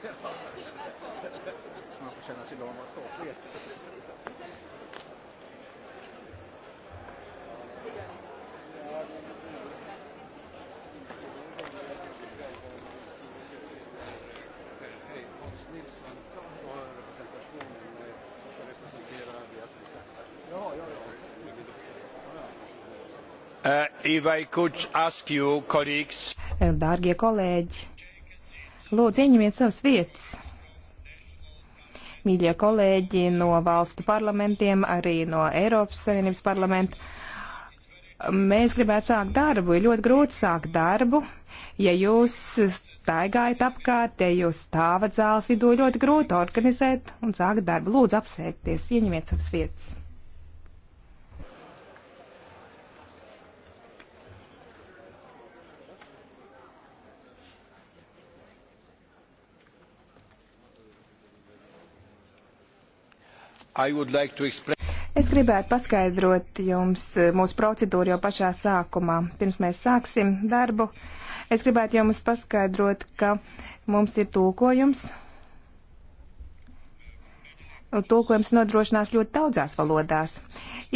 Man får känna sig glad man statlig. Hej, Hans Nilsson har representationen ska representera Beatrice Ask. Ja, ja, ja. Uh, if I could ask you, colleagues. Dārgie kolēģi, Lūdzu, ieņemiet savas vietas. Mīļie kolēģi no valstu parlamentiem, arī no Eiropas Savienības parlamenta. Mēs gribētu sākt darbu. Ir ļoti grūti sākt darbu, ja jūs staigājat apkārt, ja jūs stāvat zāles vidū. Ļoti grūti organizēt un sākt darbu. Lūdzu, apsēdieties, ieņemiet savas vietas. Like explain... Es gribētu paskaidrot jums eh, mūsu procedūru jau pašā sākumā. Pirms mēs sāksim darbu, es gribētu jums paskaidrot, ka mums ir tulkojums. Tulkojums nodrošinās ļoti daudzās valodās,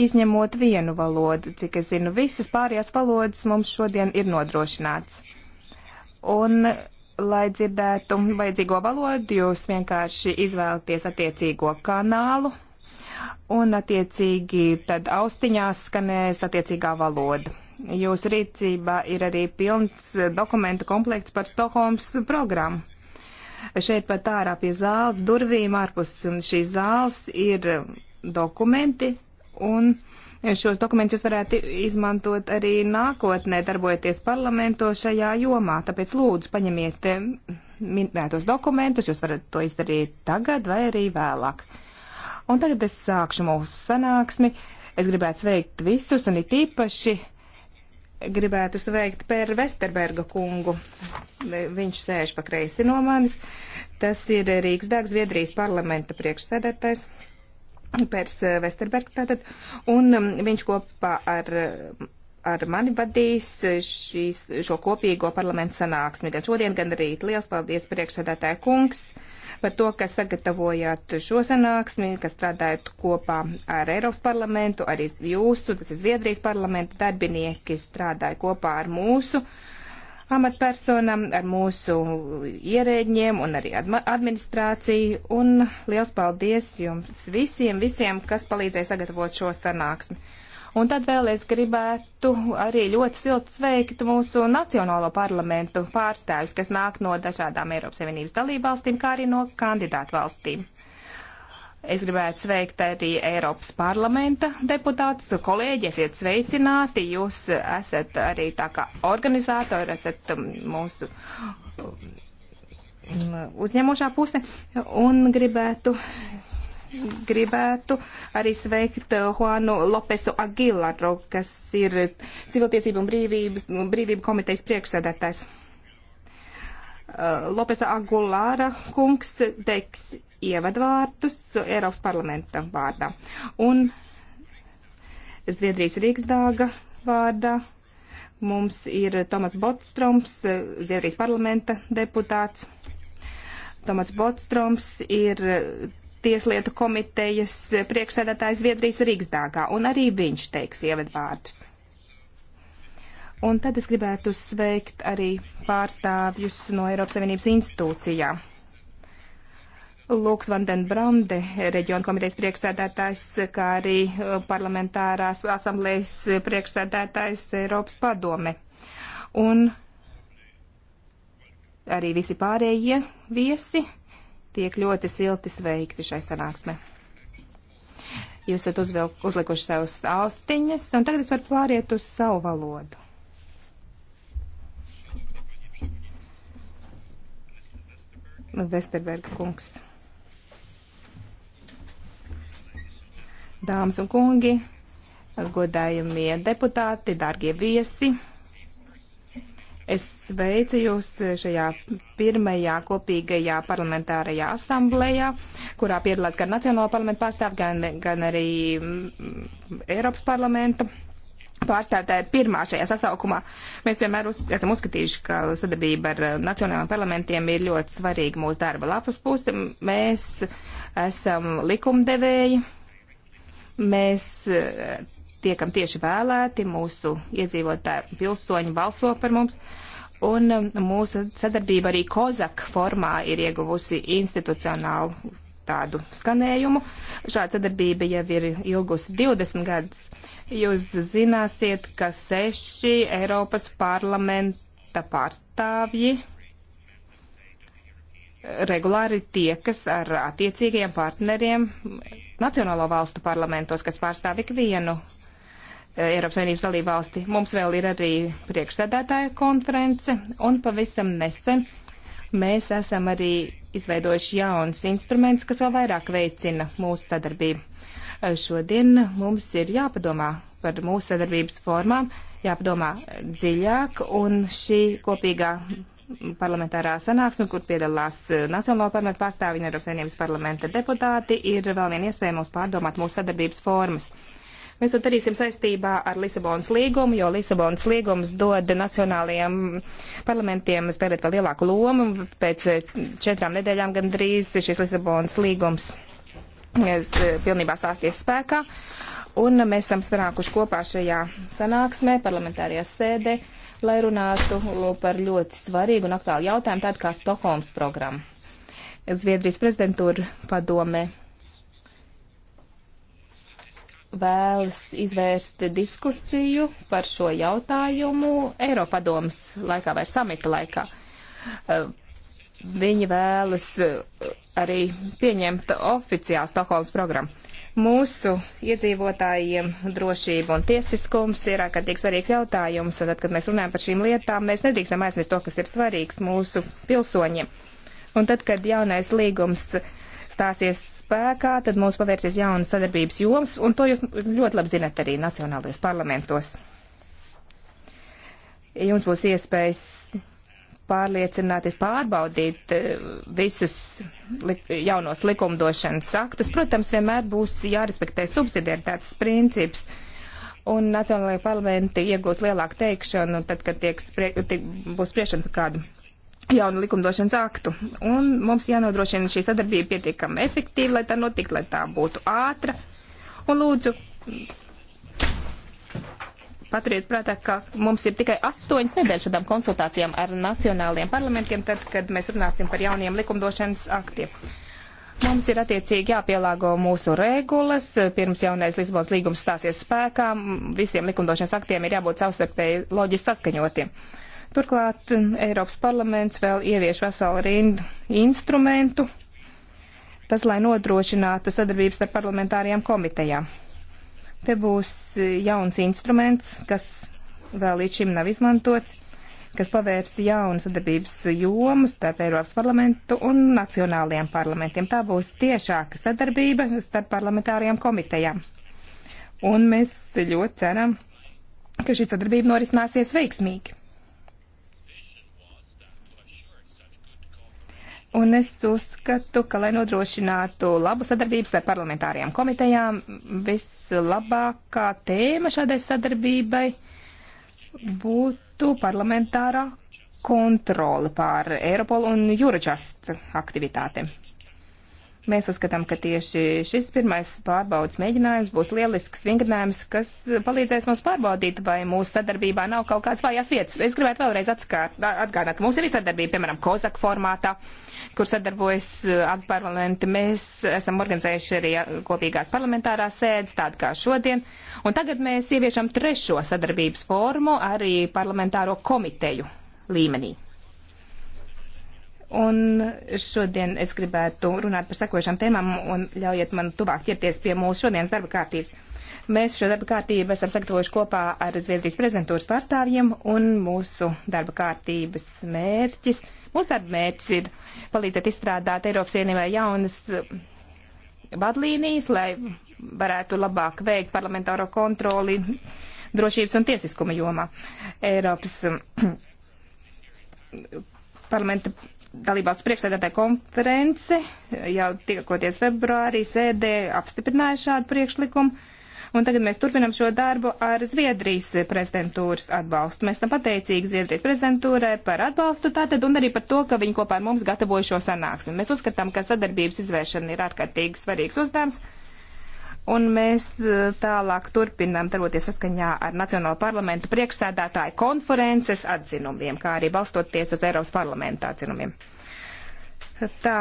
izņemot vienu valodu. Cik es zinu, visas pārējās valodas mums šodien ir nodrošināts. Un lai dzirdētu vajadzīgo valodu, jūs vienkārši izvēlaties attiecīgo kanālu, un attiecīgi tad austiņās skanēs attiecīgā valoda. Jūsu rīcībā ir arī pilns dokumentu komplekts par Stokholmas programmu. Šeit pat ārā pie zāles durvīm ārpus šīs zāles ir dokumenti un šos dokumentus jūs varētu izmantot arī nākotnē, darbojoties parlamento šajā jomā. Tāpēc lūdzu paņemiet eh, minētos dokumentus, jūs varat to izdarīt tagad vai arī vēlāk. Un tagad es sākšu mūsu sanāksmi. Es gribētu sveikt visus un it īpaši gribētu sveikt Pēru Vesterberga kungu. Viņš sēž pa kreisi no manis. Tas ir Rīgas Dāgs, Viedrijas parlamenta priekšsēdētājs. Pērs Vesterbergs tātad. Un um, viņš kopā ar ar mani vadīs šīs, šo kopīgo parlamentu sanāksmi gan šodien, gan rīt. Liels paldies priekšsēdētāja kungs! par to, ka sagatavojāt šo sanāksmi, ka strādājat kopā ar Eiropas parlamentu, arī jūsu, tas ir Zviedrijas parlamenta darbinieki, strādāja kopā ar mūsu amatpersonam, ar mūsu ierēģiem un arī administrāciju. Un liels paldies jums visiem, visiem, kas palīdzēja sagatavot šo sanāksmi. Un tad vēl es gribētu arī ļoti silti sveikt mūsu nacionālo parlamentu pārstāvis, kas nāk no dažādām Eiropas Savienības dalībvalstīm, kā arī no kandidātu valstīm. Es gribētu sveikt arī Eiropas parlamenta deputātus, kolēģi, esiet sveicināti, jūs esat arī tā kā organizātori, esat um, mūsu um, uzņemošā puse un gribētu gribētu arī sveikt eh, Juanu Lopesu Aguilaru, kas ir civiltiesību un brīvības, brīvību komitejas priekšsēdētājs. Eh, Lopesa Agulāra kungs teiks ievadvārtus Eiropas parlamenta vārdā un Zviedrijas Rīgsdāga vārdā. Mums ir Tomas Botstroms, Zviedrijas parlamenta deputāts. Tomats Botstroms ir Tieslietu komitejas priekšsēdētājs Viedrīs Rīgsdāgā, un arī viņš teiks ievadvārdus. Un tad es gribētu sveikt arī pārstāvjus no Eiropas Savienības institūcijām. Lūks Vandenbrande, reģiona komitejas priekšsēdētājs, kā arī uh, parlamentārās asamblējas priekšsēdētājs Eiropas padome. Un arī visi pārējie viesi tiek ļoti silti sveikti šai sanāksmē. Jūs esat uzvilk, uzlikuši savus austiņas, un tagad es varu pāriet uz savu valodu. Vesterberga kungs. Dāmas un kungi, godājumie deputāti, dārgie viesi. Es sveicu jūs šajā pirmajā kopīgajā parlamentārajā asamblējā, kurā piedalās gan Nacionāla parlamenta pārstāv, gan, gan arī mm, Eiropas parlamenta pārstāvētāji pirmā šajā sasaukumā. Mēs vienmēr uz, esam uzskatījuši, ka sadarbība ar nacionālajiem parlamentiem ir ļoti svarīga mūsu darba lapas puse. Mēs esam likumdevēji. Mēs tiekam tieši vēlēti, mūsu iedzīvotāji pilsoņi balso par mums. Un um, mūsu sadarbība arī Kozak formā ir ieguvusi institucionālu tādu skanējumu. Šāda sadarbība jau ir ilgusi 20 gadus. Jūs zināsiet, ka seši Eiropas parlamenta pārstāvji regulāri tiekas ar attiecīgajiem partneriem Nacionālo valstu parlamentos, kas pārstāv ikvienu Eh, Eiropas Savienības dalībvalsti. Mums vēl ir arī priekšsēdētāja konference, un pavisam nesen mēs esam arī izveidojuši jauns instruments, kas vēl vairāk veicina mūsu sadarbību. Eh, šodien mums ir jāpadomā par mūsu sadarbības formām, jāpadomā dziļāk, un šī kopīgā parlamentārā sanāksme, kur piedalās eh, Nacionālo parlamentu pārstāvji un Eiropas Savienības parlamenta deputāti, ir vēl viena iespēja mums pārdomāt mūsu sadarbības formas. Mēs to darīsim saistībā ar Lisabonas līgumu, jo Lisabonas līgums dod nacionālajiem parlamentiem spēlēt vēl lielāku lomu. Pēc eh, četrām nedēļām gandrīz šis Lisabonas līgums eh, eh, pilnībā sāsties spēkā. Un mēs esam sanākuši kopā šajā sanāksmē, parlamentārajā sēdē, lai runātu par ļoti svarīgu un aktuālu jautājumu, tādu kā Stokholmas programma. Zviedrijas prezidentūra padome vēlas izvērst diskusiju par šo jautājumu Eiropadomas laikā vai samita laikā. Uh, viņi vēlas uh, arī pieņemt oficiālu Stokholmas programmu. Mūsu iedzīvotājiem drošība un tiesiskums ir ārkārtīgi svarīgs jautājums, un tad, kad mēs runājam par šīm lietām, mēs nedrīkstam aizmirst to, kas ir svarīgs mūsu pilsoņiem. Un tad, kad jaunais līgums stāsies spēkā, tad mums pavērsies jaunas sadarbības jomas, un to jūs ļoti labi zinat arī nacionālajos parlamentos. Jums būs iespējas pārliecināties, pārbaudīt eh, visus li jaunos likumdošanas aktus. Protams, vienmēr būs jārespektē subsidiaritātes princips un nacionālajie parlamenti iegūs lielāku teikšanu, tad, kad tiek, tiek, būs priekšana par kādu jaunu likumdošanas aktu. Un mums jānodrošina šī sadarbība pietiekami efektīva, lai tā notiktu, lai tā būtu ātra. Un lūdzu, paturiet prātā, ka mums ir tikai astoņas nedēļas šādām konsultācijām ar nacionāliem parlamentiem, tad, kad mēs runāsim par jauniem likumdošanas aktiem. Mums ir attiecīgi jāpielāgo mūsu regulas, pirms jaunais Lisbonas līgums stāsies spēkā, visiem likumdošanas aktiem ir jābūt savstarpēji loģiski saskaņotiem. Uh, Turklāt eh, Eiropas parlaments vēl ievieš veselu rindu instrumentu, tas, lai nodrošinātu sadarbības ar parlamentārijām komitejām. Te būs eh, jauns instruments, kas vēl līdz šim nav izmantots, kas pavērs jaunu sadarbības jomu starp Eiropas parlamentu un nacionālajiem parlamentiem. Tā būs tiešāka sadarbība starp parlamentārajām komitejām. Un mēs ļoti ceram, ka šī sadarbība norisināsies veiksmīgi. Un es uzskatu, ka, lai nodrošinātu labu sadarbības ar parlamentārajām komitejām, vislabākā tēma šādai sadarbībai būtu parlamentārā kontrole pār Eiropolu un Juračast aktivitātēm. Mēs uzskatām, ka tieši šis pirmais pārbaudas mēģinājums būs lielisks vingrinājums, kas palīdzēs mums pārbaudīt, vai mūsu sadarbībā nav kaut kādas vājās vietas. Es gribētu vēlreiz atskārt, atgādināt, ka mums ir sadarbība, piemēram, Kozak formātā, kur sadarbojas abi parlamenti. Mēs esam organizējuši arī kopīgās parlamentārās sēdes, tādu kā šodien. Un tagad mēs ieviešam trešo sadarbības formu arī parlamentāro komiteju līmenī. Un šodien es gribētu runāt par sekojušām tēmām un ļaujiet man tuvāk ķerties pie mūsu šodienas darba kārtības. Mēs šo darba kārtību esam sagatavojuši kopā ar Zviedrijas prezidentūras pārstāvjiem un mūsu darba kārtības mērķis. Mūsu darba mērķis ir palīdzēt izstrādāt Eiropas vienībai jaunas vadlīnijas, lai varētu labāk veikt parlamentāro kontroli drošības un tiesiskuma jomā. Eiropas parlamenta dalībvalstu priekšsēdētāja konference jau tikoties februārī sēdē apstiprināja šādu priekšlikumu. Un tagad mēs turpinam šo darbu ar Zviedrijas prezidentūras atbalstu. Mēs esam pateicīgi Zviedrijas prezidentūrai par atbalstu tātad un arī par to, ka viņi kopā ar mums gatavoja šo sanāksmi. Mēs uzskatām, ka sadarbības izvēršana ir ārkārtīgi svarīgs uzdevums Un mēs eh, tālāk turpinām darboties saskaņā ar Nacionālo parlamentu priekšsēdētāju konferences atzinumiem, kā arī balstoties uz Eiropas parlamenta atzinumiem. Tā,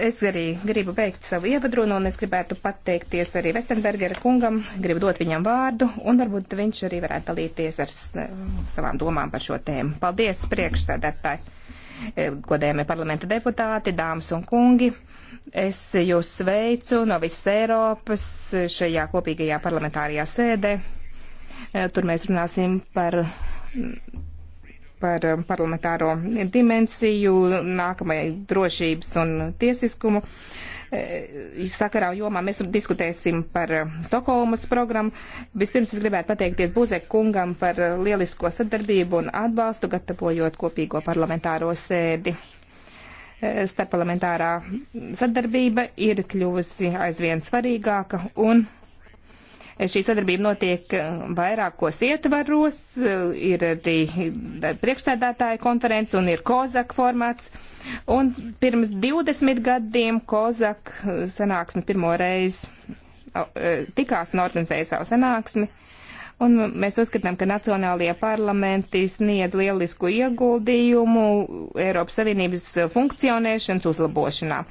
es arī gribu beigt savu ievadrunu, un es gribētu pateikties arī Vestenbergera kungam, gribu dot viņam vārdu, un varbūt viņš arī varētu dalīties ar eh, savām domām par šo tēmu. Paldies, priekšsēdētāji, eh, godējami parlamenta deputāti, dāmas un kungi. Es jūs sveicu no visas Eiropas šajā kopīgajā parlamentārajā sēdē. Eh, tur mēs runāsim par, par parlamentāro dimensiju, nākamajai drošības un tiesiskumu. Eh, sakarā jomā mēs diskutēsim par eh, Stokholmas programmu. Vispirms es gribētu pateikties Buzek kungam par lielisko sadarbību un atbalstu, gatavojot kopīgo parlamentāro sēdi starpparlamentārā sadarbība ir kļuvusi aizvien svarīgāka un šī sadarbība notiek vairākos ietvaros, ir arī priekšsēdētāja konference un ir COZAK formāts. Un pirms 20 gadiem COZAK sanāksme pirmo reizi e, tikās un organizēja savu sanāksmi. Un mēs uzskatām, ka nacionālajie parlamenti sniedz lielisku ieguldījumu Eiropas Savienības funkcionēšanas uzlabošanā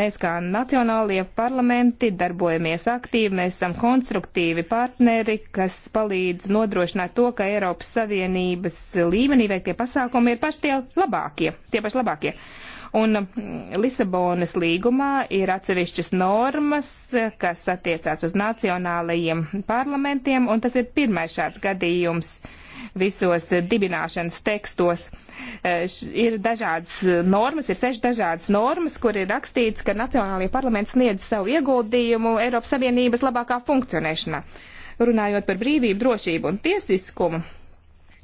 mēs kā nacionālie parlamenti darbojamies aktīvi, mēs esam konstruktīvi partneri, kas palīdz nodrošināt to, ka Eiropas Savienības līmenī veiktie pasākumi ir paši tie labākie, tie paši labākie. Uh, Un mm, Lisabonas līgumā ir atsevišķas normas, kas attiecās uz nacionālajiem parlamentiem, un tas ir pirmais šāds gadījums visos dibināšanas tekstos. E, ir dažādas normas, ir seši dažādas normas, kur ir rakstīts, ka Nacionālajie parlamenti sniedz savu ieguldījumu Eiropas Savienības labākā funkcionēšanā. Runājot par brīvību, drošību un tiesiskumu,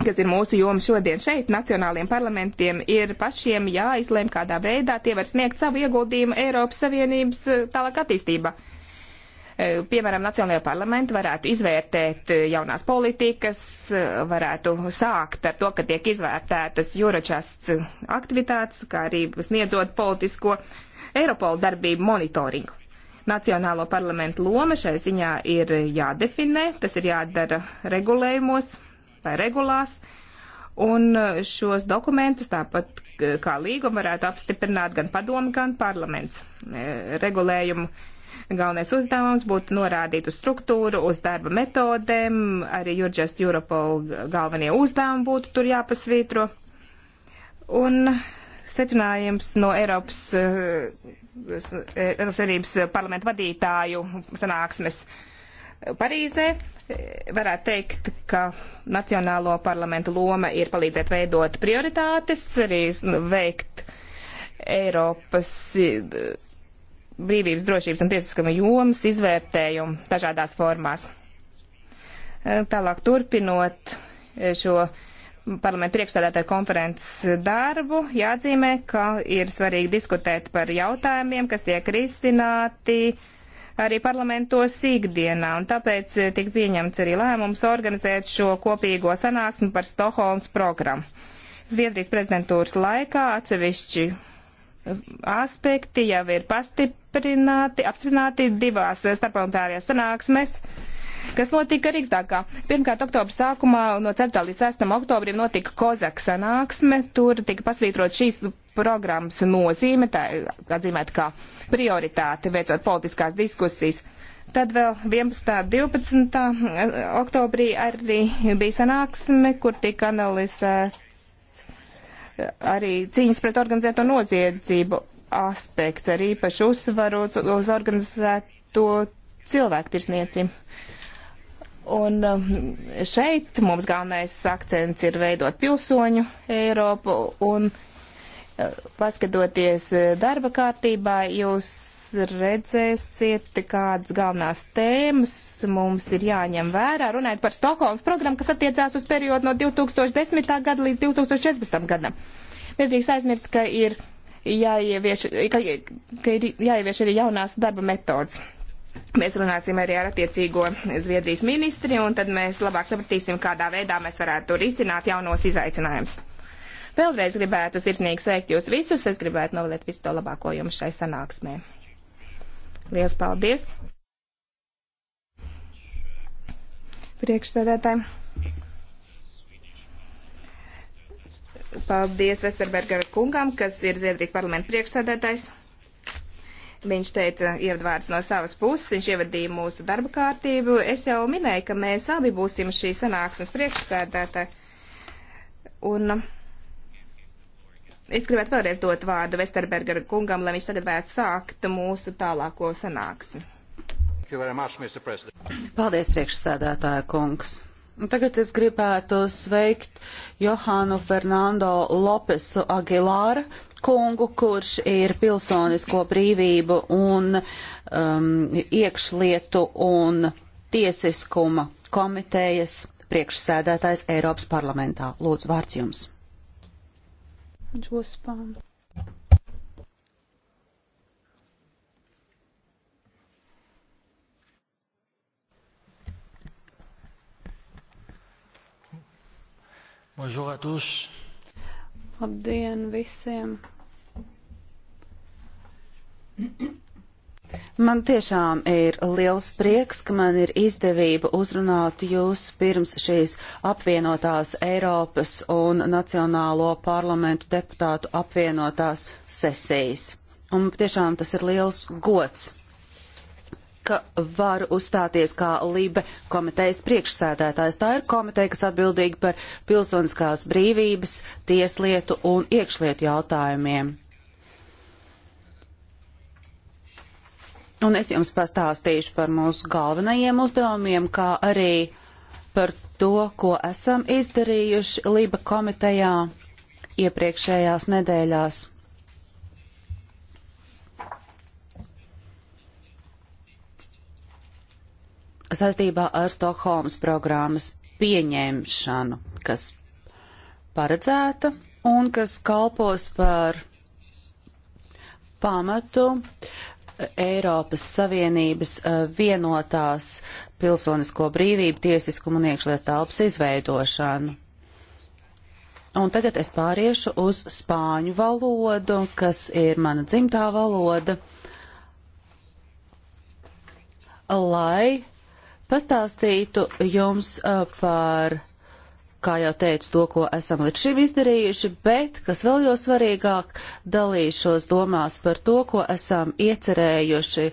kas ir mūsu joma šodien šeit, nacionāliem parlamentiem, ir pašiem jāizlēm, kādā veidā tie var sniegt savu ieguldījumu Eiropas Savienības eh, tālāk attīstībā. Eh, piemēram, Nacionālajā parlamenta varētu izvērtēt eh, jaunās politikas, varētu sākt ar to, ka tiek izvērtētas juročasts aktivitātes, kā arī sniedzot politisko Eiropolu darbību monitoringu. Nacionālo parlamentu loma šai ziņā ir jādefinē, tas ir jādara regulējumos, vai regulās. Un uh, šos dokumentus, tāpat uh, kā līgumu, varētu apstiprināt gan padomu, gan parlaments. Uh, regulējumu galvenais uzdevums būtu norādīt uz struktūru, uz darba metodēm, arī Jurģest Europol galvenie uzdevumi būtu tur jāpasvītro. Un secinājums no Eiropas, Eiropas Savienības parlamentu vadītāju sanāksmes Parīzē varētu teikt, ka Nacionālo parlamentu loma ir palīdzēt veidot prioritātes, arī veikt Eiropas eh, brīvības, drošības un tiesiskuma jomas izvērtējumu dažādās formās. Eh, tālāk turpinot eh, šo parlamentu priekšstādātāju konferences darbu, jāatzīmē, ka ir svarīgi diskutēt par jautājumiem, kas tiek risināti arī parlamentos ikdienā, un tāpēc eh, tika pieņemts arī lēmums organizēt šo kopīgo sanāksmi par Stokholmas programmu. Zviedrijas prezidentūras laikā atsevišķi eh, aspekti jau ir pastiprināti, apstiprināti divās eh, starpparlamentārajās sanāksmēs kas notika Rīgsdākā. Pirmkārt, oktobra sākumā no 4. līdz 6. oktobrim notika Kozak sanāksme. Tur tika pasvītrot šīs programmas nozīme, tā atzīmēt kā prioritāte, veicot politiskās diskusijas. Tad vēl 11. 12. oktobrī arī bija sanāksme, kur tika analizēta arī cīņas pret organizēto noziedzību aspekts, arī īpaši uzsvaru uz organizēto cilvēku tirsniecību. Un um, šeit mums galvenais akcents ir veidot pilsoņu Eiropu un uh, paskatoties uh, darba kārtībā, jūs redzēsiet, kādas galvenās tēmas mums ir jāņem vērā, runājot par Stokholmas programmu, kas attiecās uz periodu no 2010. gada līdz 2014. gadam. Nedrīkst aizmirst, ka ir jāievieš, ka, ka ir jāievieš arī jaunās darba metodas. Mēs runāsim arī ar attiecīgo Zviedrijas ministri, un tad mēs labāk sapratīsim, kādā veidā mēs varētu risināt jaunos izaicinājumus. Vēlreiz gribētu sirsnīgi sveikt jūs visus, es gribētu novēlēt visu to labāko jums šai sanāksmē. Lielas paldies! Priekšsēdētāji! Paldies Vesterberga kungam, kas ir Zviedrijas parlamenta priekšsēdētājs. Viņš teica ievadvārds no savas puses, viņš ievadīja mūsu darba kārtību. Es jau minēju, ka mēs abi būsim šī sanāksmes priekšsēdētāji. Un um, es gribētu vēlreiz dot vārdu Vesterbergera kungam, lai viņš tagad varētu sākt mūsu tālāko sanāksmi. Paldies, priekšsēdētāja kungs. Un tagad es gribētu sveikt Johānu Fernando Lopesu Aguilāru kungu, kurš ir pilsonisko brīvību un um, iekšlietu un tiesiskuma komitejas priekšsēdētājs Eiropas parlamentā. Lūdzu, vārds jums. Džospāna. Bonjour à tous. Labdien visiem! Man tiešām ir liels prieks, ka man ir izdevība uzrunāt jūs pirms šīs apvienotās Eiropas un Nacionālo parlamentu deputātu apvienotās sesijas. Un tiešām tas ir liels gods ka varu uzstāties kā Libe komitejas priekšsēdētājs. Tā ir komiteja, kas atbildīga par pilsoniskās brīvības, tieslietu un iekšlietu jautājumiem. Un es jums pastāstīšu par mūsu galvenajiem uzdevumiem, kā arī par to, ko esam izdarījuši Liba komitejā iepriekšējās nedēļās. saistībā ar Stokholmas programmas pieņemšanu, kas paredzēta un kas kalpos par pamatu Eiropas Savienības e, vienotās pilsonisko brīvību, tiesiskumu un iekšlietu telpas izveidošanu. Un tagad es pāriešu uz spāņu valodu, kas ir mana dzimtā valoda, lai pastāstītu jums par, kā jau teicu, to, ko esam līdz šim izdarījuši, bet, kas vēl jau svarīgāk, dalīšos domās par to, ko esam iecerējuši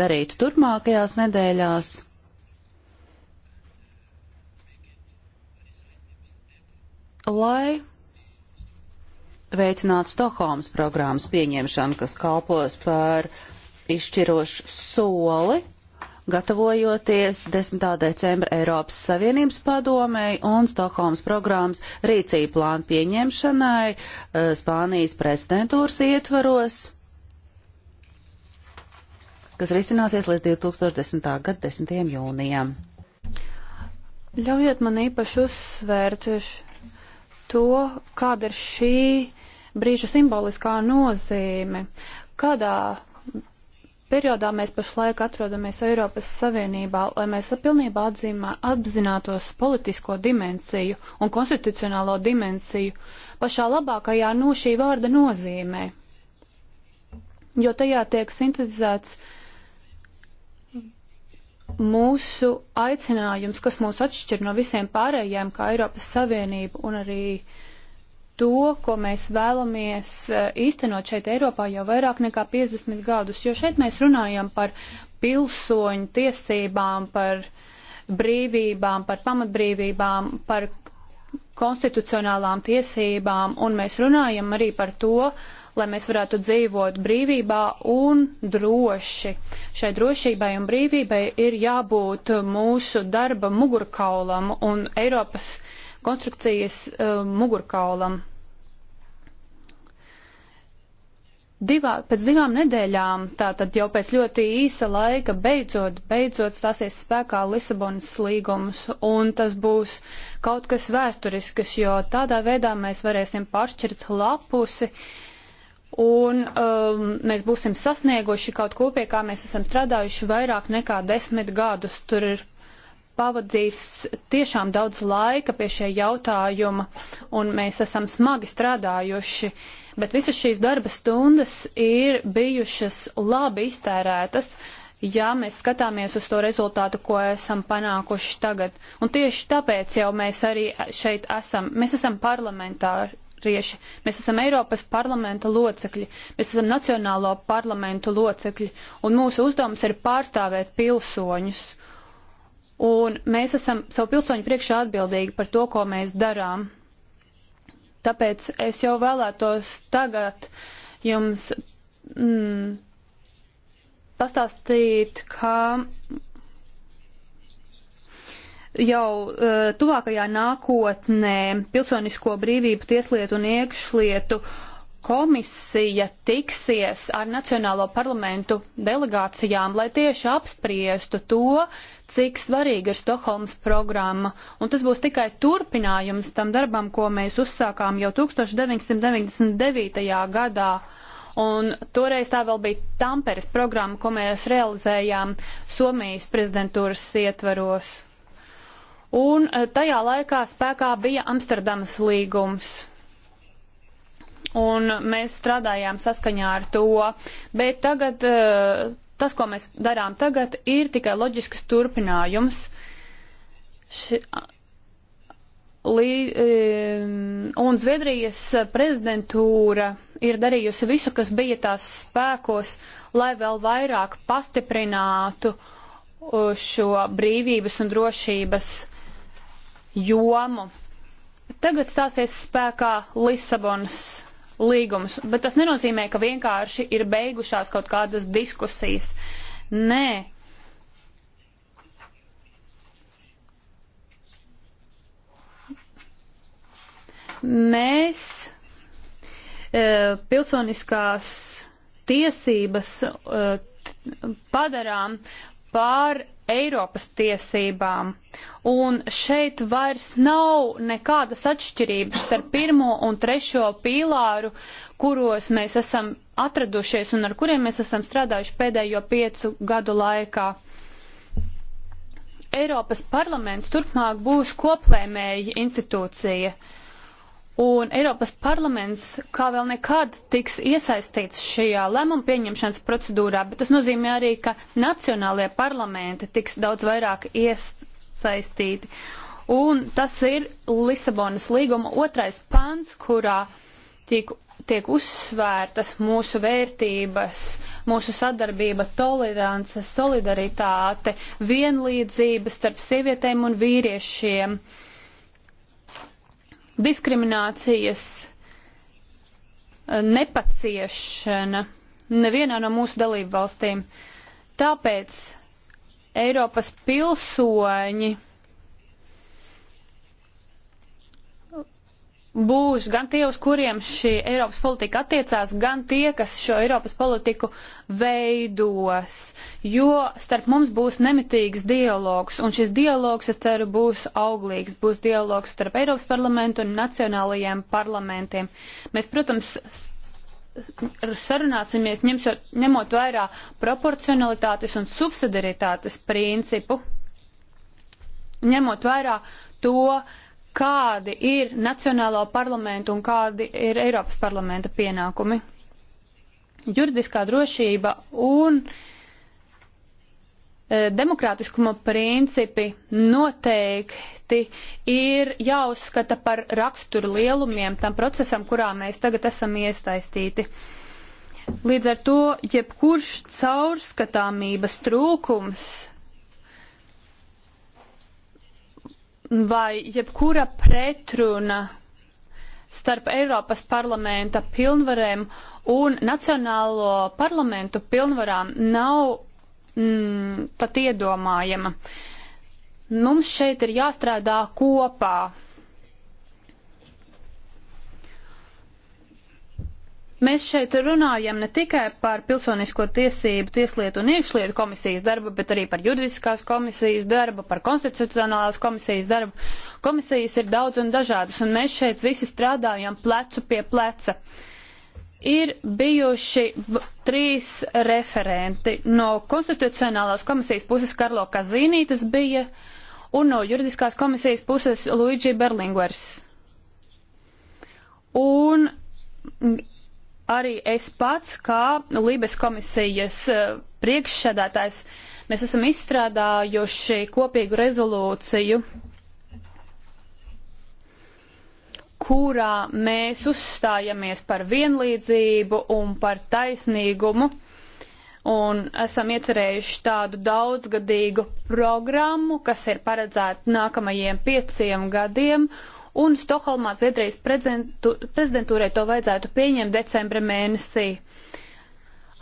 darīt turpmākajās nedēļās. Lai veicināt Stokholmas programmas pieņemšanu, kas kalpos par izšķirošu soli gatavojoties 10. decembra Eiropas Savienības padomei un Stokholmas programmas rīcību plānu pieņemšanai eh, Spānijas prezidentūras ietvaros, kas risināsies līdz 2010. gada 10. jūnijam. Ļaujiet man īpaši uzsvērt to, kāda ir šī brīža simboliskā nozīme, kādā periodā mēs pašlaik atrodamies Eiropas Savienībā, lai mēs pilnībā atzīmē, apzinātos politisko dimensiju un konstitucionālo dimensiju pašā labākajā no šī vārda nozīmē. Jo tajā tiek sintetizēts mūsu aicinājums, kas mūs atšķir no visiem pārējiem, kā Eiropas Savienība un arī uh, to, ko mēs vēlamies eh, īstenot šeit Eiropā jau vairāk nekā 50 gadus, jo šeit mēs runājam par pilsoņu tiesībām, par brīvībām, par pamatbrīvībām, par konstitucionālām tiesībām, un mēs runājam arī par to, lai mēs varētu dzīvot brīvībā un droši. Šai drošībai un brīvībai ir jābūt mūsu darba mugurkaulam un Eiropas konstrukcijas uh, mugurkaulam. divā, pēc divām nedēļām, tātad jau pēc ļoti īsa laika, beidzot, beidzot stāsies spēkā Lisabonas līgums, un tas būs kaut kas vēsturisks, jo tādā veidā mēs varēsim pašķirt lapusi, un um, mēs būsim sasnieguši kaut ko, pie kā mēs esam strādājuši vairāk nekā desmit gadus. Tur ir pavadīts tiešām daudz laika pie šie jautājuma, un mēs esam smagi strādājuši. Uh, bet visas šīs darba stundas ir bijušas labi iztērētas, ja mēs skatāmies uz to rezultātu, ko esam panākuši tagad. Un tieši tāpēc jau mēs arī šeit esam. Mēs esam parlamentāri. Rieši. Mēs esam Eiropas parlamenta locekļi, mēs esam Nacionālo parlamentu locekļi, un mūsu uzdevums ir pārstāvēt pilsoņus. Un mēs esam savu pilsoņu priekšā atbildīgi par to, ko mēs darām. Tāpēc es jau vēlētos tagad jums mm, pastāstīt, ka jau uh, tuvākajā nākotnē pilsonisko brīvību, tieslietu un iekšlietu uh, komisija tiksies ar Nacionālo parlamentu delegācijām, lai tieši apspriestu to, cik svarīga ir Stokholmas programma. Un tas būs tikai turpinājums tam darbam, ko mēs uzsākām jau 1999. gadā. Un toreiz tā vēl bija Tamperes programma, ko mēs realizējām Somijas prezidentūras ietvaros. Un eh, tajā laikā spēkā bija Amsterdamas līgums un mēs strādājām saskaņā ar to, bet tagad eh, tas, ko mēs darām tagad, ir tikai loģisks turpinājums. Ši, Lī, eh, un Zviedrijas prezidentūra ir darījusi visu, kas bija tās spēkos, lai vēl vairāk pastiprinātu eh, šo brīvības un drošības jomu. Tagad stāsies spēkā Lisabonas līgumus. Bet tas nenozīmē, ka vienkārši ir beigušās kaut kādas diskusijas. Nē. Mēs e, pilsoniskās tiesības e, padarām par Eiropas tiesībām. Un šeit vairs nav nekādas atšķirības starp pirmo un trešo pīlāru, kuros mēs esam atradušies un ar kuriem mēs esam strādājuši pēdējo piecu gadu laikā. Eiropas parlaments turpmāk būs koplēmēji institūcija. Uh, Un Eiropas parlaments kā vēl nekad tiks iesaistīts šajā lēmuma pieņemšanas procedūrā, bet tas nozīmē arī, ka nacionālajie parlamenti tiks daudz vairāk iesaistīti. Un tas ir Lisabonas līguma otrais pants, kurā tiek, tiek uzsvērtas mūsu vērtības, mūsu sadarbība, tolerance, solidaritāte, vienlīdzība starp sievietēm un vīriešiem. Uh, diskriminācijas eh, nepaciešana nevienā no mūsu dalību valstīm. Tāpēc Eiropas pilsoņi būs gan tie, uz kuriem šī Eiropas politika attiecās, gan tie, kas šo Eiropas politiku veidos, jo starp mums būs nemitīgs dialogs, un šis dialogs, es ceru, būs auglīgs, būs dialogs starp Eiropas parlamentu un nacionālajiem parlamentiem. Mēs, protams, sarunāsimies ņemšot, ņemot vairā proporcionalitātes un subsidiaritātes principu, ņemot vairā to, kādi ir Nacionālo parlamentu un kādi ir Eiropas parlamenta pienākumi. Juridiskā drošība un e, demokrātiskuma principi noteikti ir jāuzskata par raksturu lielumiem tam procesam, kurā mēs tagad esam iesaistīti. Līdz ar to jebkurš caurskatāmības trūkums vai jebkura pretruna starp Eiropas parlamenta pilnvarēm un nacionālo parlamentu pilnvarām nav mm, pat iedomājama. Mums šeit ir jāstrādā kopā. Mēs šeit runājam ne tikai par pilsonisko tiesību, tieslietu un iekšlietu komisijas darbu, bet arī par juridiskās komisijas darbu, par konstitucionālās komisijas darbu. Komisijas ir daudz un dažādas, un mēs šeit visi strādājam plecu pie pleca. Ir bijuši trīs referenti. No konstitucionālās komisijas puses Karlo Kazīnī tas bija, un no juridiskās komisijas puses Luigi Berlingers. Un arī es pats, kā Libes komisijas e, priekšsēdētājs, mēs esam izstrādājuši kopīgu rezolūciju, kurā mēs uzstājamies par vienlīdzību un par taisnīgumu un esam iecerējuši tādu daudzgadīgu programmu, kas ir paredzēta nākamajiem pieciem gadiem, un Stokholmā Zviedrijas prezidentūrai to vajadzētu pieņemt decembra mēnesī.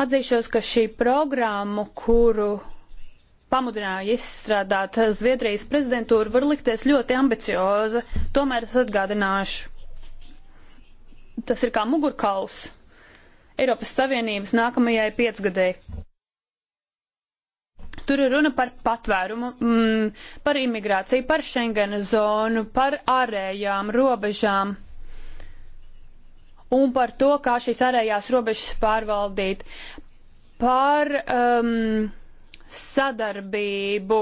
Atzīšos, ka šī programma, kuru pamudināja izstrādāt Zviedrijas prezidentūru, var likties ļoti ambicioza, tomēr es atgādināšu. Tas ir kā mugurkauls Eiropas Savienības nākamajai piecgadēji. Tur ir runa par patvērumu, mm, par imigrāciju, par Schengena zonu, par ārējām robežām un par to, kā šīs ārējās robežas pārvaldīt, par um, sadarbību,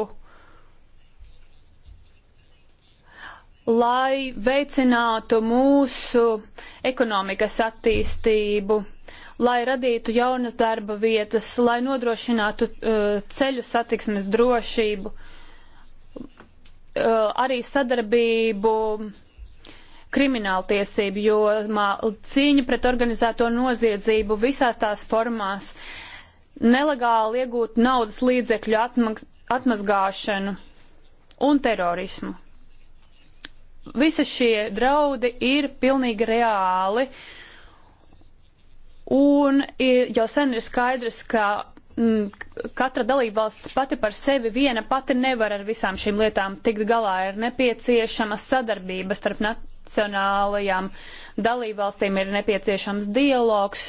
lai veicinātu mūsu ekonomikas attīstību lai radītu jaunas darba vietas, lai nodrošinātu uh, ceļu satiksmes drošību, uh, arī sadarbību krimināltiesību jomā, cīņa pret organizēto noziedzību visās tās formās, nelegāli iegūt naudas līdzekļu atmaks, atmazgāšanu un terorismu. Visi šie draudi ir pilnīgi reāli. Uh, Un ir, jau sen ir skaidrs, ka mm, katra dalībvalsts pati par sevi viena pati nevar ar visām šīm lietām tikt galā. Ir nepieciešama sadarbība starp nacionālajām dalībvalstīm, ir nepieciešams dialogs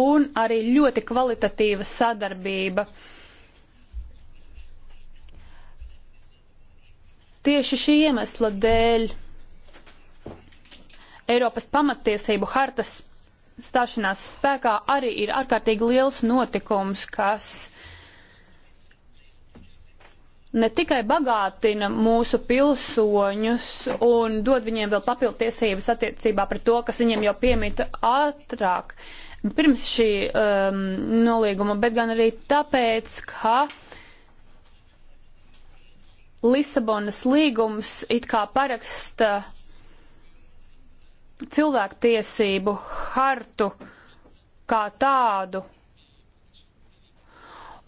un arī ļoti kvalitatīva sadarbība. Tieši šī iemesla dēļ Eiropas pamatiesību hartas stāšanās spēkā arī ir ārkārtīgi liels notikums, kas ne tikai bagātina mūsu pilsoņus un dod viņiem vēl papildiesības attiecībā par to, kas viņiem jau piemīta ātrāk pirms šī um, nolīguma, bet gan arī tāpēc, ka Lisabonas līgums it kā paraksta cilvēktiesību hartu kā tādu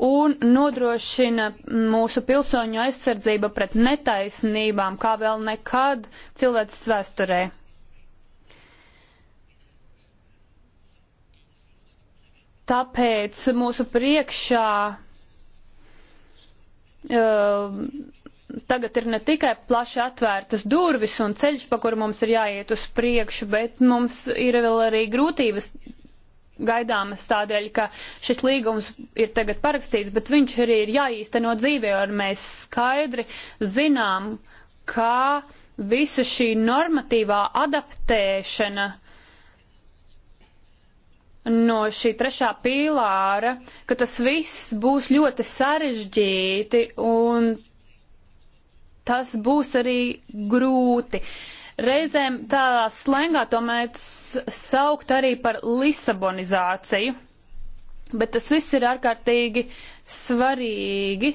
un nodrošina mūsu pilsoņu aizsardzību pret netaisnībām, kā vēl nekad cilvēces vēsturē. Tāpēc mūsu priekšā uh, tagad ir ne tikai plaši atvērtas durvis un ceļš, pa kuru mums ir jāiet uz priekšu, bet mums ir vēl arī grūtības gaidāmas tādēļ, ka šis līgums ir tagad parakstīts, bet viņš arī ir jāīsteno dzīvē, un mēs skaidri zinām, kā visa šī normatīvā adaptēšana no šī trešā pīlāra, ka tas viss būs ļoti sarežģīti un tas būs arī grūti. Reizēm tādā slēngā to mēdz saukt arī par Lisabonizāciju, bet tas viss ir ārkārtīgi svarīgi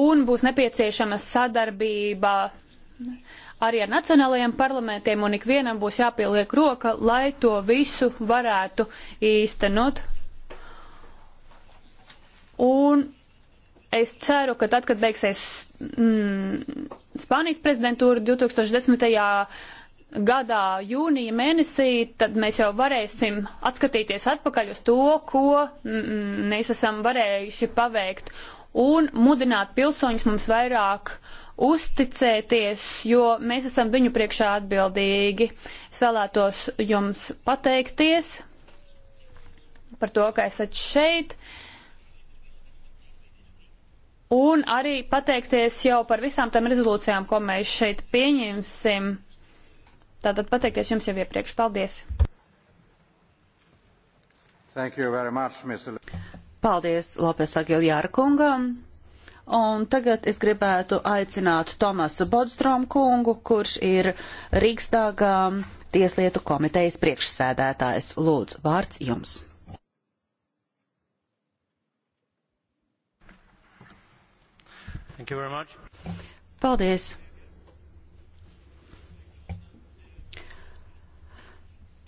un būs nepieciešama sadarbība arī ar nacionālajiem parlamentiem, un ikvienam būs jāpieliek roka, lai to visu varētu īstenot. Un es ceru, ka tad, kad beigsies mm, Spānijas prezidentūra 2010. gadā, jūnija mēnesī, tad mēs jau varēsim atskatīties atpakaļ uz to, ko mm, mēs esam varējuši paveikt un mudināt pilsoņus mums vairāk uzticēties, jo mēs esam viņu priekšā atbildīgi. Es vēlētos jums pateikties par to, ka esat šeit. Uh, un arī pateikties jau par visām tām rezolūcijām, ko mēs šeit pieņemsim. Tātad pateikties jums jau iepriekš. Paldies! Much, Mr. Paldies Lopes Agiljāra kungam! Un tagad es gribētu aicināt Tomasu Bodstrom kungu, kurš ir Rīgstāgā tieslietu komitejas priekšsēdētājs. Lūdzu, vārds jums! Thank you very much. Paldies.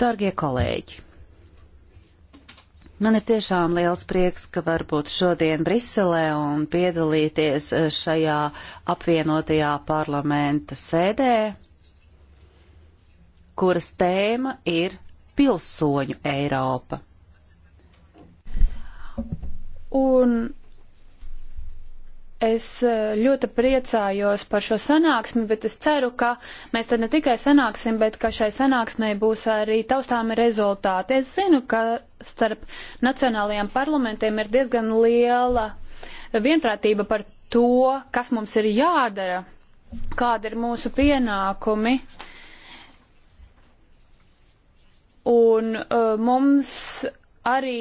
Dargie kolēģi, man ir tiešām liels prieks, ka var būt šodien Briselē un piedalīties eh, šajā apvienotajā parlamenta sēdē, kuras tēma ir pilsoņu Eiropa. Un Es e, ļoti priecājos par šo sanāksmi, bet es ceru, ka mēs tad ne tikai sanāksim, bet ka šai sanāksmē būs arī taustāmi rezultāti. Es zinu, ka starp nacionālajiem parlamentiem ir diezgan liela vienprātība par to, kas mums ir jādara, kāda ir mūsu pienākumi. Un uh, mums arī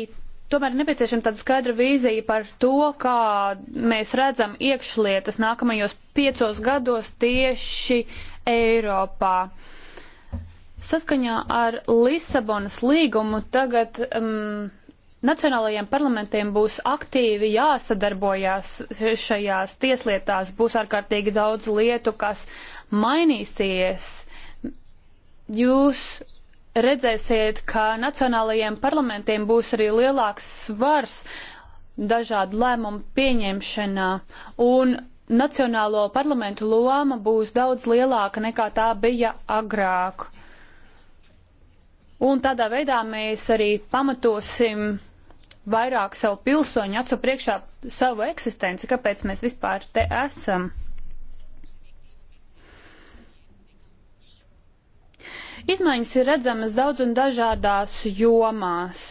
tomēr nepieciešama tāda skaidra vīzija par to, kā mēs redzam iekšlietas nākamajos piecos gados tieši Eiropā. Saskaņā ar Lisabonas līgumu tagad um, nacionālajiem parlamentiem būs aktīvi jāsadarbojās šajās tieslietās, būs ārkārtīgi daudz lietu, kas mainīsies. Jūs redzēsiet, ka nacionālajiem parlamentiem būs arī lielāks svars dažādu lēmumu pieņemšanā, un nacionālo parlamentu loma būs daudz lielāka nekā tā bija agrāk. Un tādā veidā mēs arī pamatosim vairāk savu pilsoņu acu priekšā savu eksistenci, kāpēc mēs vispār te esam. Izmaiņas ir redzamas daudz un dažādās jomās.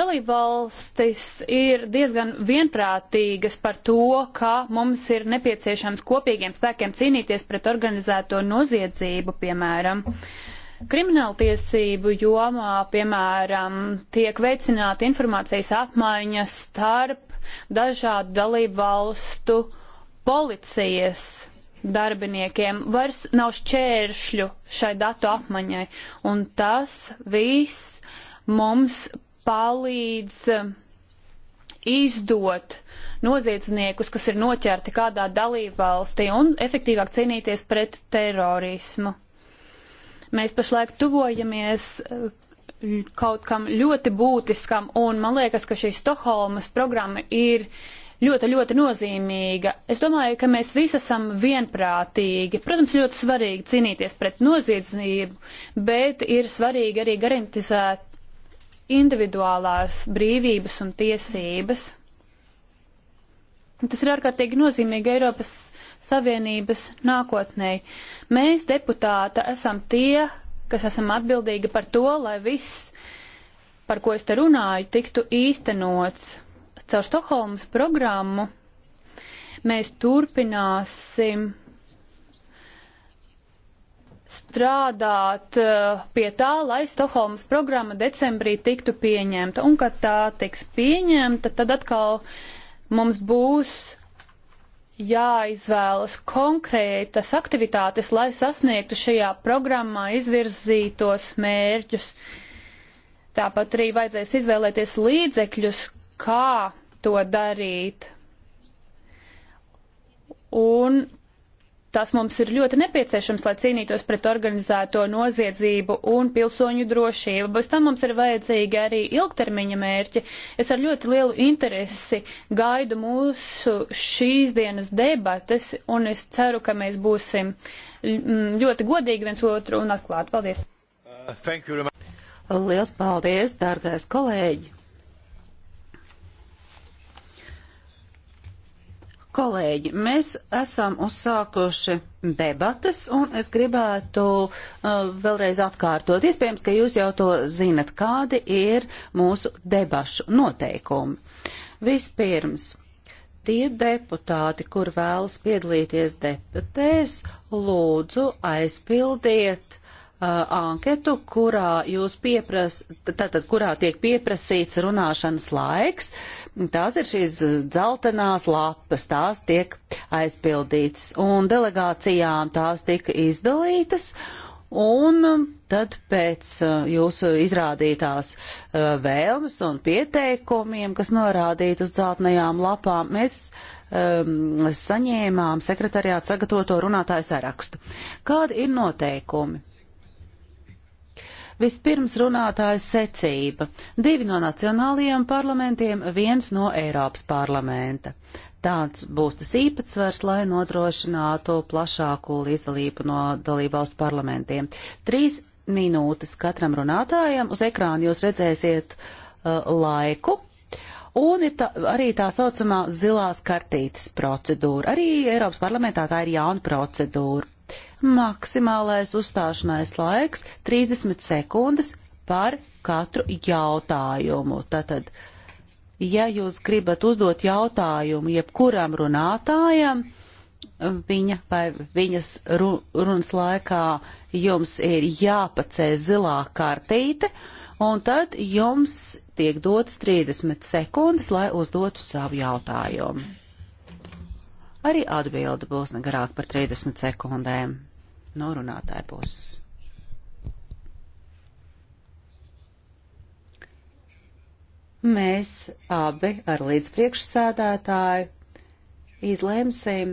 Dalībvalstis ir diezgan vienprātīgas par to, ka mums ir nepieciešams kopīgiem spēkiem cīnīties pret organizēto noziedzību, piemēram. Krimināltiesību jomā, piemēram, tiek veicināta informācijas apmaiņa starp dažādu dalībvalstu policijas darbiniekiem vairs nav šķēršļu šai datu apmaiņai. Un tas viss mums palīdz um, izdot noziedzniekus, kas ir noķerti kādā dalībvalstī un efektīvāk cīnīties pret terorismu. Mēs pašlaik tuvojamies uh, kaut kam ļoti būtiskam, un man liekas, ka šī Stokholmas programma ir uh, ļoti, ļoti nozīmīga. Es domāju, ka mēs visi esam vienprātīgi. Protams, ļoti svarīgi cīnīties pret noziedzību, bet ir svarīgi arī garantizēt individuālās brīvības un tiesības. Tas ir ārkārtīgi nozīmīgi Eiropas Savienības nākotnē. Mēs, deputāta, esam tie, kas esam atbildīgi par to, lai viss, par ko es te runāju, tiktu īstenots caur Stokholmas programmu mēs turpināsim strādāt eh, pie tā, lai Stokholmas programma decembrī tiktu pieņemta. Un, kad tā tiks pieņemta, tad atkal mums būs jāizvēlas konkrētas aktivitātes, lai sasniegtu šajā programmā izvirzītos mērķus. Tāpat arī vajadzēs izvēlēties līdzekļus, kā to darīt. Un tas mums ir ļoti nepieciešams, lai cīnītos pret organizēto noziedzību un pilsoņu drošību. Bez tam mums ir vajadzīgi arī ilgtermiņa mērķi. Es ar ļoti lielu interesi gaidu mūsu šīs dienas debates, un es ceru, ka mēs būsim mm, ļoti godīgi viens otru un atklāti. Paldies! Uh, Lielas paldies, dārgais kolēģi! Kolēģi, mēs esam uzsākuši debatas, un es gribētu uh, vēlreiz atkārtot. Iespējams, ka jūs jau to zinat, kādi ir mūsu debašu noteikumi. Vispirms, tie deputāti, kur vēlas piedalīties debatēs, lūdzu aizpildiet uh, anketu, kurā jūs piepras, tātad, kurā tiek pieprasīts runāšanas laiks. Uh, Tās ir šīs dzeltenās lapas, tās tiek aizpildītas, un delegācijām tās tika izdalītas, un um, tad pēc uh, jūsu izrādītās uh, vēlmes un pieteikumiem, kas norādīti uz dzeltenajām lapām, mēs um, saņēmām sekretariātu sagatavoto runātāju sarakstu. Kādi ir noteikumi? Vispirms runātāja secība - divi no nacionālajiem parlamentiem, viens no Eiropas parlamenta. Tāds būs tas īpatsvars, lai nodrošinātu plašāku līdzdalību no dalībvalstu parlamentiem. Trīs minūtes katram runātājam uz ekrāna jūs redzēsiet uh, laiku. Un ir tā, arī tā saucamā zilās kartītes procedūra. Arī Eiropas parlamentā tā ir jauna procedūra. Maksimālais uzstāšanās laiks - 30 sekundes par katru jautājumu. Tātad, ja jūs gribat uzdot jautājumu jebkuram runātājam, viņa vai viņas runas laikā jums ir jāpacēl zilā kartīte, un tad jums tiek dotas 30 sekundes, lai uzdotu savu jautājumu. Arī atbilde būs negarāk par 30 sekundēm no runātāja puses. Mēs abi ar līdzpriekšsēdētāju izlemsim,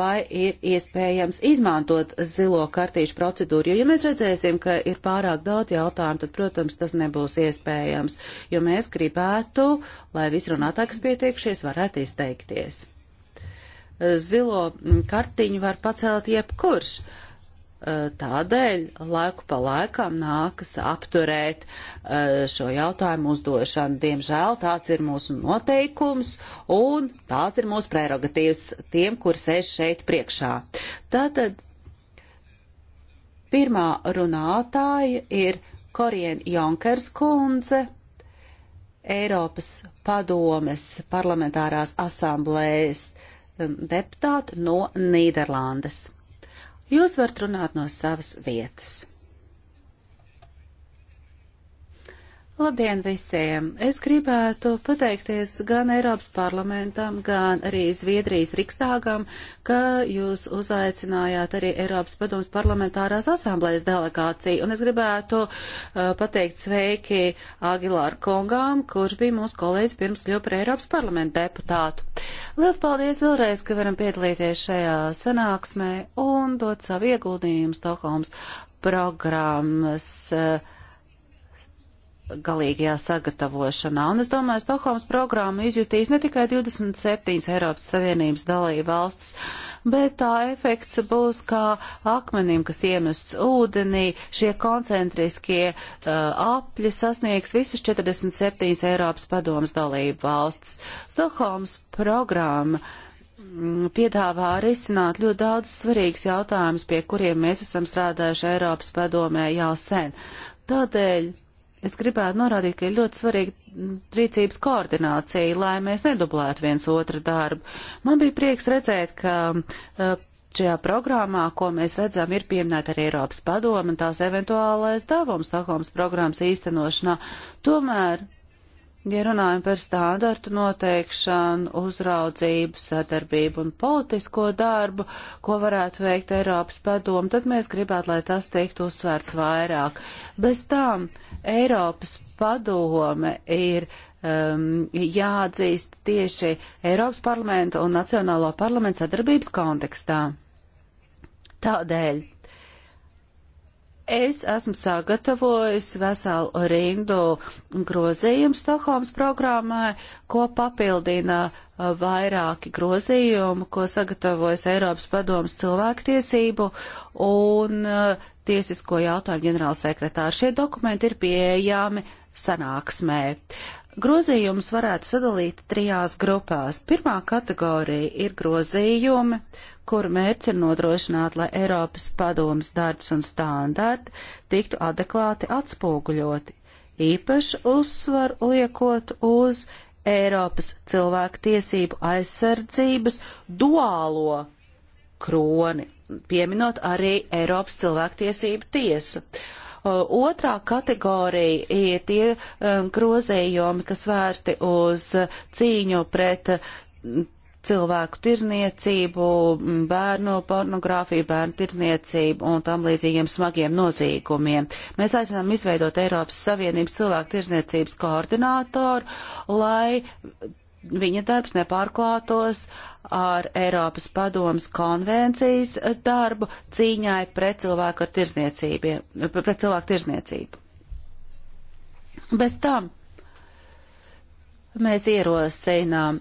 vai ir iespējams izmantot zilo kartīšu procedūru. Jo, ja mēs redzēsim, ka ir pārāk daudz jautājumu, tad, protams, tas nebūs iespējams, jo mēs gribētu, lai visi runātāji, kas pieteikušies, varētu izteikties zilo kartiņu var pacelt jebkurš. Eh, tādēļ laiku pa laikam nākas apturēt eh, šo jautājumu uzdošanu. Diemžēl tāds ir mūsu noteikums un tās ir mūsu prerogatīvas tiem, kur sēž šeit priekšā. Tātad pirmā runātāja ir Korien Jonkers kundze, Eiropas padomes parlamentārās asamblējas Um, deputātu no Nīderlandes. Jūs varat runāt no savas vietas. Labdien visiem! Es gribētu pateikties gan Eiropas parlamentam, gan arī Zviedrijas Rikstāgam, ka jūs uzaicinājāt arī Eiropas padomus parlamentārās asamblējas delegāciju. Un es gribētu uh, pateikt sveiki Agilāru Kongām, kurš bija mūsu kolēģis pirms kļuva par Eiropas parlamentu deputātu. Lielas paldies vēlreiz, ka varam piedalīties šajā sanāksmē un dot savu ieguldījumu Stokholmas programmas. Uh, galīgajā sagatavošanā. Un es domāju, Stokholmas programmu izjutīs ne tikai 27 Eiropas Savienības dalība valstis, bet tā efekts būs kā akmenim, kas iemests ūdenī. Šie koncentriskie uh, apļi sasniegs visas 47 Eiropas padomas dalība valstis. Stokholmas programma mm, piedāvā risināt ļoti daudz svarīgs jautājums, pie kuriem mēs esam strādājuši Eiropas padomē jau sen. Tādēļ Es gribētu norādīt, ka ir ļoti svarīga rīcības koordinācija, lai mēs nedublētu viens otru darbu. Man bija prieks redzēt, ka e, šajā programmā, ko mēs redzam, ir pieminēta arī Eiropas padoma un tās eventuālais devums Stokholmas programmas īstenošanā. Tomēr, ja runājam par standartu noteikšanu, uzraudzību, sadarbību un politisko darbu, ko varētu veikt Eiropas padoma, tad mēs gribētu, lai tas tiktu uzsvērts vairāk. Bez tām. Tā, Eiropas padome ir um, jāatzīst tieši Eiropas parlamentu un Nacionālo parlamentu sadarbības kontekstā. Tādēļ es esmu sagatavojis veselu rindu grozījumu Stokholmas programmai, ko papildina uh, vairāki grozījumi, ko sagatavojas Eiropas padomas cilvēktiesību un uh, tiesisko jautājumu ģenerālsekretārs. Šie dokumenti ir pieejami sanāksmē. Grozījumus varētu sadalīt trijās grupās. Pirmā kategorija ir grozījumi, kuru mērķi ir nodrošināt, lai Eiropas padomas darbs un standarti tiktu adekvāti atspoguļoti, īpaši uzsvaru liekot uz Eiropas cilvēku tiesību aizsardzības duālo kroni, pieminot arī Eiropas cilvēktiesību tiesu. Otrā kategorija ir tie um, grozējumi, kas vērsti uz cīņu pret cilvēku tirzniecību, bērnu pornogrāfiju, bērnu tirzniecību un tam līdzīgiem smagiem nozīgumiem. Mēs aicinām izveidot Eiropas Savienības cilvēku tirzniecības koordinātoru, lai viņa darbs nepārklātos ar Eiropas padomas konvencijas darbu cīņai pret cilvēku ar tirzniecību, pret cilvēku tirzniecību. Bez tam mēs ierosinām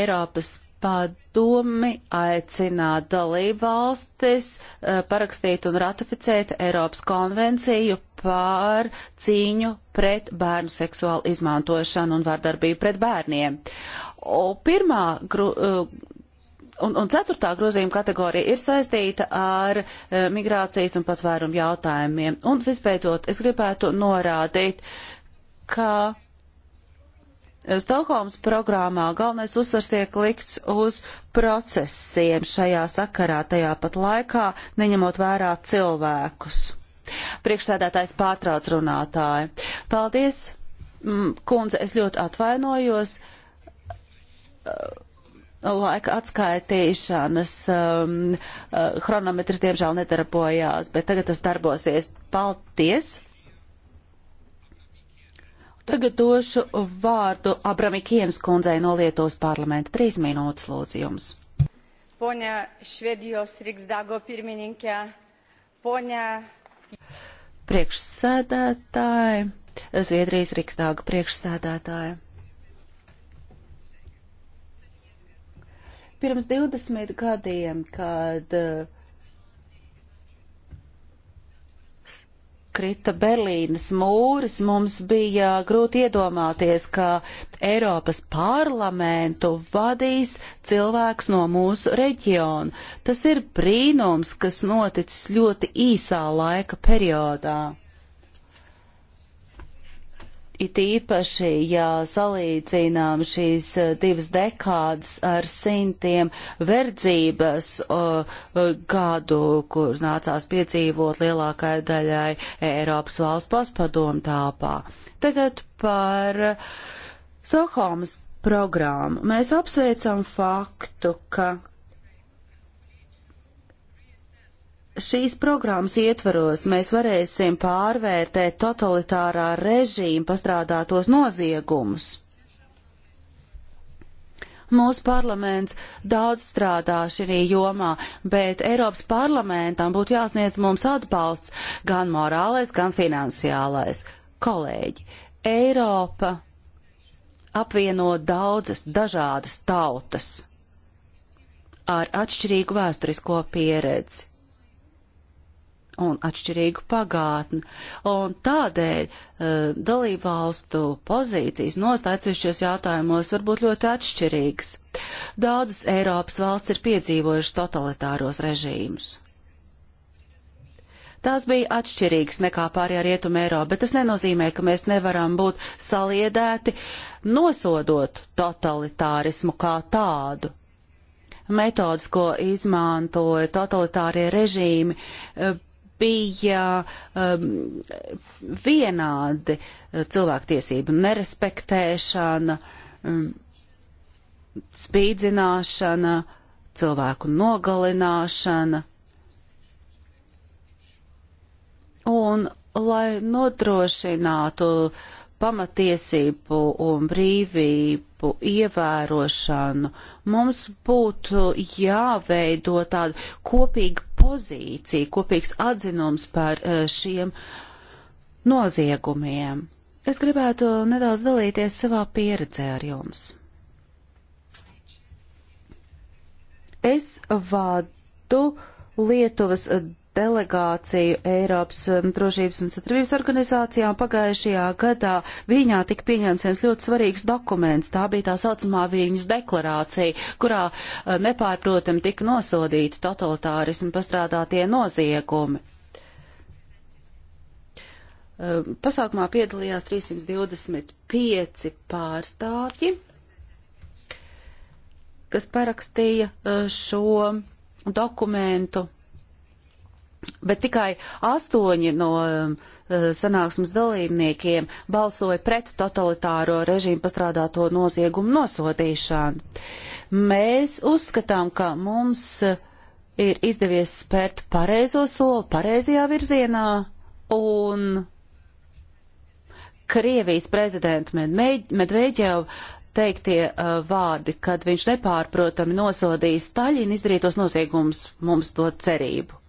Eiropas padomi aicināt dalībvalstis eh, parakstīt un ratificēt Eiropas konvenciju pār cīņu pret bērnu seksuālu izmantošanu un vardarbību pret bērniem. O, pirmā gru, eh, un, un ceturtā grozījuma kategorija ir saistīta ar eh, migrācijas un patvērumu jautājumiem. Un visbeidzot, es gribētu norādīt, ka Stokholmas programmā galvenais uzsvars tiek likts uz procesiem šajā sakarā, tajā pat laikā, neņemot vērā cilvēkus. Priekšsēdētājs pārtrauc runātāju. Paldies, kundze, es ļoti atvainojos laika atskaitīšanas um, uh, chronometrs diemžēl nedarbojās, bet tagad tas darbosies. Paldies! Tagad došu vārdu Abramikienas kundzei no Lietuvas parlamenta. Trīs minūtes lūdzu jums. Poņa Švedijos Riksdago pirmininkē, poņa. Priekšsēdētāji, Zviedrijas Riksdaga priekšsēdētāji. Pirms 20 gadiem, kad uh, sakrita Berlīnas mūris, mums bija grūti iedomāties, ka Eiropas parlamentu vadīs cilvēks no mūsu reģiona. Tas ir brīnums, kas noticis ļoti īsā laika periodā it īpaši, ja salīdzinām šīs eh, divas dekādas ar simtiem verdzības uh, gadu, kur nācās piedzīvot lielākai daļai Eiropas valsts pospadomu tāpā. Tagad par Stokholmas programmu. Mēs apsveicam faktu, ka Šīs programmas ietvaros mēs varēsim pārvērtēt totalitārā režīma pastrādātos noziegumus. Mūsu parlaments daudz strādā šī jomā, bet Eiropas parlamentam būtu jāsniedz mums atbalsts gan morālais, gan finansiālais. Kolēģi, Eiropa apvieno daudzas dažādas tautas ar atšķirīgu vēsturisko pieredzi un atšķirīgu pagātni. Un tādēļ uh, dalībvalstu pozīcijas nostācišķos jautājumos var būt ļoti atšķirīgas. Daudzas Eiropas valsts ir piedzīvojušas totalitāros režīmus. Tās bija atšķirīgas nekā pārējā rietuma Eiropa, bet tas nenozīmē, ka mēs nevaram būt saliedēti, nosodot totalitārismu kā tādu metodas, ko izmantoja totalitārie režīmi, eh, bija um, vienādi uh, cilvēktiesību nerespektēšana, um, spīdzināšana, cilvēku nogalināšana. Un, lai nodrošinātu pamatiesību un brīvību ievērošanu, mums būtu jāveido tāda kopīga pozīcija, kopīgs atzinums par eh, šiem noziegumiem. Es gribētu nedaudz dalīties savā pieredzē ar jums. Es vadu Lietuvas delegāciju Eiropas um, drošības un sadarbības organizācijām pagājušajā gadā viņā tika pieņemts viens ļoti svarīgs dokuments. Tā bija tā saucamā viņas deklarācija, kurā uh, nepārprotami tika nosodīti totalitārismu pastrādātie noziegumi. Um, pasākumā piedalījās 325 pārstāvji, kas parakstīja uh, šo dokumentu bet tikai astoņi no um, sanāksmes dalībniekiem balsoja pret totalitāro režīmu pastrādāto noziegumu nosodīšanu. Mēs uzskatām, ka mums eh, ir izdevies spērt pareizo soli pareizajā virzienā un Krievijas prezidenta Medveģeva teiktie uh, vārdi, kad viņš nepārprotami nosodīs Taļina izdarītos noziegumus, mums dod cerību.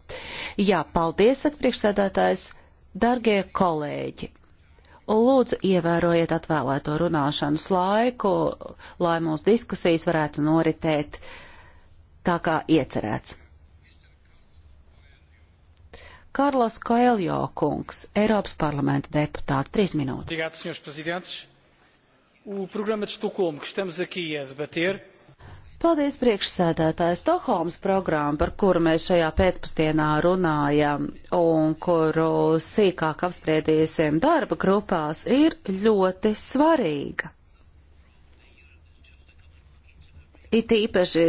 Jā, paldies, saka priekšsēdētājs, dargie kolēģi. Lūdzu, ievērojiet atvēlēto runāšanas laiku, lai mūsu diskusijas varētu noritēt tā kā iecerēts. Karlos Koeljo kungs, Eiropas parlamenta deputāts, trīs minūtes. Obrigado, senhores presidentes. O programa de Estocolmo que estamos aqui a debater Paldies priekšsēdētājs Stokholmas programma, par kuru mēs šajā pēcpusdienā runājam un kuru sīkāk apspriedīsim darba grupās, ir ļoti svarīga. It īpaši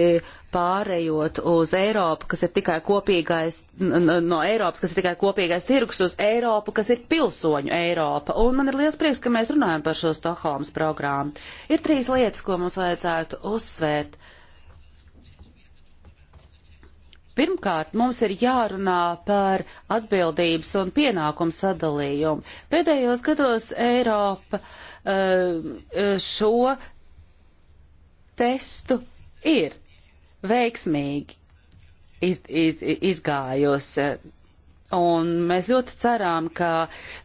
pārējot uz Eiropu, kas ir tikai kopīgais, no Eiropas, kas ir tikai kopīgais tirgus, uz Eiropu, kas ir pilsoņu Eiropa. Un man ir liels prieks, ka mēs runājam par šo Stokholmas programmu. Ir trīs lietas, ko mums vajadzētu uzsvērt. Uh, Pirmkārt, mums ir jārunā par atbildības un pienākumu sadalījumu. Pēdējos gados Eiropa eh, eh, šo testu ir veiksmīgi iz, iz, izgājusi. Un mēs ļoti cerām, ka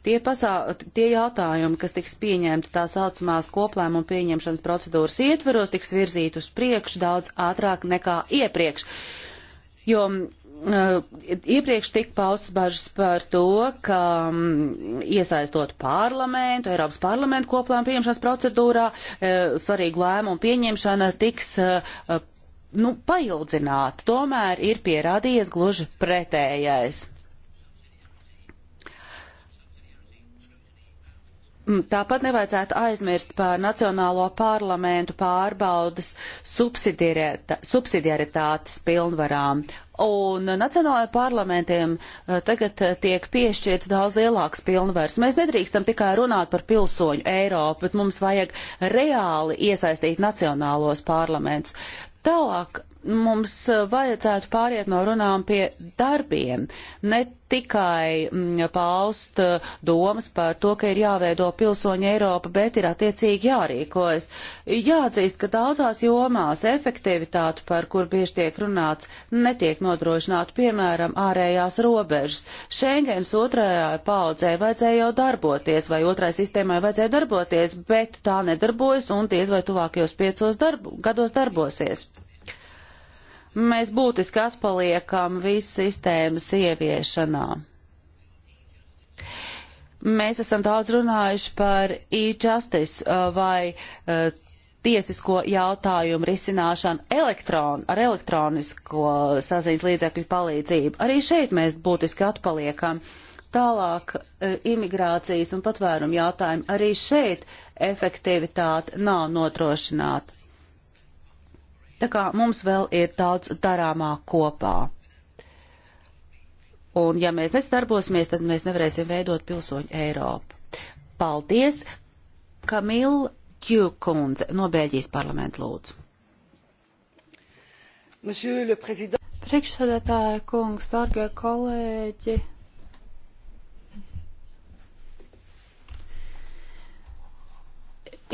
tie, pasā, tie jautājumi, kas tiks pieņemti tā saucamās koplēmuma pieņemšanas procedūras ietveros, tiks virzīti uz priekšu daudz ātrāk nekā iepriekš. Uh, jo mm, eh, iepriekš tika paustas bažas par to, ka mm, iesaistot parlamentu, Eiropas parlamentu koplēm pieņemšanas procedūrā, eh, svarīgu lēmumu pieņemšana tiks eh, nu, paildzināta. Tomēr ir pierādījies gluži pretējais. Mm, tāpat nevajadzētu aizmirst par Nacionālo parlamentu pārbaudas subsidiaritātes pilnvarām. Un Nacionālajiem parlamentiem eh, tagad eh, tiek piešķirts daudz lielāks pilnvars. Mēs nedrīkstam tikai runāt par pilsoņu Eiropu, bet mums vajag reāli iesaistīt Nacionālos parlamentus. Tālāk mums eh, vajadzētu pāriet no runām pie darbiem, ne tikai mm, paust eh, domas par to, ka ir jāveido pilsoņa Eiropa, bet ir attiecīgi jārīkojas. Jāatzīst, ka daudzās jomās efektivitāte, par kur bieži tiek runāts, netiek nodrošināta, piemēram, ārējās robežas. Šengens otrajā paudzē vajadzēja jau darboties, vai otrai sistēmai vajadzēja darboties, bet tā nedarbojas un diez vai tuvākajos piecos darbu, gados darbosies mēs būtiski atpaliekam visu sistēmas ieviešanā. Mēs esam daudz runājuši par e-justice uh, vai uh, tiesisko jautājumu risināšanu elektron, ar elektronisko saziņas līdzekļu palīdzību. Arī šeit mēs būtiski atpaliekam. Tālāk uh, imigrācijas un patvērumu jautājumi. Arī šeit efektivitāte nav notrošināta. Tā kā mums vēl ir daudz darāmā kopā. Un ja mēs nesdarbosimies, tad mēs nevarēsim veidot pilsoņu Eiropu. Paldies! Kamila Tjūkundze no Bēļģijas parlamenta lūdzu. Priekšsēdētāja kungs, dārgie kolēģi!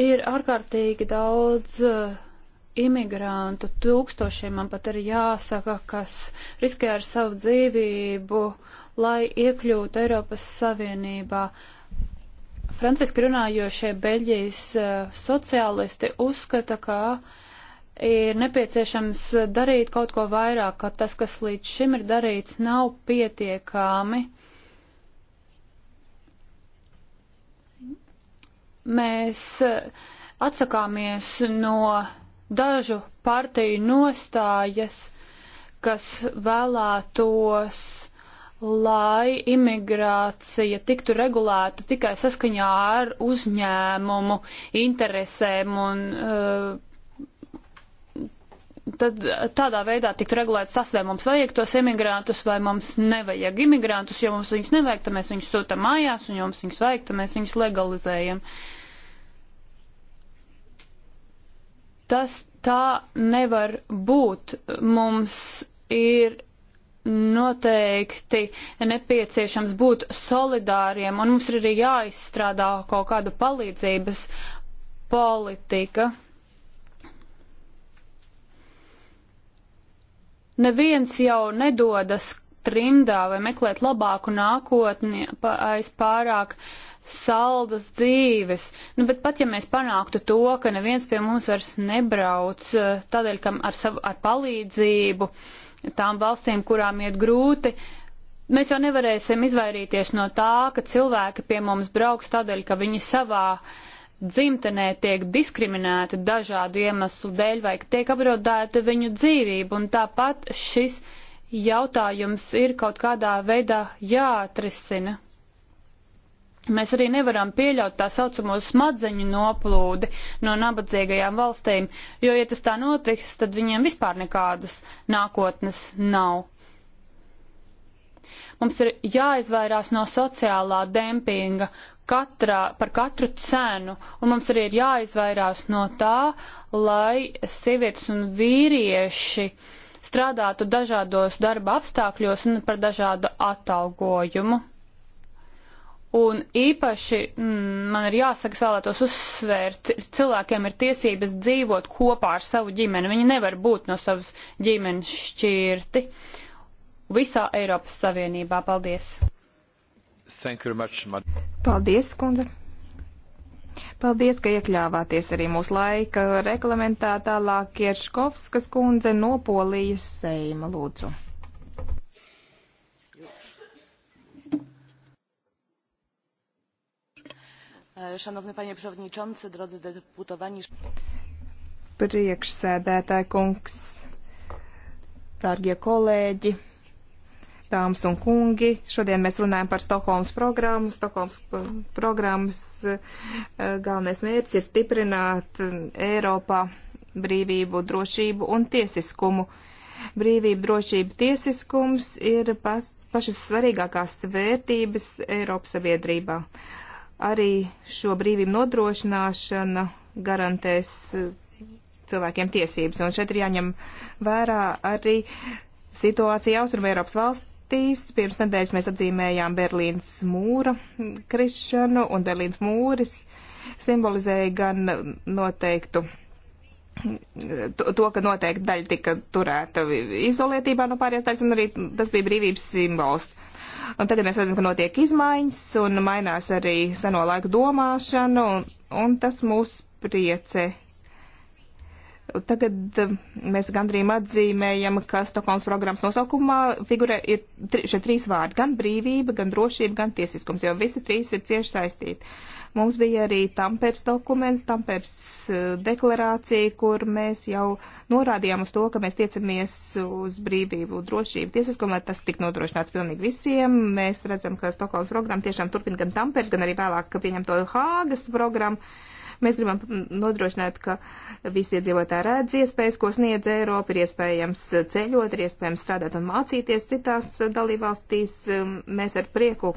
Ir ārkārtīgi daudz uh, imigrantu tūkstošiem, man pat ir jāsaka, kas riskē ar savu dzīvību, lai iekļūtu Eiropas Savienībā. Franciski runājošie Beļģijas eh, sociālisti uzskata, ka ir nepieciešams darīt kaut ko vairāk, ka tas, kas līdz šim ir darīts, nav pietiekami. Mēs eh, atsakāmies no dažu partiju nostājas, kas vēlētos, lai imigrācija tiktu regulēta tikai saskaņā ar uzņēmumu interesēm un uh, tad tādā veidā tiktu regulēts tas, vai mums vajag tos imigrantus, vai mums nevajag imigrantus, jo mums viņus nevajag, tad mēs viņus sūtam mājās, un jo mums viņus vajag, tad mēs viņus legalizējam. Uh, Tas tā nevar būt. Mums ir noteikti nepieciešams būt solidāriem, un mums ir arī jāizstrādā kaut kāda palīdzības politika. Neviens jau nedodas trimdā vai meklēt labāku nākotni aiz pārāk uh, saldas dzīves. Nu, bet pat ja mēs panāktu to, ka neviens pie mums vairs nebrauc eh, tādēļ, kam ar, savu, ar palīdzību tām valstīm, kurām iet grūti, mēs jau nevarēsim izvairīties no tā, ka cilvēki pie mums brauks tādēļ, ka viņi savā dzimtenē tiek diskriminēti dažādu iemeslu dēļ vai ka tiek apdraudēta viņu dzīvība. Un tāpat šis jautājums ir kaut kādā veidā jāatrisina. Mēs arī nevaram pieļaut tā saucamo smadzeņu noplūdi no nabadzīgajām valstīm, jo, ja tas tā notiks, tad viņiem vispār nekādas nākotnes nav. Mums ir jāizvairās no sociālā dempinga katrā, par katru cenu, un mums arī ir jāizvairās no tā, lai sievietes un vīrieši strādātu dažādos darba apstākļos un par dažādu atalgojumu. Un īpaši mm, man ir jāsaka, vēlētos uzsvērt, cilvēkiem ir tiesības dzīvot kopā ar savu ģimeni. Viņi nevar būt no savas ģimenes šķirti. Visā Eiropas Savienībā. Paldies! Much, man... Paldies, kundze! Paldies, ka iekļāvāties arī mūsu laika reglamentā tālāk Ieškovskas kundze no Polijas Seima lūdzu. Šanovni e, paņie priekšsēdētāji, drodzi deputovani. Priekšsēdētāji kungs, dārgie kolēģi, dāmas un kungi, šodien mēs runājam par Stokholmas programmu. Stokholmas eh, programmas eh, galvenais mērķis ir stiprināt mm, Eiropā brīvību, drošību un tiesiskumu. Brīvība, drošība, tiesiskums ir pas, pašas svarīgākās vērtības Eiropas sabiedrībā. Uh, arī šo brīvību nodrošināšana garantēs e, cilvēkiem tiesības. Un šeit ir jāņem vērā arī situācija Austrum Eiropas valstīs. Pirms nedēļas mēs atzīmējām Berlīnas mūra krišanu, un Berlīnas mūris simbolizēja gan noteiktu to, ka noteikti daļa tika turēta izolētībā no pārējās daļas, un arī tas bija brīvības simbols. Un tagad mēs redzam, ka notiek izmaiņas, un mainās arī seno laiku domāšana, un, un tas mūs priecē. Tagad eh, mēs gandrīz atzīmējam, ka Stokholmas programmas nosaukumā figurē ir tri, šie trīs vārdi - gan brīvība, gan drošība, gan tiesiskums, jo visi trīs ir cieši saistīti. Mums bija arī Tampērs dokuments, Tampērs eh, deklarācija, kur mēs jau norādījām uz to, ka mēs tiecamies uz brīvību, drošību, tiesiskumu, lai tas tik nodrošināts pilnīgi visiem. Mēs redzam, ka Stokholmas programma tiešām turpina gan Tampērs, gan arī vēlāk pieņemto Hāgas programmu Mēs gribam nodrošināt, ka visi iedzīvotāji redz iespējas, ko sniedz Eiropa, ir iespējams ceļot, ir iespējams strādāt un mācīties citās dalībvalstīs. Um, Mēs ar prieku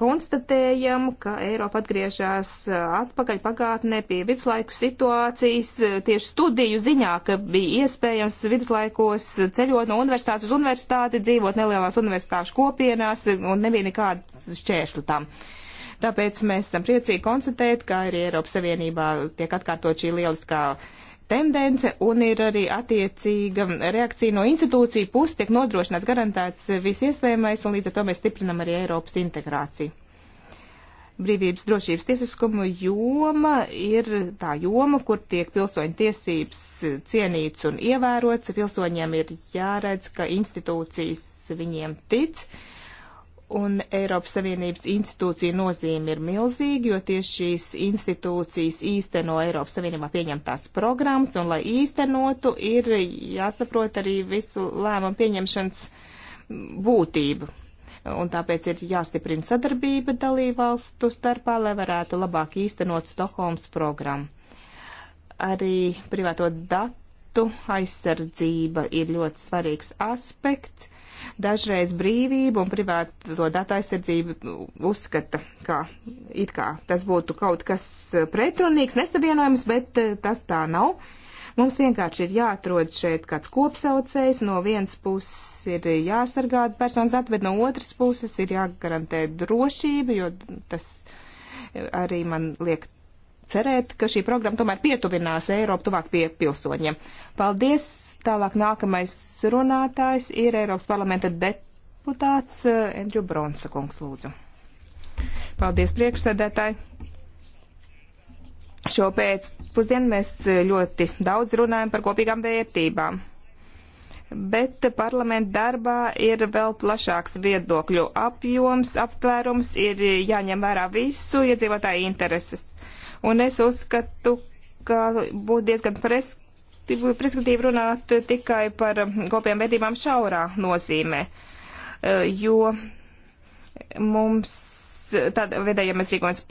konstatējam, ka Eiropa atgriežas atpakaļ pagātnē pie viduslaiku situācijas. Tieši studiju ziņā, ka bija iespējams viduslaikos ceļot no universitātes uz universitāti, dzīvot nelielās universitāšu kopienās un nebija nekāda šķēršļu tam. Uh, Tāpēc mēs esam priecīgi konstatēt, ka arī Eiropas Savienībā tiek atkārtot šī lieliskā tendence un ir arī attiecīga reakcija no institūciju puses, tiek nodrošināts garantēts viss iespējamais un līdz ar to mēs stiprinam arī Eiropas integrāciju. Brīvības drošības tiesiskuma joma ir tā joma, kur tiek pilsoņu tiesības cienīts un ievērots. Pilsoņiem ir jāredz, ka institūcijas viņiem tic. Uh, un Eiropas Savienības institūcija nozīme ir milzīga, jo tieši šīs institūcijas īsteno Eiropas Savienībā pieņemtās programmas, un lai īstenotu, ir jāsaprot arī visu lēmumu pieņemšanas būtību. Un tāpēc ir jāstiprina sadarbība dalībvalstu starpā, lai varētu labāk īstenot Stokholmas programmu. Arī privāto datu aizsardzība ir ļoti svarīgs aspekts dažreiz brīvību un privāto datu aizsardzību nu, uzskata, ka it kā tas būtu kaut kas eh, pretrunīgs, nesavienojams, bet eh, tas tā nav. Mums vienkārši ir jāatrod šeit kāds kopsaucējs, no vienas puses ir jāsargā personas dati, bet no otras puses ir jāgarantē drošība, jo tas eh, arī man liek cerēt, ka šī programma tomēr pietuvinās Eiropu tuvāk pie pilsoņiem. Paldies! Tālāk nākamais runātājs ir Eiropas parlamenta deputāts Endrju eh, Bronsa kungs, lūdzu. Paldies priekšsēdētāji. Šo pēcpusdienu mēs eh, ļoti daudz runājam par kopīgām vērtībām, bet parlamenta darbā ir vēl plašāks viedokļu apjoms, aptvērums, ir jāņem vērā visu iedzīvotāju intereses. Un es uzskatu, ka būtu diezgan preski perspektīvu runāt tikai par kopiem vērtībām šaurā nozīmē, eh, jo mums tādā veidā, ja mēs rīkojamies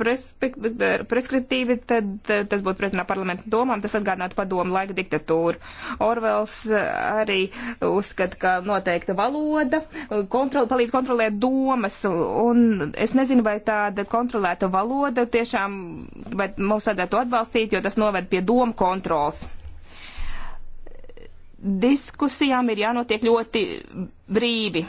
preskriptīvi, tad eh, tas būtu pretinā parlamentu domām, tas atgādinātu padomu laika diktatūru. Orvels eh, arī uzskata, ka noteikta valoda kontrol, palīdz kontrolēt domas, un es nezinu, vai tāda kontrolēta valoda tiešām, vai mums vajadzētu atbalstīt, jo tas noved pie domu kontrols diskusijām ir jānotiek ļoti brīvi.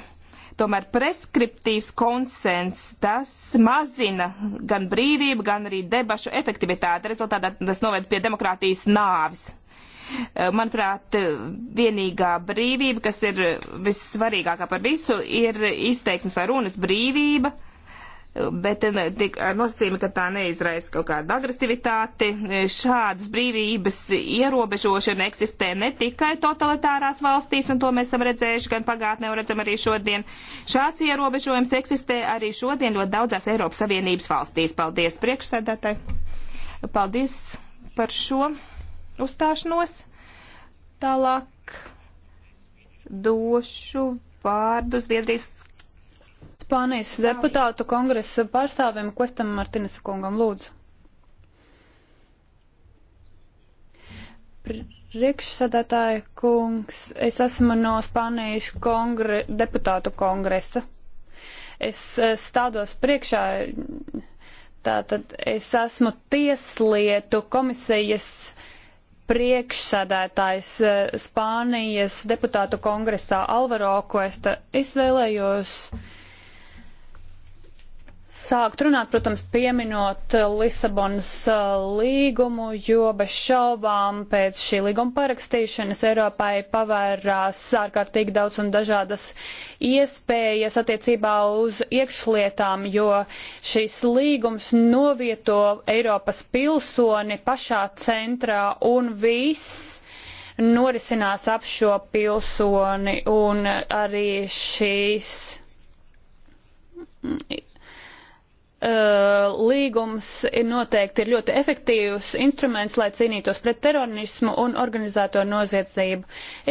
Tomēr preskriptīvs konsens tas mazina gan brīvību, gan arī debašu efektivitāti. Rezultātā tas noved pie demokrātijas nāvis. Eh, manuprāt, vienīgā brīvība, kas ir vissvarīgākā par visu, ir izteiksmes vai runas brīvība. Uh, bet eh, tik ar nosacījumu, ka tā neizraisa kaut kādu agresivitāti. Šādas brīvības ierobežošana eksistē ne tikai totalitārās valstīs, un to mēs esam redzējuši gan pagātnē, un redzam arī šodien. Šāds ierobežojums eksistē arī šodien ļoti daudzās Eiropas Savienības valstīs. Paldies priekšsēdētāji. Paldies par šo uzstāšanos. Tālāk došu vārdu Zviedrijas Spānijas deputātu kongresa pārstāvim Kostam Martinas kungam lūdzu. Priekšsādātāja kungs, es esmu no Spānijas kongre, deputātu kongresa. Es e, stādos priekšā, tātad es esmu tieslietu komisijas priekšsēdētājs e, Spānijas deputātu kongresā Alvaro Koesta. Es vēlējos uh, sākt runāt, protams, pieminot Lisabonas uh, līgumu, jo bez šaubām pēc šī līguma parakstīšanas Eiropai pavērās ārkārtīgi daudz un dažādas iespējas attiecībā uz iekšlietām, jo šis līgums novieto Eiropas pilsoni pašā centrā un viss norisinās ap šo pilsoni un arī šīs Uh, līgums ir noteikti ir ļoti efektīvs instruments, lai cīnītos pret terorismu un organizēto noziedzību.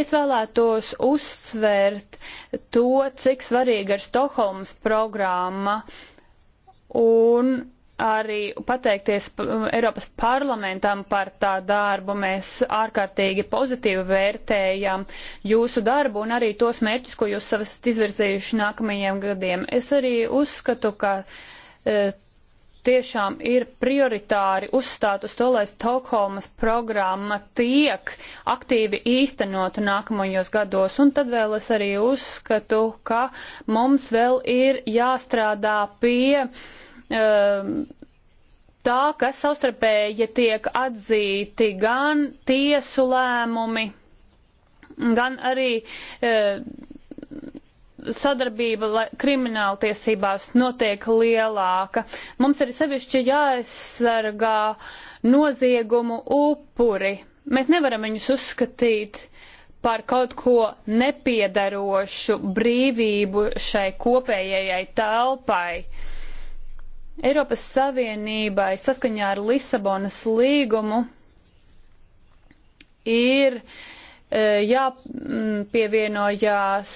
Es vēlētos uzsvērt to, cik svarīga ir Stokholmas programma un arī pateikties Eiropas parlamentam par tā darbu. Mēs ārkārtīgi pozitīvi vērtējam jūsu darbu un arī tos mērķus, ko jūs savas izvirzījuši nākamajiem gadiem. Es arī uzskatu, ka uh, E, tiešām ir prioritāri uzstāt uz to, lai Stokholmas programma tiek aktīvi īstenota nākamajos gados. Un tad vēl es arī uzskatu, ka mums vēl ir jāstrādā pie. Um, Tā, kas savstarpēji tiek atzīti gan tiesu lēmumi, gan arī e, um, sadarbība lai, krimināltiesībās notiek lielāka. Mums ir sevišķi jāaizsargā noziegumu upuri. Mēs nevaram viņus uzskatīt par kaut ko nepiedarošu brīvību šai kopējai telpai. Eiropas Savienībai saskaņā ar Lisabonas līgumu ir uh, E, jāpievienojās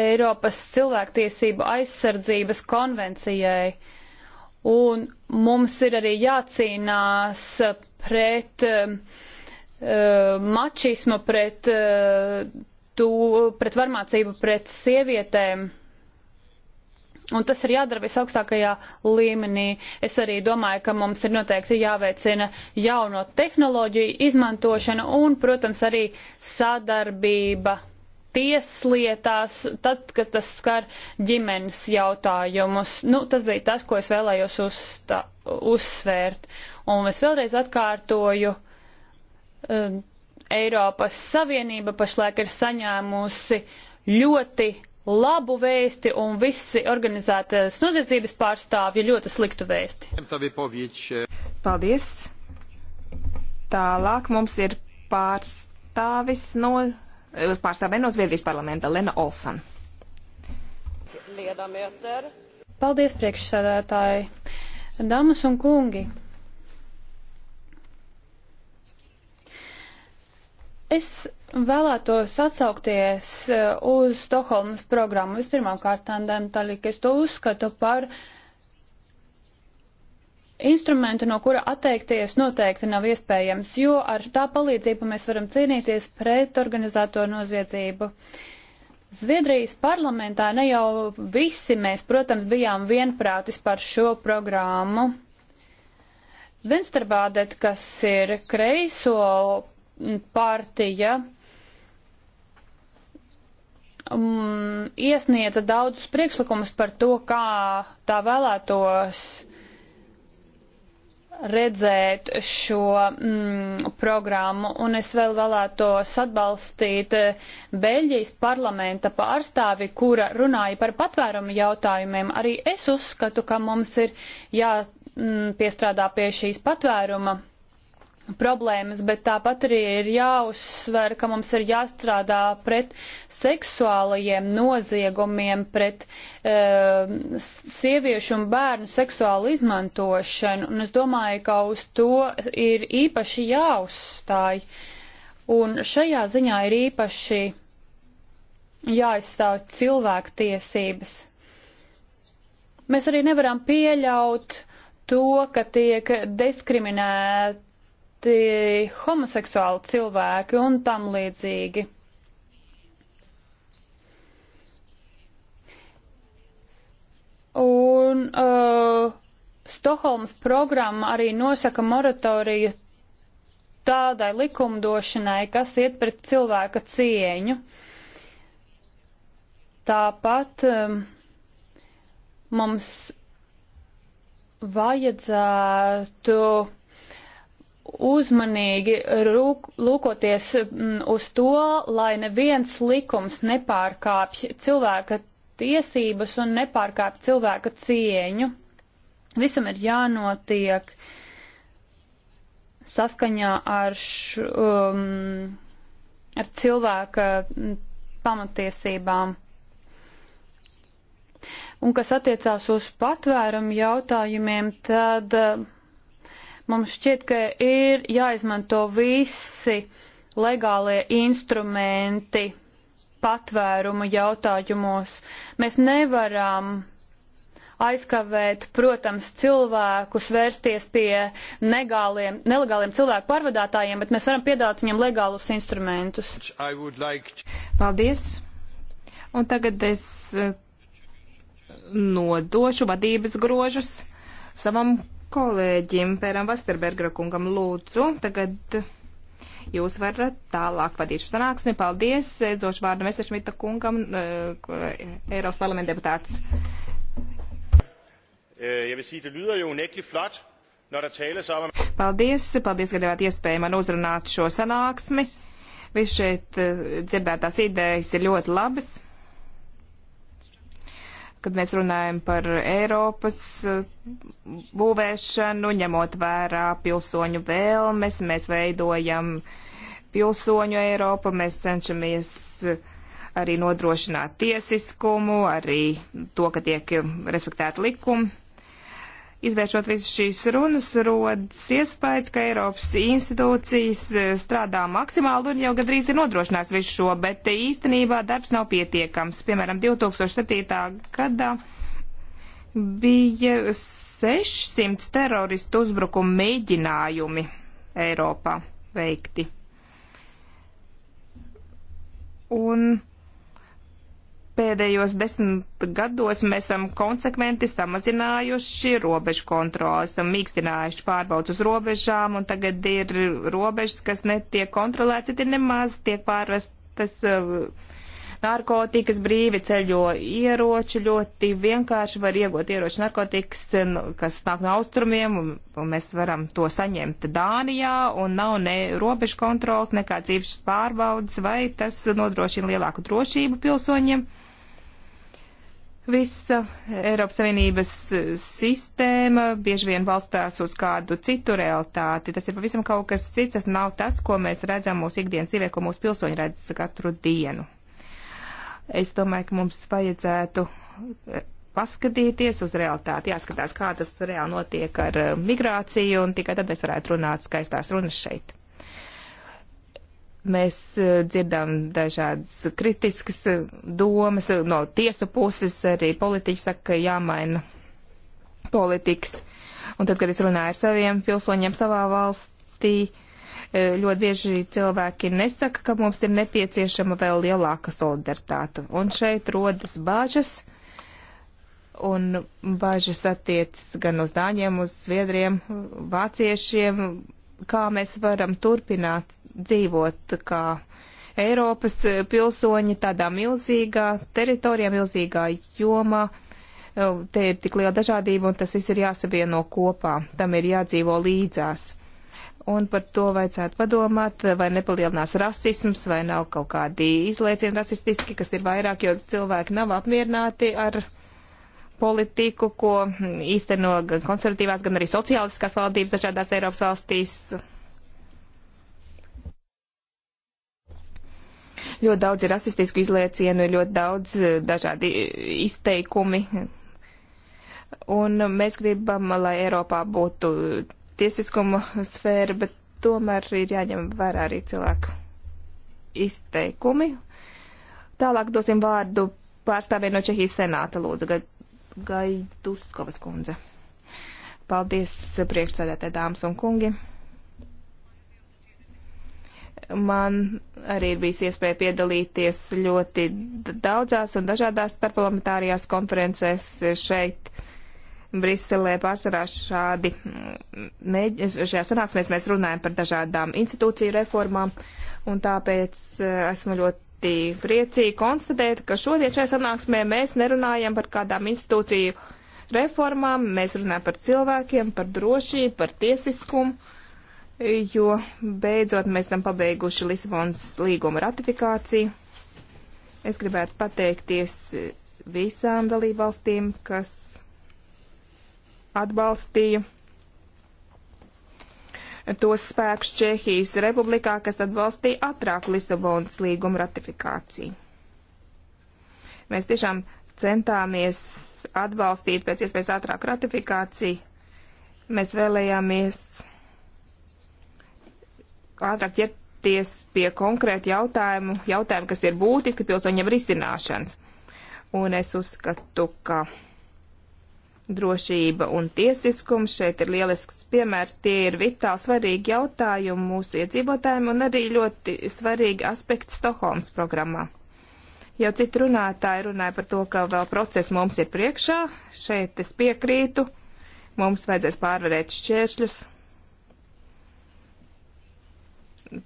Eiropas cilvēktiesību aizsardzības konvencijai. Un mums ir arī jācīnās pret uh, mačismu, pret, uh, to, pret varmācību pret sievietēm. Un tas ir jādara visaugstākajā līmenī. Es arī domāju, ka mums ir noteikti jāveicina jauno tehnoloģiju izmantošana un, protams, arī sadarbība tieslietās, tad, kad tas skar ģimenes jautājumus. Nu, tas bija tas, ko es vēlējos uzstā, uzsvērt. Un es vēlreiz atkārtoju. Um, Eiropas Savienība pašlaik ir saņēmusi ļoti labu vēsti un visi organizētas noziedzības pārstāvji ļoti sliktu vēsti. E, Paldies. Tālāk mums ir pārstāvis no, e, pārstāvē no Zviedrijas parlamenta Lena Olsan. Paldies priekšsēdētāji. Damas un kungi. Es vēlētos atsaukties e, uz Stokholmas programmu. Vispirmām kārtām, Dēmtalī, ka es to uzskatu par instrumentu, no kura atteikties noteikti nav iespējams, jo ar tā palīdzību mēs varam cīnīties pret organizēto noziedzību. Zviedrijas parlamentā ne jau visi mēs, protams, bijām vienprātis par šo programmu. Vensterbādet, kas ir kreiso partija um, iesniedza daudzus priekšlikumus par to, kā tā vēlētos redzēt šo mm, programmu, un es vēl vēlētos atbalstīt eh, Beļģijas parlamenta pārstāvi, kura runāja par patvērumu jautājumiem. Arī es uzskatu, ka mums ir jāpiestrādā mm, pie šīs patvēruma problēmas, bet tāpat arī ir jāuzsver, ka mums ir jāstrādā pret seksuālajiem noziegumiem, pret uh, sieviešu un bērnu seksuālu izmantošanu. Un es domāju, ka uz to ir īpaši jāuzstāj. Un šajā ziņā ir īpaši jāizstāv cilvēktiesības. Mēs arī nevaram pieļaut to, ka tiek diskriminēta citi homoseksuāli cilvēki un tam līdzīgi. Un uh, Stokholmas programma arī nosaka moratoriju tādai likumdošanai, kas iet pret cilvēka cieņu. Tāpat um, mums vajadzētu uzmanīgi rūk, lūkoties mm, uz to, lai neviens likums nepārkāpj cilvēka tiesības un nepārkāpj cilvēka cieņu. Visam ir jānotiek saskaņā ar, š, um, ar cilvēka mm, pamatiesībām. Un kas attiecās uz patvērumu jautājumiem, tad uh, Mums šķiet, ka ir jāizmanto visi legālie instrumenti patvērumu jautājumos. Mēs nevaram aizkavēt, protams, cilvēkus vērsties pie negāliem, nelegāliem cilvēku pārvadātājiem, bet mēs varam piedāvāt viņiem legālus instrumentus. Like... Paldies! Un tagad es eh, nodošu vadības grožus savam kolēģim Pēram Vasterbergra kungam lūdzu. Tagad jūs varat tālāk vadīt šo sanāksmi. Paldies. Eh, došu vārdu Mesešmita kungam, eh, Eiropas parlamenta deputāts. Eh, paldies, paldies, ka devāt iespēju man uzrunāt šo sanāksmi. Viss šeit dzirdētās idejas ir ļoti labas kad mēs runājam par Eiropas eh, būvēšanu, ņemot vērā pilsoņu vēlmes, mēs veidojam pilsoņu Eiropu, mēs cenšamies eh, arī nodrošināt tiesiskumu, arī to, ka tiek respektēti likumi. Izvēršot visu šīs runas, rodas iespējas, ka Eiropas institūcijas e, strādā maksimāli un jau gadrīz ir nodrošinājis visu šo, bet īstenībā darbs nav pietiekams. Piemēram, 2007. gadā bija 600 teroristu uzbrukumu mēģinājumi Eiropā veikti. Un Pēdējos desmit gados mēs esam konsekventi samazinājuši robežu kontroli, esam mīkstinājuši pārbaudas uz robežām, un tagad ir robežas, kas netiek kontrolēts, ir nemaz, tiek pārvestas uh, narkotikas brīvi ceļo ieroči, ļoti vienkārši var iegūt ieroči narkotikas, kas nāk no austrumiem, un, un mēs varam to saņemt Dānijā, un nav ne robežu kontrols, nekāds īpašs pārbaudas, vai tas nodrošina lielāku drošību pilsoņiem. Visa Eiropas Savienības e, sistēma bieži vien balstās uz kādu citu realitāti. Tas ir pavisam kaut kas cits, tas nav tas, ko mēs redzam mūsu ikdienas dzīvē, ko mūsu pilsoņi redz katru dienu. Es domāju, ka mums vajadzētu e, paskatīties uz realitāti, jāskatās, kā tas reāli notiek ar e, migrāciju, un tikai tad mēs varētu runāt skaistās runas šeit mēs e, dzirdam dažādas kritiskas e, domas e, no tiesu puses, arī politiķi saka, ka jāmaina politikas. Un tad, kad es runāju ar saviem pilsoņiem savā valstī, ļoti bieži cilvēki nesaka, ka mums ir nepieciešama vēl lielāka solidaritāte. Un šeit rodas bāžas, un bāžas attiecas gan uz dāņiem, uz zviedriem, vāciešiem, kā mēs varam turpināt dzīvot kā Eiropas pilsoņi tādā milzīgā teritorijā, milzīgā jomā. Te ir tik liela dažādība, un tas viss ir jāsavieno kopā. Tam ir jādzīvo līdzās un par to vajadzētu padomāt, vai nepalielinās rasisms, vai nav kaut kādi izlaicieni rasistiski, kas ir vairāk, jo cilvēki nav apmierināti ar politiku, ko īsteno gan konservatīvās, gan arī sociālistiskās valdības dažādās Eiropas valstīs. Ļoti daudz ir rasistisku izliecienu, ļoti daudz eh, dažādi izteikumi. Un mēs gribam, lai Eiropā būtu tiesiskuma sfēra, bet tomēr ir jāņem vērā arī cilvēku izteikumi. Tālāk dosim vārdu pārstāvē no Čehijas senāta, lūdzu, Gaiduskovas kundze. Paldies, priekšsēdētāji, dāmas un kungi. Man arī ir bijis iespēja piedalīties ļoti daudzās un dažādās starpparlamentārajās konferencēs šeit. Briselē pārsvarā šādi, šajā sanāksmēs mēs runājam par dažādām institūciju reformām, un tāpēc eh, esmu ļoti ļoti priecīgi konstatēt, ka šodien šajā sanāksmē mēs nerunājam par kādām institūciju reformām, mēs runājam par cilvēkiem, par drošību, par tiesiskumu, jo beidzot mēs esam pabeiguši Lisabonas līguma ratifikāciju. Es gribētu pateikties visām dalībvalstīm, kas atbalstīja tos spēkus Čehijas republikā, kas atbalstīja atrāk Lisabonas līguma ratifikāciju. Mēs tiešām centāmies atbalstīt pēc iespējas ātrāk ratifikāciju. Mēs vēlējāmies ātrāk ķerties pie konkrētu jautājumu, jautājumu, kas ir būtiski pilsoņiem risināšanas. Un es uzskatu, ka drošība un tiesiskums. Šeit ir lielisks piemērs. Tie ir vitāli svarīgi jautājumi mūsu iedzīvotājiem un arī ļoti svarīgi aspekti Stokholmas programmā. Jau citi runātāji runāja par to, ka vēl process mums ir priekšā. Šeit es piekrītu. Mums vajadzēs pārvarēt šķēršļus.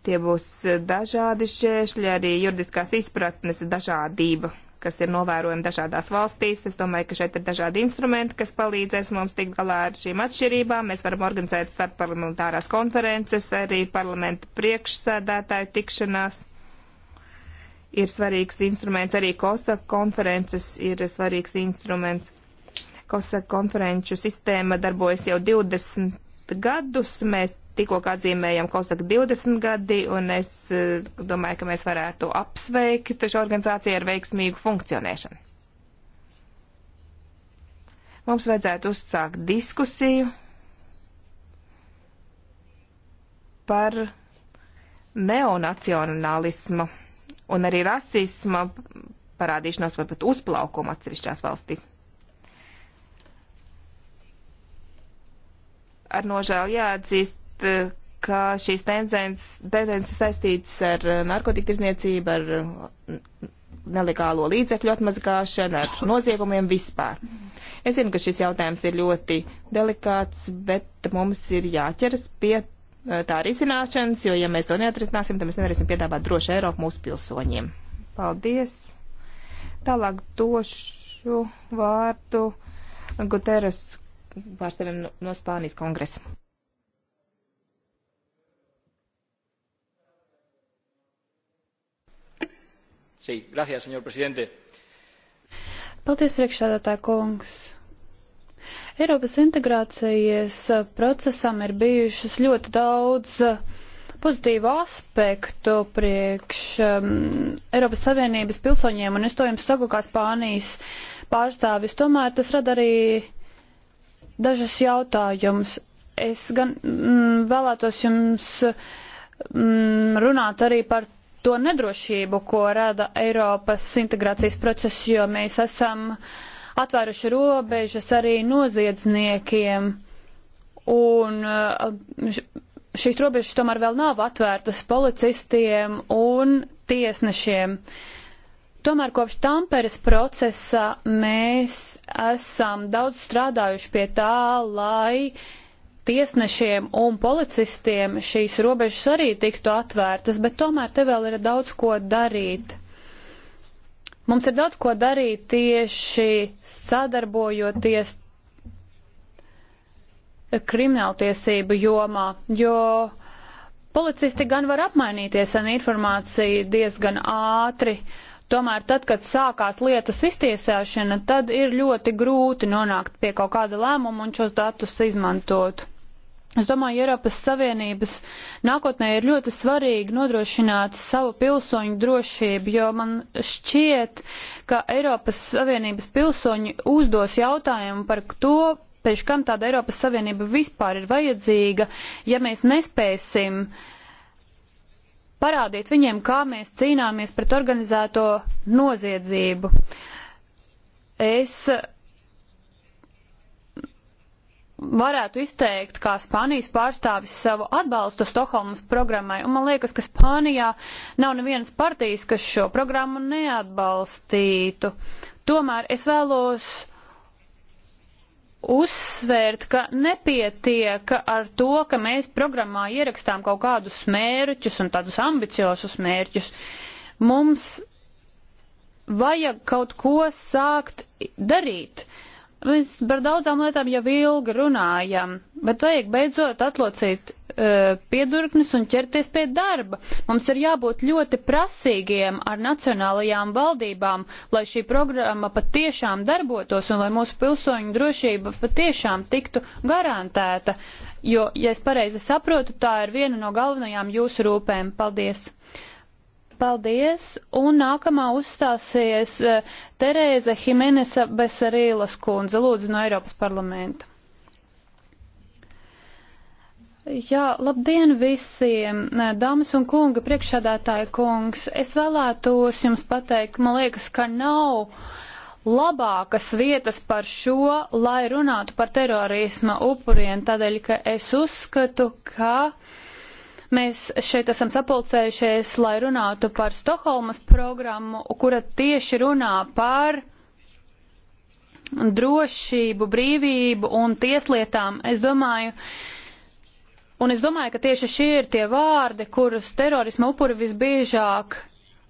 Tie būs dažādi šķēršļi, arī juridiskās izpratnes dažādība kas ir novērojami dažādās valstīs. Es domāju, ka šeit ir dažādi instrumenti, kas palīdzēs mums tikt galā ar šīm atšķirībām. Mēs varam organizēt starpparlamentārās konferences, arī parlamenta priekšsēdētāju tikšanās ir svarīgs instruments. Arī COSAC konferences ir svarīgs instruments. COSAC konferenču sistēma darbojas jau 20 gadus. Mēs tikko atzīmējam Kosaka 20 gadi, un es eh, domāju, ka mēs varētu apsveikt šo organizāciju ar veiksmīgu funkcionēšanu. Mums vajadzētu uzsākt diskusiju par neonacionālismu un arī rasisma parādīšanos vai pat uzplaukumu atsevišķās valstīs. Ar nožēlu jāatzīst, ka šīs tendences, tendences saistītas ar uh, narkotiku tirzniecību, ar uh, nelegālo līdzekļu atmazgāšanu, ar noziegumiem vispār. Es zinu, ka šis jautājums ir ļoti delikāts, bet mums ir jāķeras pie uh, tā risināšanas, jo, ja mēs to neatrisināsim, tad mēs nevarēsim piedāvāt drošu Eiropu mūsu pilsoņiem. Paldies! Tālāk došu vārdu Guteres pārstāvim no Spānijas kongresa. Sí, gracias, señor presidente. Paldies, priekšsēdētāja kungs. Eiropas integrācijas procesam ir bijušas ļoti daudz pozitīvu aspektu priekš um, Eiropas Savienības pilsoņiem, un es to jums saku kā Spānijas pārstāvis. Tomēr tas rada arī dažus jautājumus. Es gan mm, vēlētos jums mm, runāt arī par to nedrošību, ko rada Eiropas integrācijas process, jo mēs esam atvēruši robežas arī noziedzniekiem. Un eh, šīs robežas tomēr vēl nav atvērtas policistiem un tiesnešiem. Tomēr kopš Tamperes procesa mēs esam daudz strādājuši pie tā, lai uh, tiesnešiem un policistiem šīs robežas arī tiktu atvērtas, bet tomēr te vēl ir daudz ko darīt. Mums ir daudz ko darīt tieši sadarbojoties krimināltiesību jomā, jo policisti gan var apmainīties ar informāciju diezgan ātri, Tomēr tad, kad sākās lietas iztiesāšana, tad ir ļoti grūti nonākt pie kaut kāda lēmuma un šos datus izmantot. Es domāju, Eiropas Savienības nākotnē ir ļoti svarīgi nodrošināt savu pilsoņu drošību, jo man šķiet, ka Eiropas Savienības pilsoņi uzdos jautājumu par to, pēc kam tāda Eiropas Savienība vispār ir vajadzīga, ja mēs nespēsim parādīt viņiem, kā mēs cīnāmies pret organizēto noziedzību. Es varētu izteikt kā Spānijas pārstāvis savu atbalstu Stokholmas programmai, un man liekas, ka Spānijā nav nevienas partijas, kas šo programmu neatbalstītu. Tomēr es vēlos uzsvērt, ka nepietiek ar to, ka mēs programmā ierakstām kaut kādus mērķus un tādus ambiciošus mērķus. Mums vajag kaut ko sākt darīt. Mēs par daudzām lietām jau ilgi runājam, bet vajag beidzot atlocīt uh, piedurknes un ķerties pie darba. Mums ir jābūt ļoti prasīgiem ar nacionālajām valdībām, lai šī programma patiešām darbotos un lai mūsu pilsoņu drošība patiešām tiktu garantēta. Jo, ja es pareizi saprotu, tā ir viena no galvenajām jūsu rūpēm. Paldies! Uh, Paldies! Un nākamā uzstāsies eh, Terēza Himenesa Besarīlas kundze, lūdzu, no Eiropas parlamenta. Jā, labdien visiem, eh, dāmas un kunga, priekšsādātāja kungs. Es vēlētos jums pateikt, man liekas, ka nav labākas vietas par šo, lai runātu par terorisma upuriem, tādēļ, ka es uzskatu, ka. Uh, Mēs šeit esam sapulcējušies, lai runātu par Stokholmas programmu, kura tieši runā par drošību, brīvību un tieslietām. Es domāju, un es domāju, ka tieši šie ir tie vārdi, kurus terorisma upuri visbiežāk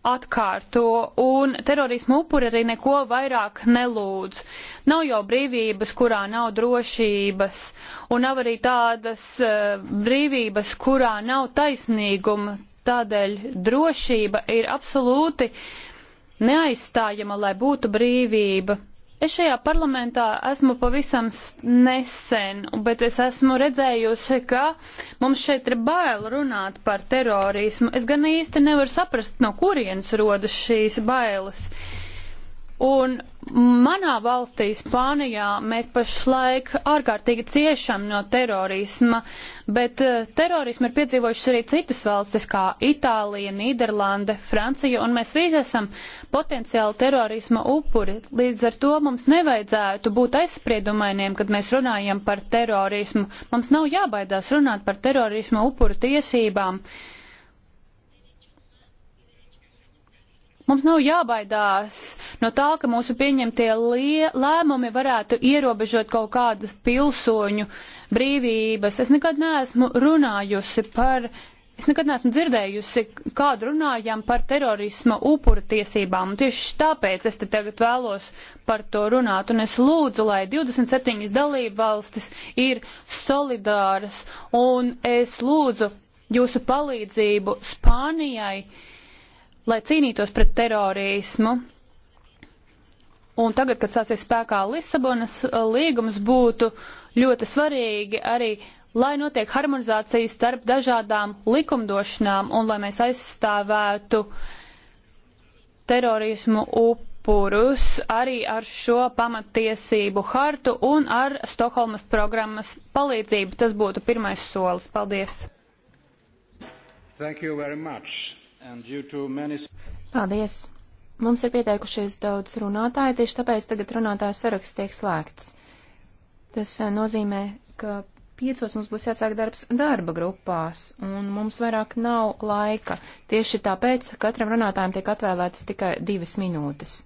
atkārto, un terorismu upuri arī neko vairāk nelūdz. Nav jau brīvības, kurā nav drošības, un nav arī tādas uh, brīvības, kurā nav taisnīguma. Tādēļ drošība ir absolūti neaizstājama, lai būtu brīvība. Es šajā parlamentā esmu pavisam nesen, bet es esmu redzējusi, ka mums šeit ir bail runāt par terorismu. Es gan īsti nevaru saprast, no kurienes rodas šīs bailes. Un manā valstī, Spānijā, mēs pašlaik ārkārtīgi ciešam no terorisma, bet uh, terorismu ir piedzīvojušas arī citas valstis, kā Itālija, Nīderlande, Francija, un mēs visi esam potenciāli terorisma upuri. Līdz ar to mums nevajadzētu būt aizspriedumainiem, kad mēs runājam par terorismu. Mums nav jābaidās runāt par terorisma upuru tiesībām. Uh, Mums nav jābaidās no tā, ka mūsu pieņemtie lēmumi varētu ierobežot kaut kādas pilsoņu brīvības. Es nekad neesmu runājusi par. Es nekad neesmu dzirdējusi, kādu runājam par terorisma upuru tiesībām, un tieši tāpēc es te tagad vēlos par to runāt, un es lūdzu, lai 27 dalību valstis ir solidāras, un es lūdzu jūsu palīdzību Spānijai, uh, lai cīnītos pret terorismu. Un tagad, kad sāksies spēkā Lisabonas uh, līgums, būtu ļoti svarīgi arī, lai notiek harmonizācija starp dažādām likumdošanām un lai mēs aizstāvētu terorismu upurus arī ar šo pamatiesību hartu un ar Stokholmas programmas palīdzību. Tas būtu pirmais solis. Paldies! Thank you very much. Many... Paldies! Mums ir pieteikušies daudz runātāju, tieši tāpēc tagad runātāju saraksts tiek slēgts. Tas eh, nozīmē, ka piecos mums būs jāsāk darbs darba grupās, un mums vairāk nav laika. Tieši tāpēc katram runātājam tiek atvēlētas tikai divas minūtes.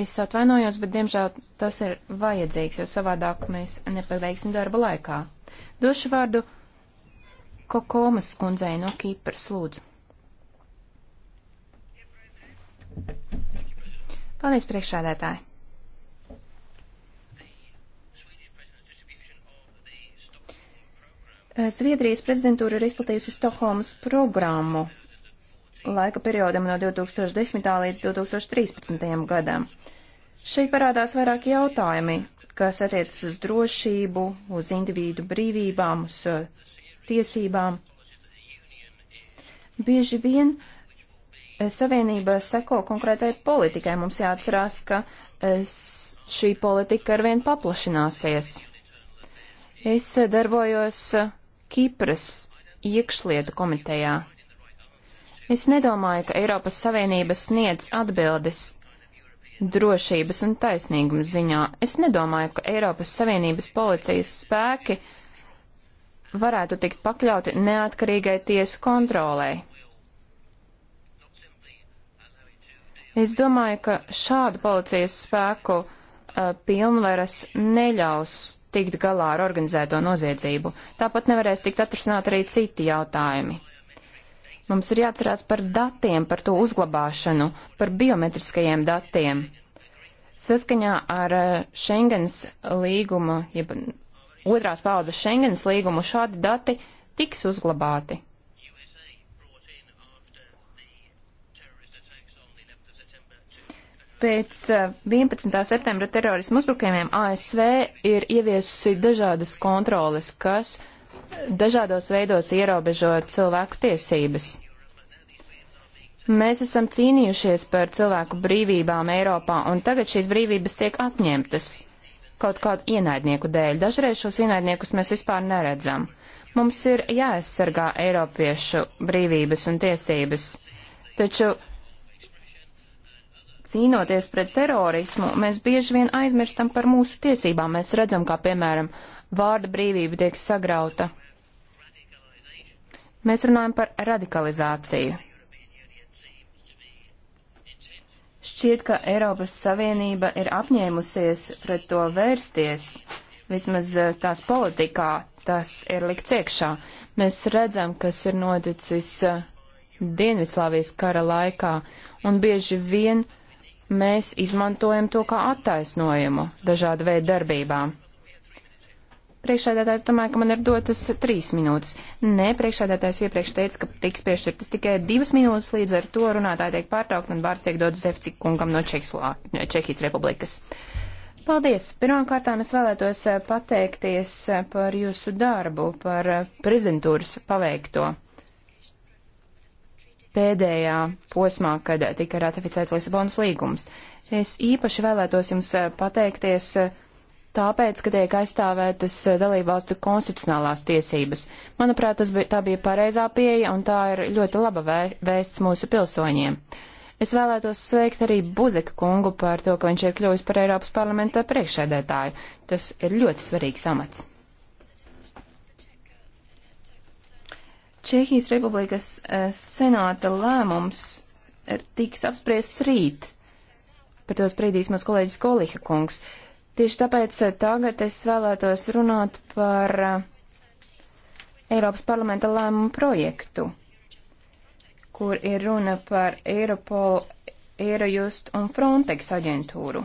Es atvainojos, bet diemžēl tas ir vajadzīgs, jo savādāk mēs nepaveiksim darba laikā. Došu vārdu Kokomas kundzei no Kīpras lūdzu. Paldies, priekšsēdētāji! Zviedrijas prezidentūra ir izplatījusi Stokholmas programmu laika periodam no 2010. līdz 2013. gadam. Šeit parādās vairāki jautājumi, kas attiecas uz drošību, uz individu brīvībām, uz uh, tiesībām. Bieži vien Savienība seko konkrētai politikai. Mums jāatcerās, ka šī politika arvien paplašināsies. Es darbojos Kipras iekšlietu komitejā. Es nedomāju, ka Eiropas Savienība sniedz atbildes drošības un taisnīguma ziņā. Es nedomāju, ka Eiropas Savienības policijas spēki varētu tikt pakļauti neatkarīgai tiesu kontrolē. Es domāju, ka šādu policijas spēku uh, pilnvaras neļaus tikt galā ar organizēto noziedzību. Tāpat nevarēs tikt atrisināt arī citi jautājumi. Mums ir jāatcerās par datiem, par to uzglabāšanu, par biometriskajiem datiem. Saskaņā ar uh, Schengens līguma, jeb otrās paudas Schengens līgumu šādi dati tiks uzglabāti. Pēc 11. Eh, septembra terorismu uzbrukumiem ASV ir ieviesusi dažādas kontroles, kas dažādos veidos ierobežo cilvēku tiesības. Mēs esam cīnījušies par cilvēku brīvībām Eiropā, un tagad šīs brīvības tiek atņemtas kaut kādu ienaidnieku dēļ. Dažreiz šos ienaidniekus mēs vispār neredzam. Mums ir jāaizsargā Eiropiešu brīvības un tiesības, taču cīnoties pret terorismu, mēs bieži vien aizmirstam par mūsu tiesībām. Mēs redzam, kā piemēram vārda brīvība tiek sagrauta. Mēs runājam par radikalizāciju. Šķiet, ka Eiropas Savienība ir apņēmusies pret to vērsties, vismaz eh, tās politikā tas ir likts iekšā. Mēs redzam, kas ir noticis eh, Dienvidslāvijas kara laikā, un bieži vien uh, mēs izmantojam to kā attaisnojumu dažādu veidu darbībām. Priekšsēdētājs domāja, ka man ir dotas trīs minūtes. Nē, priekšsēdētājs iepriekš teica, ka tiks piešķirtas tikai divas minūtes, līdz ar to runātāji tiek pārtraukt un vārds tiek dots Zefcik kungam no Čekislā, Čehijas republikas. Paldies! Pirmkārtām es vēlētos eh, pateikties eh, par jūsu darbu, par eh, prezidentūras paveikto pēdējā posmā, kad tika ratificēts Lisabonas līgums. Es īpaši vēlētos jums eh, pateikties eh, tāpēc, ka tiek aizstāvētas eh, dalībvalstu konstitucionālās tiesības. Manuprāt, bija, tā bija pareizā pieeja un tā ir ļoti laba vē, vēsts mūsu pilsoņiem. Es vēlētos sveikt arī Buzeka kungu par to, ka viņš ir kļuvis par Eiropas parlamenta priekšsēdētāju. Tas ir ļoti svarīgs amats. Čehijas Republikas e, senāta lēmums er, tiks apspriests rīt. Par to spriedīs mans kolēģis Koliha kungs. Tieši tāpēc e, tagad es vēlētos runāt par e, Eiropas parlamenta lēmumu projektu, kur ir runa par Eiropolu, Eirojust un Frontex aģentūru.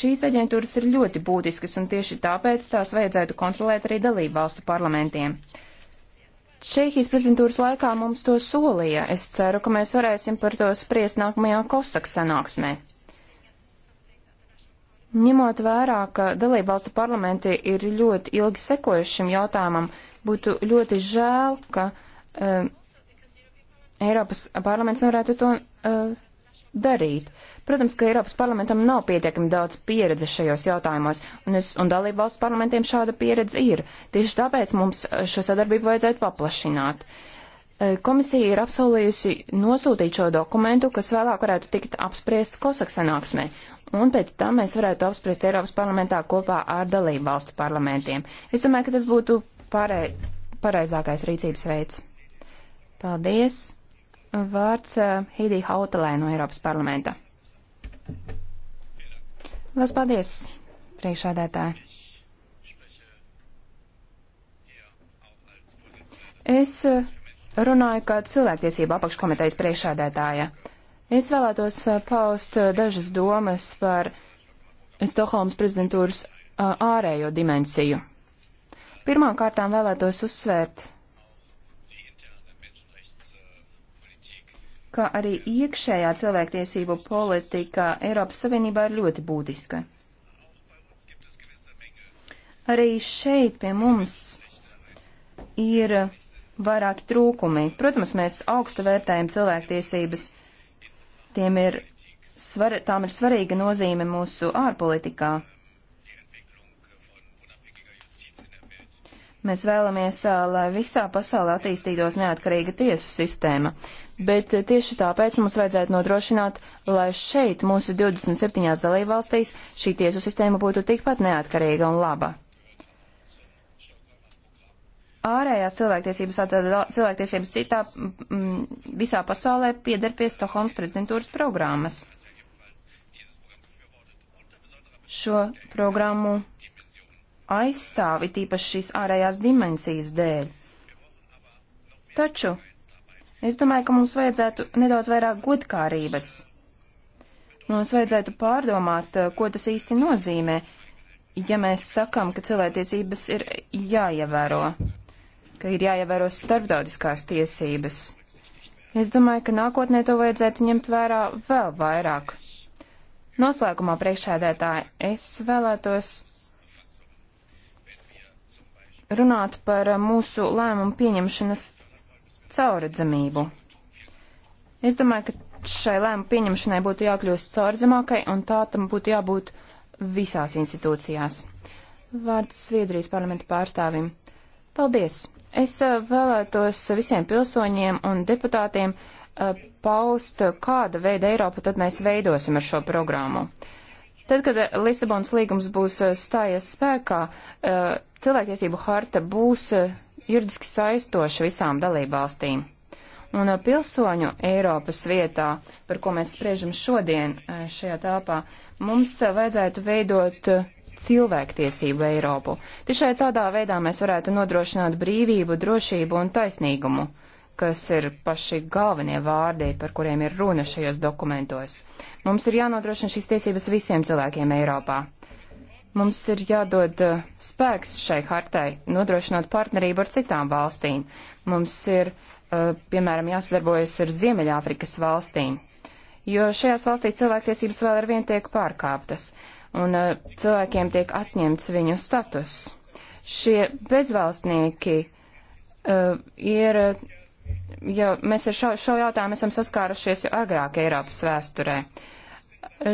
Šīs aģentūras ir ļoti būtiskas un tieši tāpēc tās vajadzētu kontrolēt arī dalību valstu parlamentiem. Uh, Čehijas prezidentūras laikā mums to solīja. Es ceru, ka mēs varēsim par to spriest nākamajā Kosaka sanāksmē. Ņemot vērā, ka dalībvalstu parlamenti ir ļoti ilgi sekojuši šim jautājumam, būtu ļoti žēl, ka uh, Eiropas parlaments nevarētu to uh, darīt. Protams, ka Eiropas parlamentam nav pietiekami daudz pieredzes šajos jautājumos, un, es, un dalību valsts parlamentiem šāda pieredze ir. Tieši tāpēc mums eh, šo sadarbību vajadzētu paplašināt. Eh, komisija ir apsolījusi nosūtīt šo dokumentu, kas vēlāk varētu tikt apspriests Kosaka sanāksmē, un pēc tam mēs varētu apspriest Eiropas parlamentā kopā ar dalību valstu parlamentiem. Es domāju, ka tas būtu pārē, pareizākais rīcības veids. Paldies! vārds eh, Heidī Hautalē no Eiropas parlamenta. Lielas paldies, priekšādētāji. Es eh, runāju kā cilvēktiesība apakškomitejas priekšādētāja. Es vēlētos eh, paust dažas domas par Stokholmas prezidentūras ārējo dimensiju. Pirmām kārtām vēlētos uzsvērt ka arī iekšējā cilvēktiesību politika Eiropas Savienībā ir ļoti būtiska. Arī šeit pie mums ir vairāk trūkumi. Protams, mēs augstu vērtējam cilvēktiesības. Tiem ir, svar, tām ir svarīga nozīme mūsu ārpolitikā. Mēs vēlamies, lai visā pasaulē attīstītos neatkarīga tiesu sistēma bet tieši tāpēc mums vajadzētu nodrošināt, lai šeit mūsu 27 dalībvalstīs šī tiesu sistēma būtu tikpat neatkarīga un laba. Ārējās cilvēktiesības, tātad cilvēktiesības citā m, mm, visā pasaulē pieder pie Stokholmas prezidentūras programmas. Šo programmu aizstāvi tīpaši šīs ārējās dimensijas dēļ. Taču Es domāju, ka mums vajadzētu nedaudz vairāk godkārības. Mums vajadzētu pārdomāt, eh, ko tas īsti nozīmē, ja mēs sakam, ka cilvēktiesības ir jāievēro, ka ir jāievēro starptautiskās tiesības. Es domāju, ka nākotnē to vajadzētu ņemt vērā vēl vairāk. Noslēgumā priekšēdētāji es vēlētos runāt par mūsu lēmumu pieņemšanas cauradzamību. Es domāju, ka šai lēmu pieņemšanai būtu jākļūst caurdzamākai, un tā tam būtu jābūt visās institūcijās. Vārds Sviedrijas parlamenta pārstāvim. Paldies! Es eh, vēlētos visiem pilsoņiem un deputātiem eh, paust, kāda veida Eiropu tad mēs veidosim ar šo programmu. Tad, kad Lisabonas līgums būs eh, stājies spēkā, cilvēktiesību harta būs juridiski saistoša visām dalībvalstīm. Un uh, pilsoņu Eiropas vietā, par ko mēs spriežam šodien uh, šajā telpā, mums uh, vajadzētu veidot cilvēktiesību Eiropu. Tikai tādā veidā mēs varētu nodrošināt brīvību, drošību un taisnīgumu, kas ir paši galvenie vārdi, par kuriem ir runa šajos dokumentos. Mums ir jānodrošina šīs tiesības visiem cilvēkiem Eiropā. Mums ir jādod eh, spēks šai hartai, nodrošinot partnerību ar citām valstīm. Mums ir, eh, piemēram, jāsadarbojas ar Ziemeļāfrikas valstīm, jo šajās valstīs cilvēktiesības vēl ar vien tiek pārkāptas, un eh, cilvēkiem tiek atņemts viņu status. Šie bezvalstnieki uh, ir, ja mēs ar šo, šo jautājumu esam saskārušies jau agrāk Eiropas vēsturē. Uh,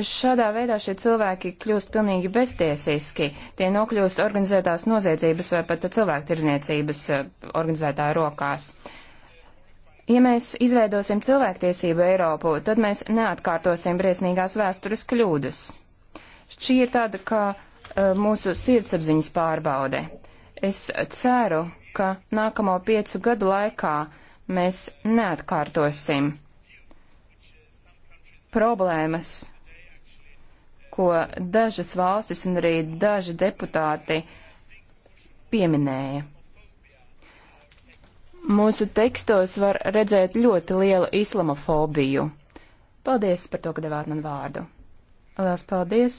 Šādā veidā šie cilvēki kļūst pilnīgi beztiesiski. Tie nokļūst organizētās noziedzības vai pat cilvēku tirzniecības eh, organizētā rokās. Ja mēs izveidosim cilvēktiesību Eiropu, tad mēs neatkārtosim briesmīgās vēstures kļūdus. Šī ir tāda kā eh, mūsu sirdsapziņas pārbaude. Es ceru, ka nākamo piecu gadu laikā mēs neatkārtosim problēmas, ko dažas valstis un arī daži deputāti pieminēja. Mūsu tekstos var redzēt ļoti lielu islamofobiju. Paldies par to, ka devāt man vārdu. Lielas paldies!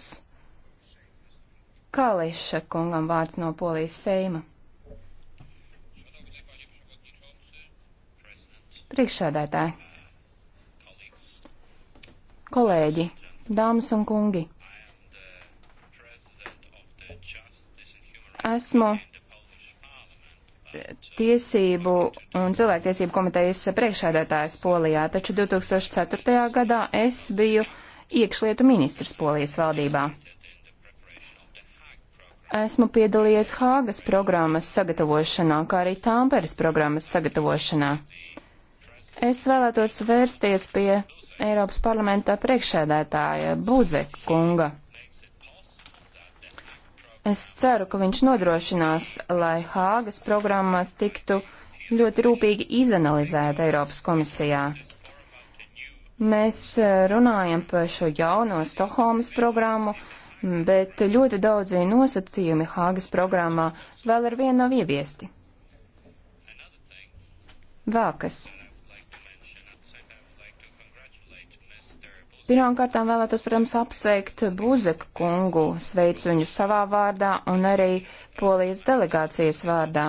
Kališa kungam vārds no Polijas Seima. Priekšsēdētāji, kolēģi, dāmas un kungi! Esmu tiesību un cilvēktiesību komitejas priekšēdētājs Polijā, taču 2004. gadā es biju iekšlietu ministrs Polijas valdībā. Esmu piedalījies Hāgas programmas sagatavošanā, kā arī Tāmperes programmas sagatavošanā. Es vēlētos vērsties pie Eiropas parlamenta priekšēdētāja Buzek kunga. Es ceru, ka viņš nodrošinās, lai Hāgas programma tiktu ļoti rūpīgi izanalizēta Eiropas komisijā. Mēs e, runājam par šo jauno Stokholmas programmu, bet ļoti daudzi nosacījumi Hāgas programmā vēl ar vienu nav ieviesti. Vēl kas. Pirmkārt, vēlētos, protams, apsveikt Buzeku kungu, sveicu viņu savā vārdā un arī polijas delegācijas vārdā.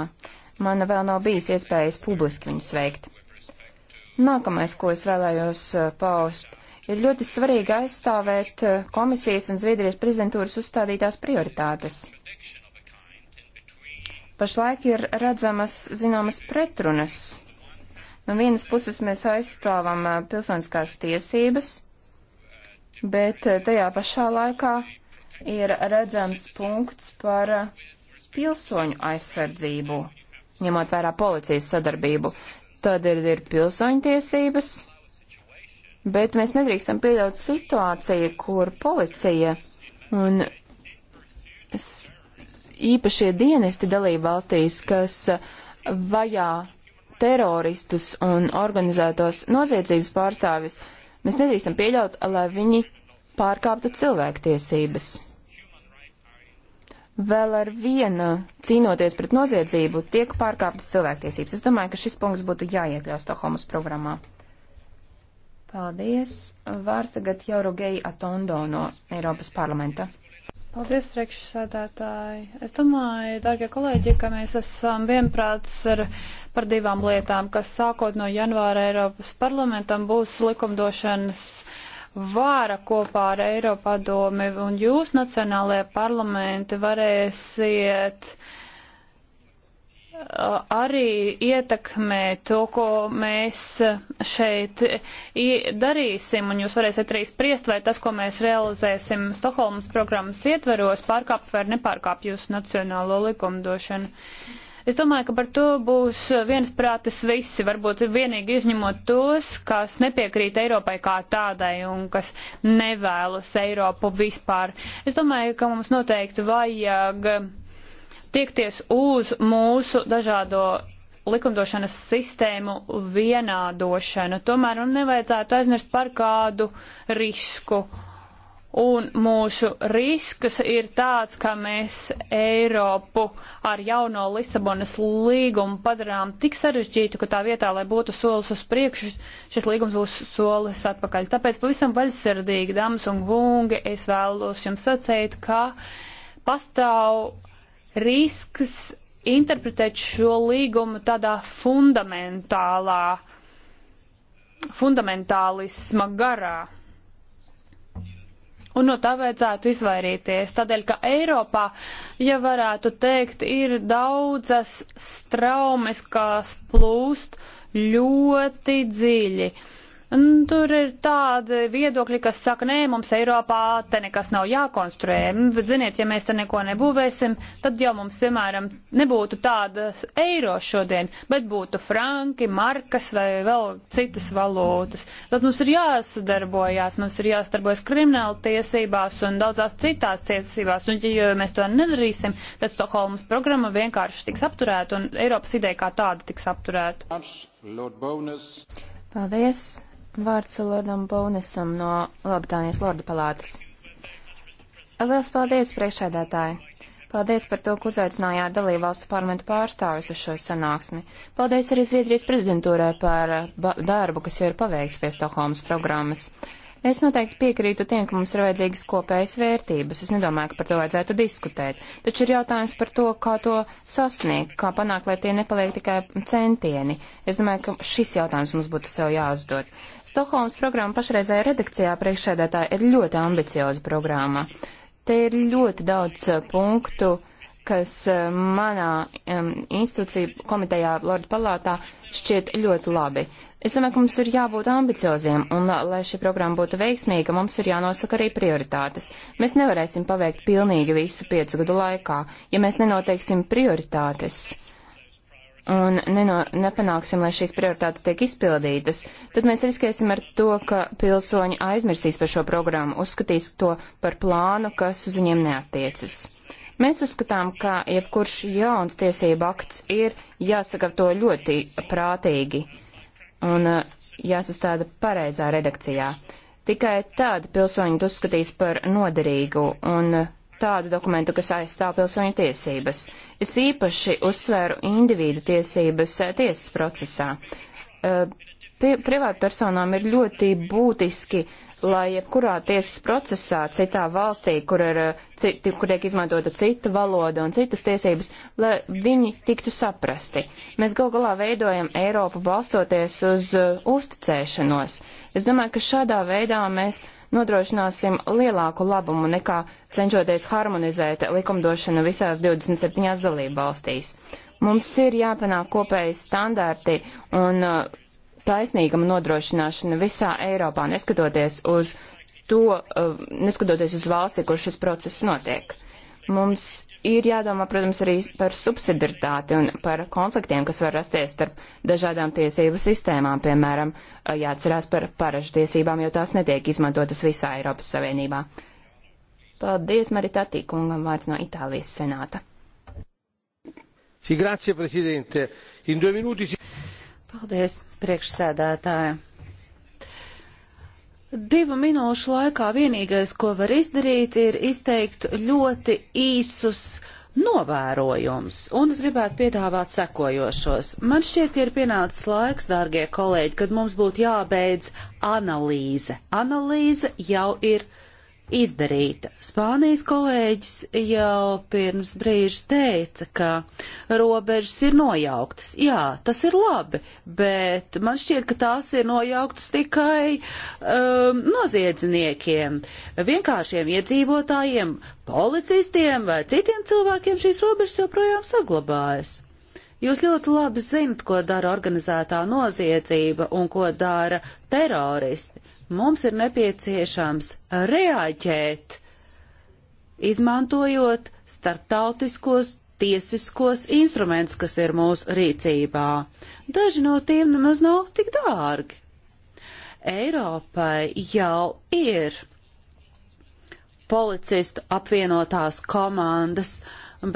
Man vēl nav bijis iespējas publiski viņu sveikt. Nākamais, ko es vēlējos uh, paust, ir ļoti svarīgi aizstāvēt uh, komisijas un Zviedrijas prezidentūras uzstādītās prioritātes. Pašlaik ir redzamas zināmas pretrunas. No vienas puses mēs aizstāvam uh, pilsoniskās tiesības bet eh, tajā pašā laikā ir redzams punkts par eh, pilsoņu aizsardzību, ņemot vērā policijas sadarbību. Tad ir, ir pilsoņu tiesības, bet mēs nedrīkstam pieļaut situāciju, kur policija un īpašie dienesti dalība valstīs, kas vajā teroristus un organizētos noziedzības pārstāvis, uh, Mēs nedrīkstam pieļaut, lai viņi pārkāptu cilvēktiesības. Vēl ar vienu cīnoties pret noziedzību tiek pārkāptas cilvēktiesības. Es domāju, ka šis punkts būtu jāiekļaus Stokholmas programmā. Paldies. Vārds tagad Jaurogei Atondo no Eiropas parlamenta. Paldies, priekšsēdētāji. Es domāju, dārgie kolēģi, ka mēs esam vienprāts ar, par divām lietām, kas sākot no janvāra Eiropas parlamentam būs likumdošanas vāra kopā ar Eiropadomi, un jūs, nacionālajie parlamenti, varēsiet uh, arī ietekmē to, ko mēs šeit darīsim, un jūs varēsiet arī spriest, vai tas, ko mēs realizēsim Stokholmas programmas ietveros, pārkāp vai nepārkāp jūsu nacionālo likumdošanu. Es domāju, ka par to būs viensprātis visi, varbūt vienīgi izņemot tos, kas nepiekrīt Eiropai kā tādai un kas nevēlas Eiropu vispār. Es domāju, ka mums noteikti vajag uh, tiekties uz mūsu dažādo likumdošanas sistēmu vienādošanu. Tomēr nu, nevajadzētu aizmirst par kādu risku. Un mūsu risks ir tāds, ka mēs Eiropu ar jauno Lisabonas līgumu padarām tik sarežģītu, ka tā vietā, lai būtu solis uz priekšu, šis līgums būs solis atpakaļ. Tāpēc pavisam vaļsirdīgi, dāmas un kungi, es vēlos jums sacīt, ka pastāv risks interpretēt šo līgumu tādā fundamentālā, fundamentālisma garā. Un no tā vajadzētu izvairīties, tādēļ, ka Eiropā, ja varētu teikt, ir daudzas straumes, kas plūst ļoti dziļi. Uh, Un tur ir tādi viedokļi, kas saka, nē, mums Eiropā te nekas nav jākonstruē, bet ziniet, ja mēs te neko nebūvēsim, tad jau mums, piemēram, nebūtu tādas eiro šodien, bet būtu franki, markas vai vēl citas valūtas. Tad mums ir jāsadarbojās, mums ir jāsadarbojas krimināla tiesībās un daudzās citās tiesībās, un ja mēs to nedarīsim, tad Stokholmas programma vienkārši tiks apturēta un Eiropas ideja kā tāda tiks apturēta. Paldies! Vārds Lordam Bonesam no Labdānijas Lorda palātas. Liels paldies, priekšēdētāji! Paldies par to, ka uzaicinājāt dalībvalstu parlamentu pārstāvis uz šo sanāksmi. Paldies arī Zviedrijas prezidentūrai par darbu, kas jau ir paveikts pie Stokholmas programmas. Uh, Es noteikti piekrītu tiem, ka mums ir vajadzīgas kopējas vērtības. Es nedomāju, ka par to vajadzētu diskutēt. Taču ir jautājums par to, kā to sasniegt, kā panākt, lai tie nepaliek tikai centieni. Es domāju, ka šis jautājums mums būtu sev jāuzdod. Stokholmas programma pašreizējā redakcijā priekšsēdētāja ir ļoti ambicioza programma. Te ir ļoti daudz eh, punktu kas eh, manā um, institūcija komitejā Lorda palātā šķiet ļoti labi. Es domāju, ka mums ir jābūt ambicioziem, un, lai šī programma būtu veiksmīga, mums ir jānosaka arī prioritātes. Mēs nevarēsim paveikt pilnīgi visu piecu gadu laikā, ja mēs nenoteiksim prioritātes un neno, nepanāksim, lai šīs prioritātes tiek izpildītas, tad mēs riskēsim ar to, ka pilsoņi aizmirsīs par šo programmu, uzskatīs to par plānu, kas uz viņiem neatiecas. Mēs uzskatām, ka jebkurš jauns tiesība akts ir jāsagatavo ļoti prātīgi un uh, jāsastāda pareizā redakcijā. Tikai tādi pilsoņi uzskatīs par noderīgu un uh, tādu dokumentu, kas aizstāv pilsoņu tiesības. Es īpaši uzsvēru individu tiesības uh, tiesas procesā. Privātpersonām ir ļoti būtiski uh, lai jebkurā tiesas procesā citā valstī, kur, ir, eh, citi, kur tiek izmantota cita valoda un citas tiesības, lai viņi tiktu saprasti. Mēs gal galā veidojam Eiropu balstoties uz uh, uzticēšanos. Es domāju, ka šādā veidā mēs nodrošināsim lielāku labumu nekā cenšoties harmonizēt likumdošanu visās 27 dalību valstīs. Mums ir jāpanāk kopēji standarti un uh, taisnīguma nodrošināšana visā Eiropā, neskatoties uz to, uh, neskatoties uz valsti, kur šis process notiek. Mums ir jādomā, protams, arī par subsidiritāti un par konfliktiem, kas var rasties starp dažādām tiesību sistēmām, piemēram, uh, jāatcerās par paražu tiesībām, jo tās netiek izmantotas visā Eiropas Savienībā. Paldies, Maritatī kungam, vārds no Itālijas senāta. Sì, grazie, Presidente. In due minuti si... Paldies, priekšsēdētāja. Divu minūšu laikā vienīgais, ko var izdarīt, ir izteikt ļoti īsus novērojums, un es gribētu piedāvāt sekojošos. Man šķiet, ka ir pienācis laiks, dārgie kolēģi, kad mums būtu jābeidz analīze. Analīze jau ir izdarīta. Spānijas kolēģis jau pirms brīža teica, ka robežas ir nojauktas. Jā, tas ir labi, bet man šķiet, ka tās ir nojauktas tikai um, noziedzniekiem, vienkāršiem iedzīvotājiem, policistiem vai citiem cilvēkiem šīs robežas joprojām saglabājas. Jūs ļoti labi zinat, ko dara organizētā noziedzība un ko dara teroristi. Mums ir nepieciešams reaģēt, izmantojot starptautiskos tiesiskos instrumentus, kas ir mūsu rīcībā. Daži no tiem nemaz nav tik dārgi. Eiropai jau ir policistu apvienotās komandas,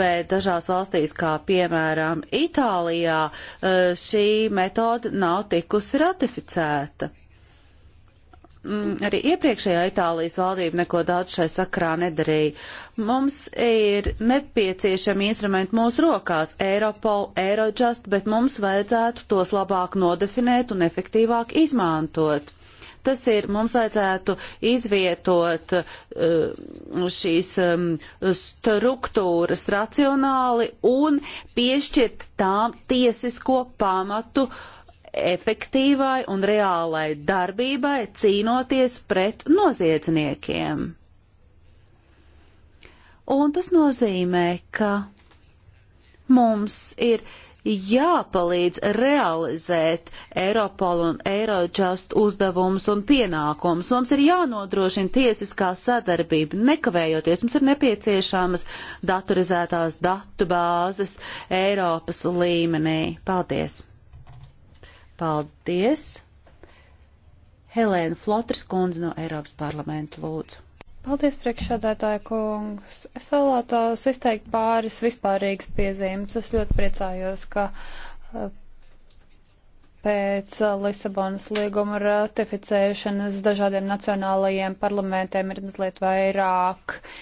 bet dažās valstīs, kā piemēram Itālijā, eh, šī metode nav tikusi ratificēta. Mm, arī iepriekšējā Itālijas valdība neko daudz šai sakrā nedarīja. Mums ir nepieciešami instrumenti mūsu rokās - Eiropol, Eirojust, bet mums vajadzētu tos labāk nodefinēt un efektīvāk izmantot. Tas ir, mums vajadzētu izvietot uh, šīs um, struktūras racionāli un piešķirt tām tiesisko pamatu uh, efektīvai un reālai darbībai cīnoties pret noziedzniekiem. Un tas nozīmē, ka mums ir jāpalīdz realizēt Eiropol un Eirojust uzdevums un pienākums. Mums ir jānodrošina tiesiskā sadarbība, nekavējoties. Mums ir nepieciešamas datorizētās datu bāzes Eiropas līmenī. Paldies! Paldies! Helēna Flotras kundze no Eiropas parlamenta lūdzu. Paldies, priekšsādātāja kungs. Es vēlētos izteikt pāris vispārīgas piezīmes. Es ļoti priecājos, ka eh, pēc eh, Lisabonas līguma ratificēšanas dažādiem nacionālajiem parlamentiem ir mazliet vairāk uh,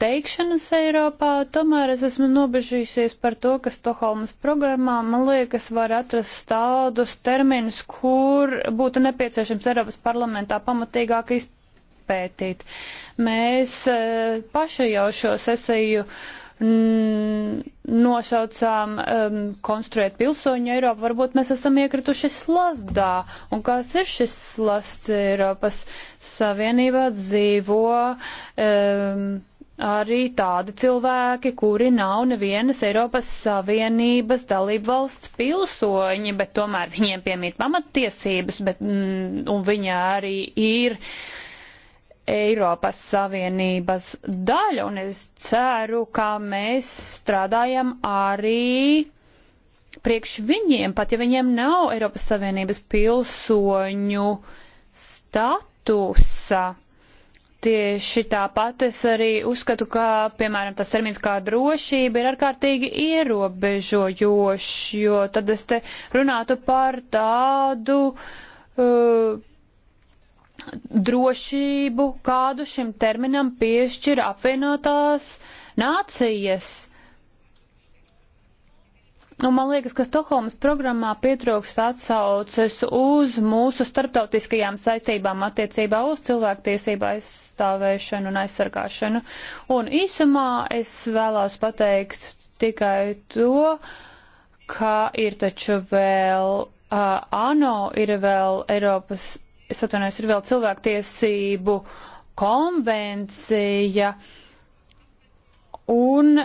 teikšanas Eiropā, tomēr es esmu nobežījusies par to, ka Stokholmas programmā, man liekas, var atrast tādus terminus, kur būtu nepieciešams Eiropas parlamentā pamatīgāk izpētīt. Mēs e, paši jau šo sesiju nosaucām um, konstruēt pilsoņu Eiropu, varbūt mēs esam iekrituši slazdā. Un kāds ir šis slazds Eiropas Savienībā dzīvo um, arī tādi cilvēki, kuri nav nevienas Eiropas Savienības dalību valsts pilsoņi, bet tomēr viņiem piemīt pamattiesības, bet, mm, un viņi arī ir Eiropas Savienības daļa, un es ceru, ka mēs strādājam arī priekš viņiem, pat ja viņiem nav Eiropas Savienības pilsoņu statusa Tieši tāpat es arī uzskatu, ka, piemēram, tas termins kā drošība ir ārkārtīgi ierobežojošs, jo tad es te runātu par tādu uh, drošību, kādu šim terminam piešķir apvienotās nācijas. Un nu, man liekas, ka Stokholmas programmā pietrūkst atsauces uz mūsu starptautiskajām saistībām attiecībā uz cilvēktiesību aizstāvēšanu un aizsargāšanu. Un īsumā es vēlos pateikt tikai to, ka ir taču vēl uh, ANO, ir vēl Eiropas, es atvainojos, ir vēl cilvēktiesību konvencija. Un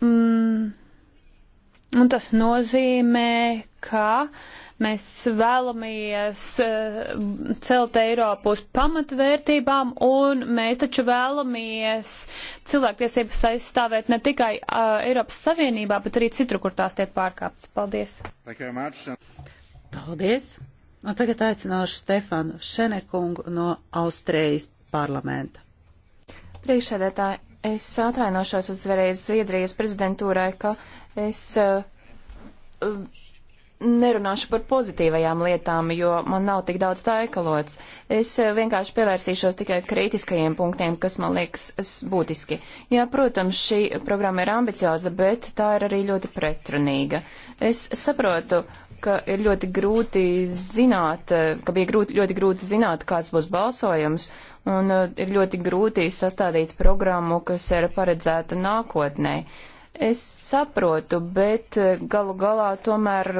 Mm, un tas nozīmē, ka mēs vēlamies eh, celt Eiropu uz pamatvērtībām, un mēs taču vēlamies cilvēktiesības aizstāvēt ne tikai uh, Eiropas Savienībā, bet arī citur, kur tās tiek pārkāptas. Paldies! Paldies! Un tagad aicināšu Stefanu Šenekungu no Austrijas parlamenta. Priekšsēdētāji, Es atvainošos uzreiz Zviedrijas prezidentūrai, ka es uh, um, nerunāšu par pozitīvajām lietām, jo man nav tik daudz tā ekalots. Es uh, vienkārši pievērsīšos tikai kritiskajiem punktiem, kas man liekas būtiski. Jā, protams, šī programma ir ambicioza, bet tā ir arī ļoti pretrunīga. Es saprotu ka ir ļoti grūti zināt, ka bija grūti, ļoti grūti zināt, kāds būs balsojums, un uh, ir ļoti grūti sastādīt programmu, kas ir paredzēta nākotnē. Es saprotu, bet uh, galu galā tomēr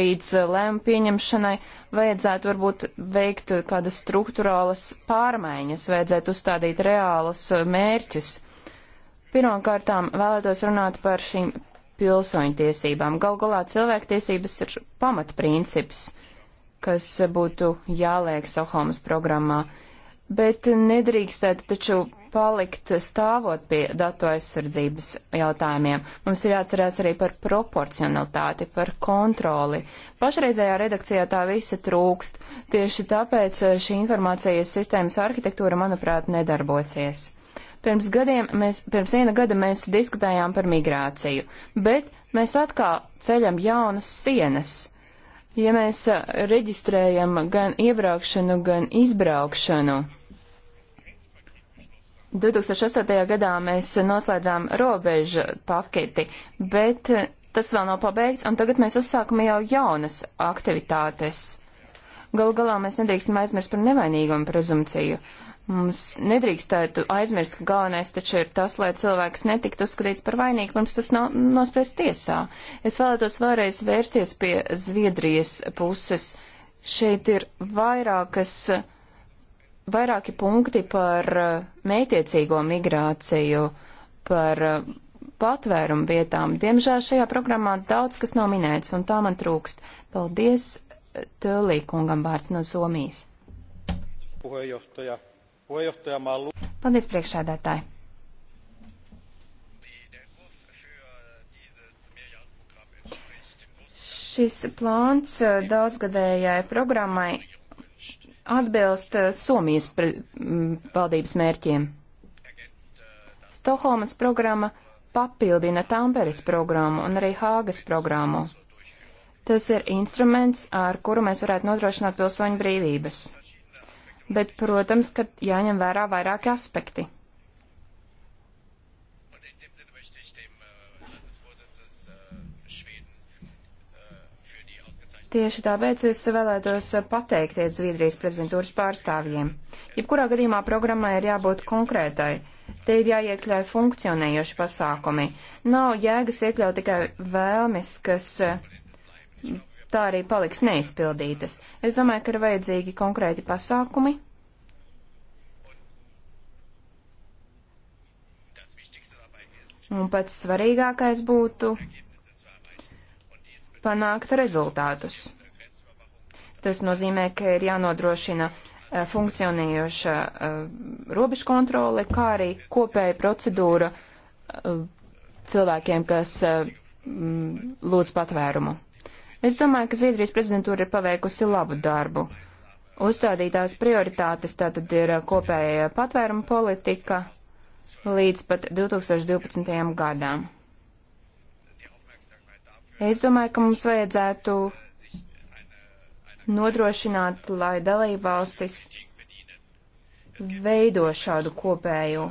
līdz lēmu pieņemšanai vajadzētu varbūt veikt kādas struktūrālas pārmaiņas, vajadzētu uzstādīt reālus uh, mērķus. Pirmkārtām vēlētos runāt par šīm pilsoņtiesībām. Gal galā cilvēktiesības ir pamatprincips, kas būtu jāliek Stokholmas programmā, bet nedrīkstētu taču palikt stāvot pie datu aizsardzības jautājumiem. Mums ir jāatcerās arī par proporcionalitāti, par kontroli. Pašreizējā redakcijā tā visa trūkst. Tieši tāpēc šī informācijas sistēmas arhitektūra, manuprāt, nedarbosies. Pirms, gadiem, mēs, pirms viena gada mēs diskutējām par migrāciju, bet mēs atkal ceļam jaunas sienas. Ja mēs uh, reģistrējam gan iebraukšanu, gan izbraukšanu, 2008. gadā mēs noslēdzām robežu paketi, bet uh, tas vēl nav pabeigts, un tagad mēs uzsākam jau jaunas aktivitātes. Galu galā mēs nedrīkstam aizmirst par nevainīgumu prezumciju. Uh, Mums nedrīkstētu aizmirst, ka galvenais taču ir tas, lai cilvēks netiktu uzskatīts par vainīgu, pirms tas nav nospriezt tiesā. Es vēlētos vēlreiz vērsties pie Zviedrijas puses. Šeit ir vairākas, vairāki punkti par eh, mētiecīgo migrāciju, par eh, patvērumu vietām. Diemžēl šajā programmā daudz kas nav minēts, un tā man trūkst. Paldies eh, Tölī kungam vārds no Somijas. Puheenjohtaja. Paldies, priekšsēdētāji! Šis plāns eh, daudzgadējai programmai atbilst eh, Somijas valdības mērķiem. Stokholmas programma papildina Tamperes programmu un arī Hāgas programmu. Tas ir instruments, ar kuru mēs varētu nodrošināt pilsoņu brīvības bet, protams, ka jāņem vērā vairāki aspekti. Tieši tāpēc es vēlētos pateikties Zviedrijas prezidentūras pārstāvjiem. Jebkurā gadījumā programmai ir jābūt konkrētai. Te ir jāiekļauj funkcionējoši pasākumi. Nav jēgas iekļaut tikai vēlmes, kas tā arī paliks neizpildītas. Es domāju, ka ir vajadzīgi konkrēti pasākumi. Un pats svarīgākais būtu panākt rezultātus. Tas nozīmē, ka ir jānodrošina eh, funkcionējoša eh, robežu kontrole, kā arī kopēja procedūra eh, cilvēkiem, kas lūdz patvērumu. Es domāju, ka Zviedrijas prezidentūra ir paveikusi labu darbu. Uzstādītās prioritātes tātad ir uh, kopēja patvēruma politika līdz pat 2012. gadām. Es domāju, ka mums vajadzētu nodrošināt, lai dalībvalstis veido šādu kopēju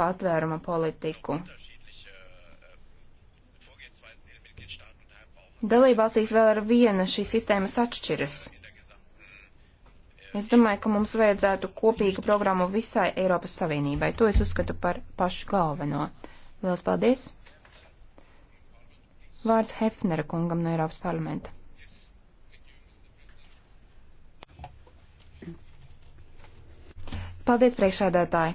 patvēruma politiku. Dalībvalstīs vēl ar vienu šīs sistēmas atšķiras. Es domāju, ka mums vajadzētu kopīgu programmu visai Eiropas Savienībai. To es uzskatu par pašu galveno. Lielas paldies! Vārds Hefnera kungam no Eiropas parlamenta. Paldies, priekšādātāji!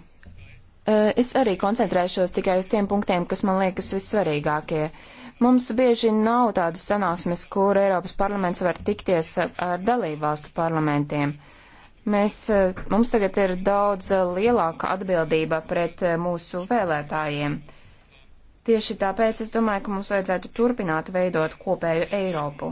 Es arī koncentrēšos tikai uz tiem punktiem, kas man liekas vissvarīgākie. Uh, Mums bieži nav tādas sanāksmes, kur Eiropas parlaments var tikties ar dalībvalstu parlamentiem. Mēs, e, mums tagad ir daudz e, lielāka atbildība pret e, mūsu vēlētājiem. Tieši tāpēc es domāju, ka mums vajadzētu turpināt veidot kopēju Eiropu.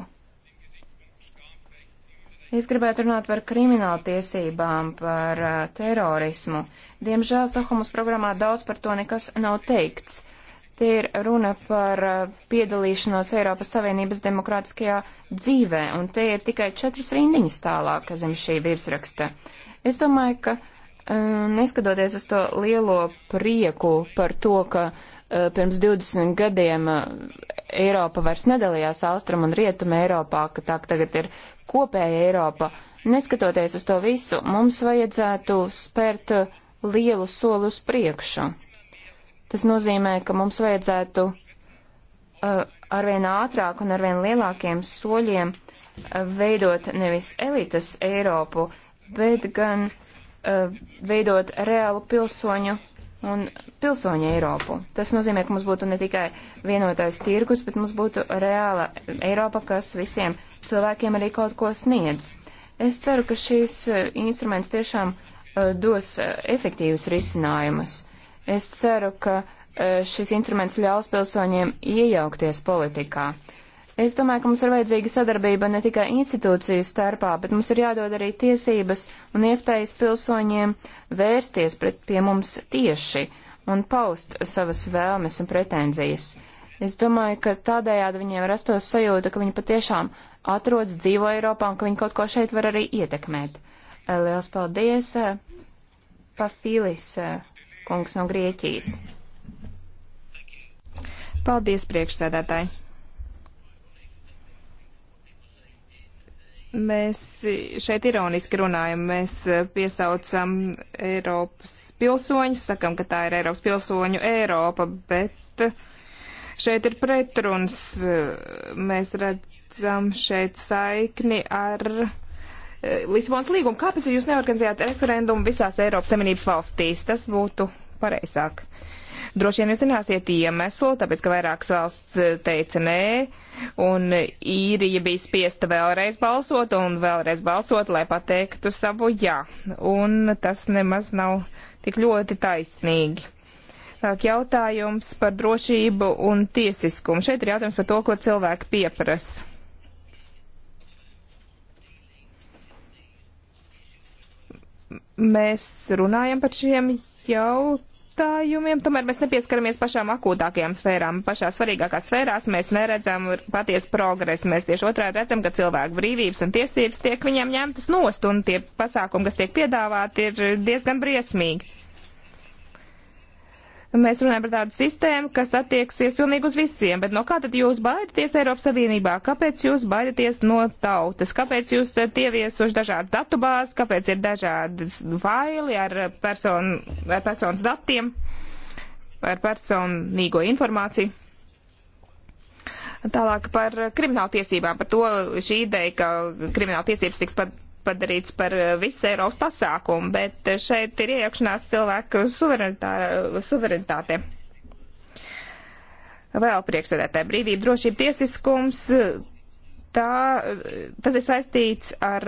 Es gribētu runāt par kriminālu tiesībām, par terorismu. Diemžēl Stokholmas programmā daudz par to nekas nav teikts. Te ir runa par eh, piedalīšanos Eiropas Savienības demokrātiskajā dzīvē, un te ir tikai četras rindiņas tālāk zem šī virsraksta. Es domāju, ka eh, neskatoties uz to lielo prieku par to, ka eh, pirms 20 gadiem Eiropa vairs nedalījās Austrum un Rietum Eiropā, ka tā tagad ir kopēja Eiropa, neskatoties uz to visu, mums vajadzētu spērt lielu soli uz priekšu. Tas nozīmē, ka mums vajadzētu uh, arvien ātrāk un arvien lielākiem soļiem uh, veidot nevis elites Eiropu, bet gan uh, veidot reālu pilsoņu un pilsoņu Eiropu. Tas nozīmē, ka mums būtu ne tikai vienotais tirgus, bet mums būtu reāla Eiropa, kas visiem cilvēkiem arī kaut ko sniedz. Es ceru, ka šīs uh, instruments tiešām uh, dos uh, efektīvus risinājumus. Es ceru, ka e, šis instruments ļaus pilsoņiem iejaukties politikā. Es domāju, ka mums ir vajadzīga sadarbība ne tikai institūciju starpā, bet mums ir jādod arī tiesības un iespējas pilsoņiem vērsties pret, pie mums tieši un paust savas vēlmes un pretenzijas. Es domāju, ka tādējādi viņiem rastos sajūta, ka viņi patiešām atrodas dzīvo Eiropā un ka viņi kaut ko šeit var arī ietekmēt. E, liels paldies, e, Pafīlis kungs no Grieķijas. Paldies, priekšsēdētāji. Mēs šeit ironiski runājam. Mēs piesaucam Eiropas pilsoņus, sakam, ka tā ir Eiropas pilsoņu Eiropa, bet šeit ir pretruns. Mēs redzam šeit saikni ar Lisabonas līgumu. Kāpēc jūs neorganizējāt referendumu visās Eiropas Savienības valstīs? Tas būtu pareizāk. Droši vien jūs zināsiet iemeslu, tāpēc, ka vairākas valsts eh, teica nē, un īrija bija spiesta vēlreiz balsot un vēlreiz balsot, lai pateiktu savu jā. Un tas nemaz nav tik ļoti taisnīgi. Tālāk jautājums par drošību un tiesiskumu. Šeit ir jautājums par to, ko cilvēki pieprasa. mēs runājam par šiem jautājumiem, tomēr mēs nepieskaramies pašām akūtākajām sfērām. Pašā svarīgākās sfērās mēs neredzam patiesu progresu. Mēs tieši otrādi redzam, ka cilvēku brīvības un tiesības tiek viņiem ņemtas nost, un tie pasākumi, kas tiek piedāvāti, ir diezgan briesmīgi. Mēs runājam par tādu sistēmu, kas attieksies pilnīgi uz visiem, bet no kā tad jūs baidaties Eiropas Savienībā? Kāpēc jūs baidaties no tautas? Kāpēc jūs esat ieviesuši dažādas datubāzes? Kāpēc ir dažādas faili ar, person, ar personas datiem, ar personīgo informāciju? Tālāk par kriminālu tiesībām, par to šī ideja, ka krimināla tiesības tiks par padarīts par eh, visu Eiropas pasākumu, bet eh, šeit ir iejaukšanās cilvēku suverenitāte. Vēl priekšsēdētāja brīvība, drošība, tiesiskums, tā, tas ir saistīts ar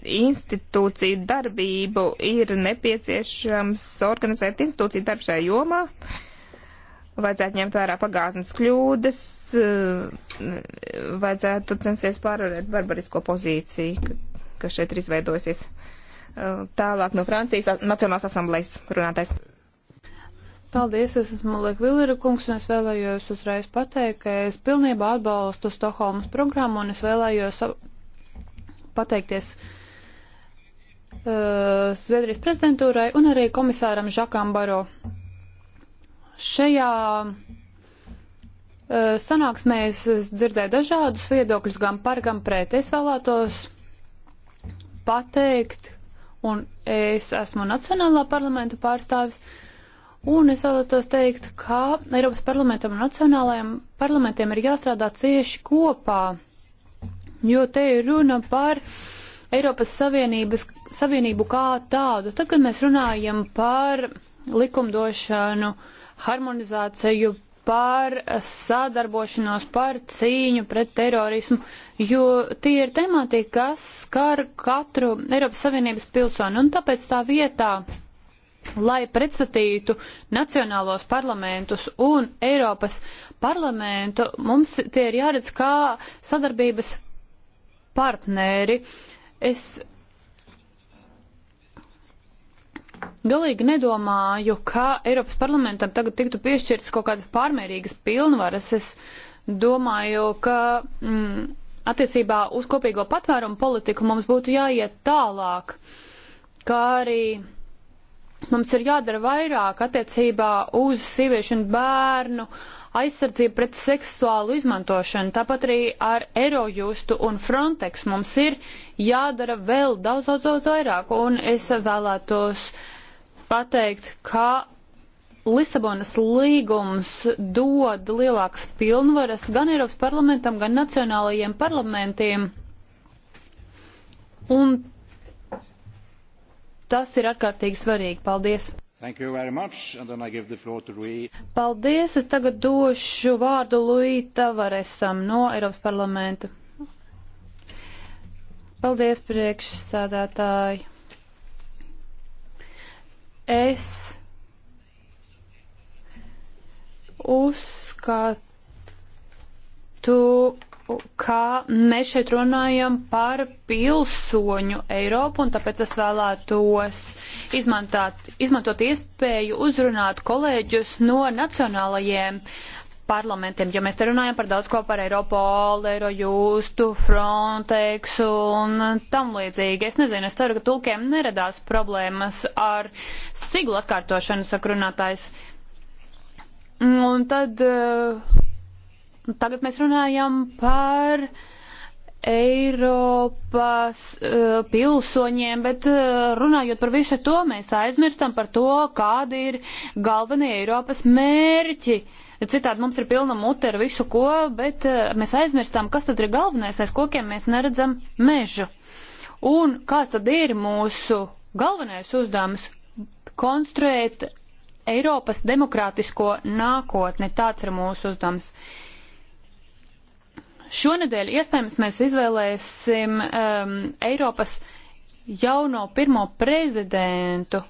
institūciju darbību, ir nepieciešams organizēt institūciju darbu šajā jomā vajadzētu ņemt vērā pagātnes kļūdas, eh, vajadzētu censties pārvarēt barbarisko pozīciju, kas šeit ir izveidojusies. Uh, tālāk no Francijas Nacionālās asamblejas runātais. Paldies, es esmu Lekvilera kungs, un es vēlējos uzreiz pateikt, ka es pilnībā atbalstu Stokholmas programmu, un es vēlējos pateikties uh, Zviedrijas prezidentūrai un arī komisāram Žakām Baro. Šajā uh, sanāksmē es dzirdēju dažādus viedokļus gan par, gan pret. Es vēlētos pateikt, un es esmu Nacionālā parlamenta pārstāvis, un es vēlētos teikt, ka Eiropas parlamentam un Nacionālajiem parlamentiem ir jāstrādā cieši kopā, jo te ir runa par Eiropas Savienības, Savienību kā tādu. Tagad mēs runājam par likumdošanu, harmonizāciju, par sadarbošanos, par cīņu pret terorismu, jo tie ir temati, kas skar katru Eiropas Savienības pilsoni. Un tāpēc tā vietā, lai pretstatītu nacionālos parlamentus un Eiropas parlamentu, mums tie ir jāredz kā sadarbības partneri. Es Galīgi nedomāju, ka Eiropas parlamentam tagad tiktu piešķirtas kaut kādas pārmērīgas pilnvaras. Es domāju, ka mm, attiecībā uz kopīgo patvērumu politiku mums būtu jāiet tālāk, kā arī mums ir jādara vairāk attiecībā uz sieviešu un bērnu aizsardzību pret seksuālu izmantošanu. Tāpat arī ar Eirojustu un Frontex mums ir jādara vēl daudz, daudz, daudz vairāk. Un es vēlētos uh, pateikt, ka Lisabonas līgums dod lielākas pilnvaras gan Eiropas parlamentam, gan nacionālajiem parlamentiem. Un tas ir ārkārtīgi svarīgi. Paldies! Much, Paldies! Es tagad došu vārdu Luī Tavaresam no Eiropas parlamenta. Paldies, priekšsādātāji! es uzskatu, ka mēs šeit runājam par pilsoņu Eiropu, un tāpēc es vēlētos izmantāt, izmantot iespēju uzrunāt kolēģus no nacionālajiem parlamentiem, jo mēs te runājam par daudz ko par Eiropolu, Eirojustu, Frontexu un tam līdzīgi. Es nezinu, es ceru, ka tulkiem neradās problēmas ar siglu atkārtošanu, saka runātājs. Un tad, eh, tagad mēs runājam par. Eiropas uh, pilsoņiem, bet uh, runājot par visu to, mēs aizmirstam par to, kādi ir galvenie Eiropas mērķi. Uh, Ja citādi mums ir pilna mute ar visu ko, bet eh, mēs aizmirstam, kas tad ir galvenais, aiz kokiem mēs neredzam mežu. Un kāds tad ir mūsu galvenais uzdevums - konstruēt Eiropas demokrātisko nākotni. Tāds ir mūsu uzdevums. Šonedēļ iespējams mēs izvēlēsim um, Eiropas jauno pirmo prezidentu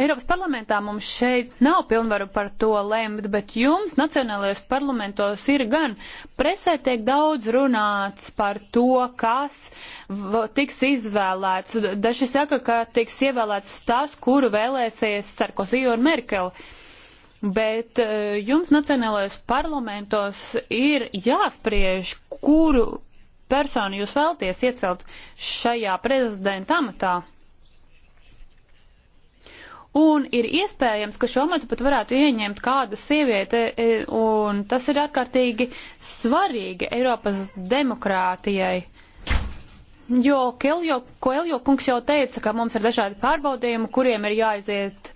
Eiropas parlamentā mums šeit nav pilnvaru par to lemt, bet jums nacionālajos parlamentos ir gan. Presē tiek daudz runāts par to, kas tiks izvēlēts. Daži saka, ka tiks ievēlēts tas, kuru vēlēsies Sarkozy un Merkeli. Bet e, jums nacionālajos parlamentos ir jāspriež, kuru personu jūs vēlties iecelt šajā prezidenta amatā. Un ir iespējams, ka šo amatu pat varētu ieņemt kāda sieviete, e, un tas ir ārkārtīgi svarīgi Eiropas demokrātijai. Jo Keljo, Koeljo kungs jau teica, ka mums ir dažādi pārbaudījumi, kuriem ir jāiziet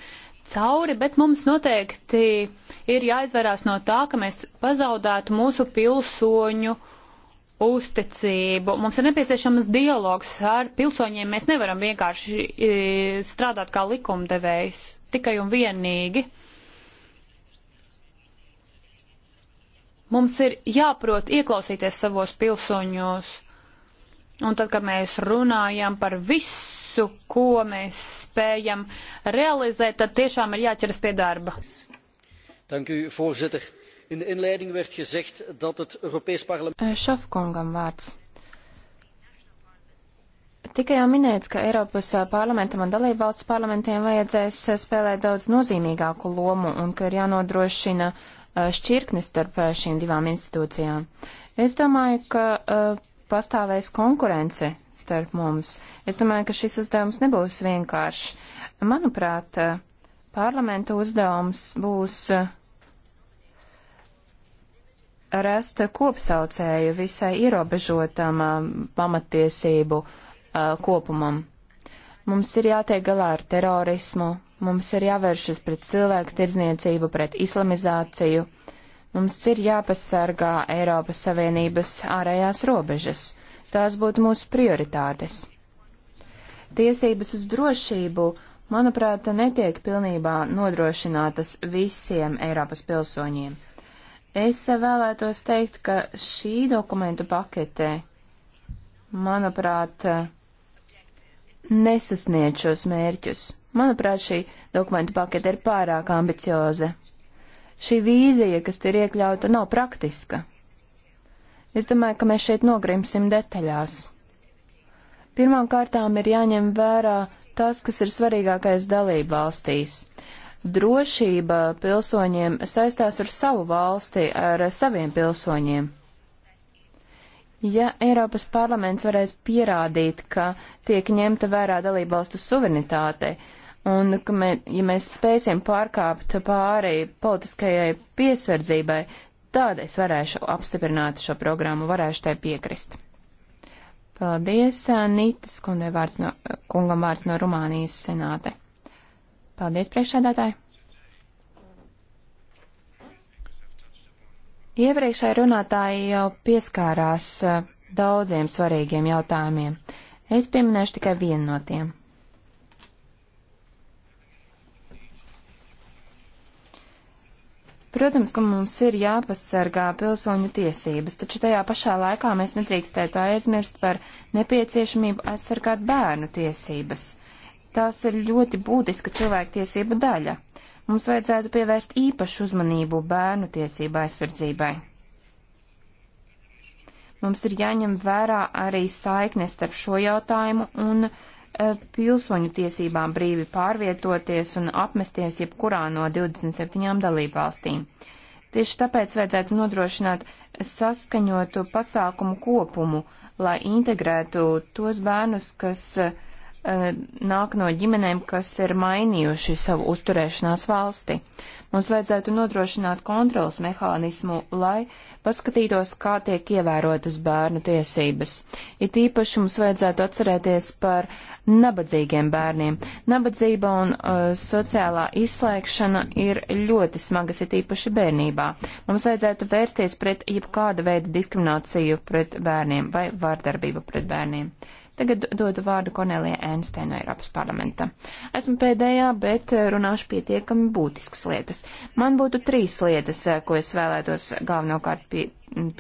cauri, bet mums noteikti ir jāizvairās no tā, ka mēs pazaudētu mūsu pilsoņu uh, uzticību. Mums ir nepieciešams dialogs ar pilsoņiem. Mēs nevaram vienkārši e, strādāt kā likumdevējs tikai un vienīgi. Mums ir jāprot ieklausīties savos pilsoņos. Un tad, kad mēs runājam par visu, ko mēs spējam realizēt, tad tiešām ir jāķeras pie darba. Dank u, voorzitter. In de inleiding werd gezegd dat het Europees Parlement. Eh, Šafkungam vārds. Tikai jau minēts, ka Eiropas eh, parlamentam un dalību valstu parlamentiem vajadzēs eh, spēlēt daudz nozīmīgāku lomu un ka ir jānodrošina šķirkni starp šīm divām institūcijām. Es domāju, ka uh, pastāvēs konkurence starp mums. Es domāju, ka šis uzdevums nebūs vienkāršs. Manuprāt, parlamenta uzdevums būs uh, rast kopsaucēju visai ierobežotam pamatiesību kopumam. Mums ir jātiek galā ar terorismu, mums ir jāvēršas pret cilvēku tirdzniecību, pret islamizāciju, mums ir jāpasargā Eiropas Savienības ārējās robežas. Tās būtu mūsu prioritātes. Tiesības uz drošību, manuprāt, netiek pilnībā nodrošinātas visiem Eiropas pilsoņiem. Es vēlētos teikt, ka šī dokumentu paketē, manuprāt, nesasniedz šos mērķus. Manuprāt, šī dokumentu pakete ir pārāk ambicioza. Šī vīzija, kas ir iekļauta, nav praktiska. Es domāju, ka mēs šeit nogrimsim detaļās. Pirmām kārtām ir jāņem vērā tas, kas ir svarīgākais dalība valstīs drošība pilsoņiem saistās ar savu valsti, ar saviem pilsoņiem. Ja Eiropas parlaments varēs pierādīt, ka tiek ņemta vērā dalībvalstu suverenitāte, un ka mē, ja mēs spēsim pārkāpt pāri politiskajai piesardzībai, tad es varēšu apstiprināt šo programmu, varēšu tai piekrist. Paldies, Nītis kungam vārds no, kungam vārds no Rumānijas senāte. Paldies, priekšsēdētāji! Iepriekšēji runātāji jau pieskārās uh, daudziem svarīgiem jautājumiem. Es pieminēšu tikai vienu no tiem. Protams, ka mums ir jāpasargā pilsoņu tiesības, taču tajā pašā laikā mēs nedrīkstētu aizmirst par nepieciešamību aizsargāt bērnu tiesības. Tās ir ļoti būtiska cilvēktiesību daļa. Mums vajadzētu pievērst īpašu uzmanību bērnu tiesību aizsardzībai. Mums ir jāņem vērā arī saiknes starp šo jautājumu un e, pilsoņu tiesībām brīvi pārvietoties un apmesties jebkurā no 27 dalībvalstīm. Tieši tāpēc vajadzētu nodrošināt saskaņotu pasākumu kopumu, lai integrētu tos bērnus, kas e, Eh, nāk no ģimenēm, kas ir mainījuši savu uzturēšanās valsti. Mums vajadzētu nodrošināt kontrols mehānismu, lai paskatītos, kā tiek ievērotas bērnu tiesības. It īpaši mums vajadzētu atcerēties par nabadzīgiem bērniem. Nabadzība un uh, sociālā izslēgšana ir ļoti smagas, it īpaši bērnībā. Mums vajadzētu vērsties pret jebkāda veida diskrimināciju pret bērniem vai vārdarbību pret bērniem. Uh, Tagad dodu vārdu Kornelija Ēnstē no Eiropas parlamenta. Esmu pēdējā, bet eh, runāšu pietiekami būtiskas lietas. Man būtu trīs lietas, eh, ko es vēlētos galvenokārt pie,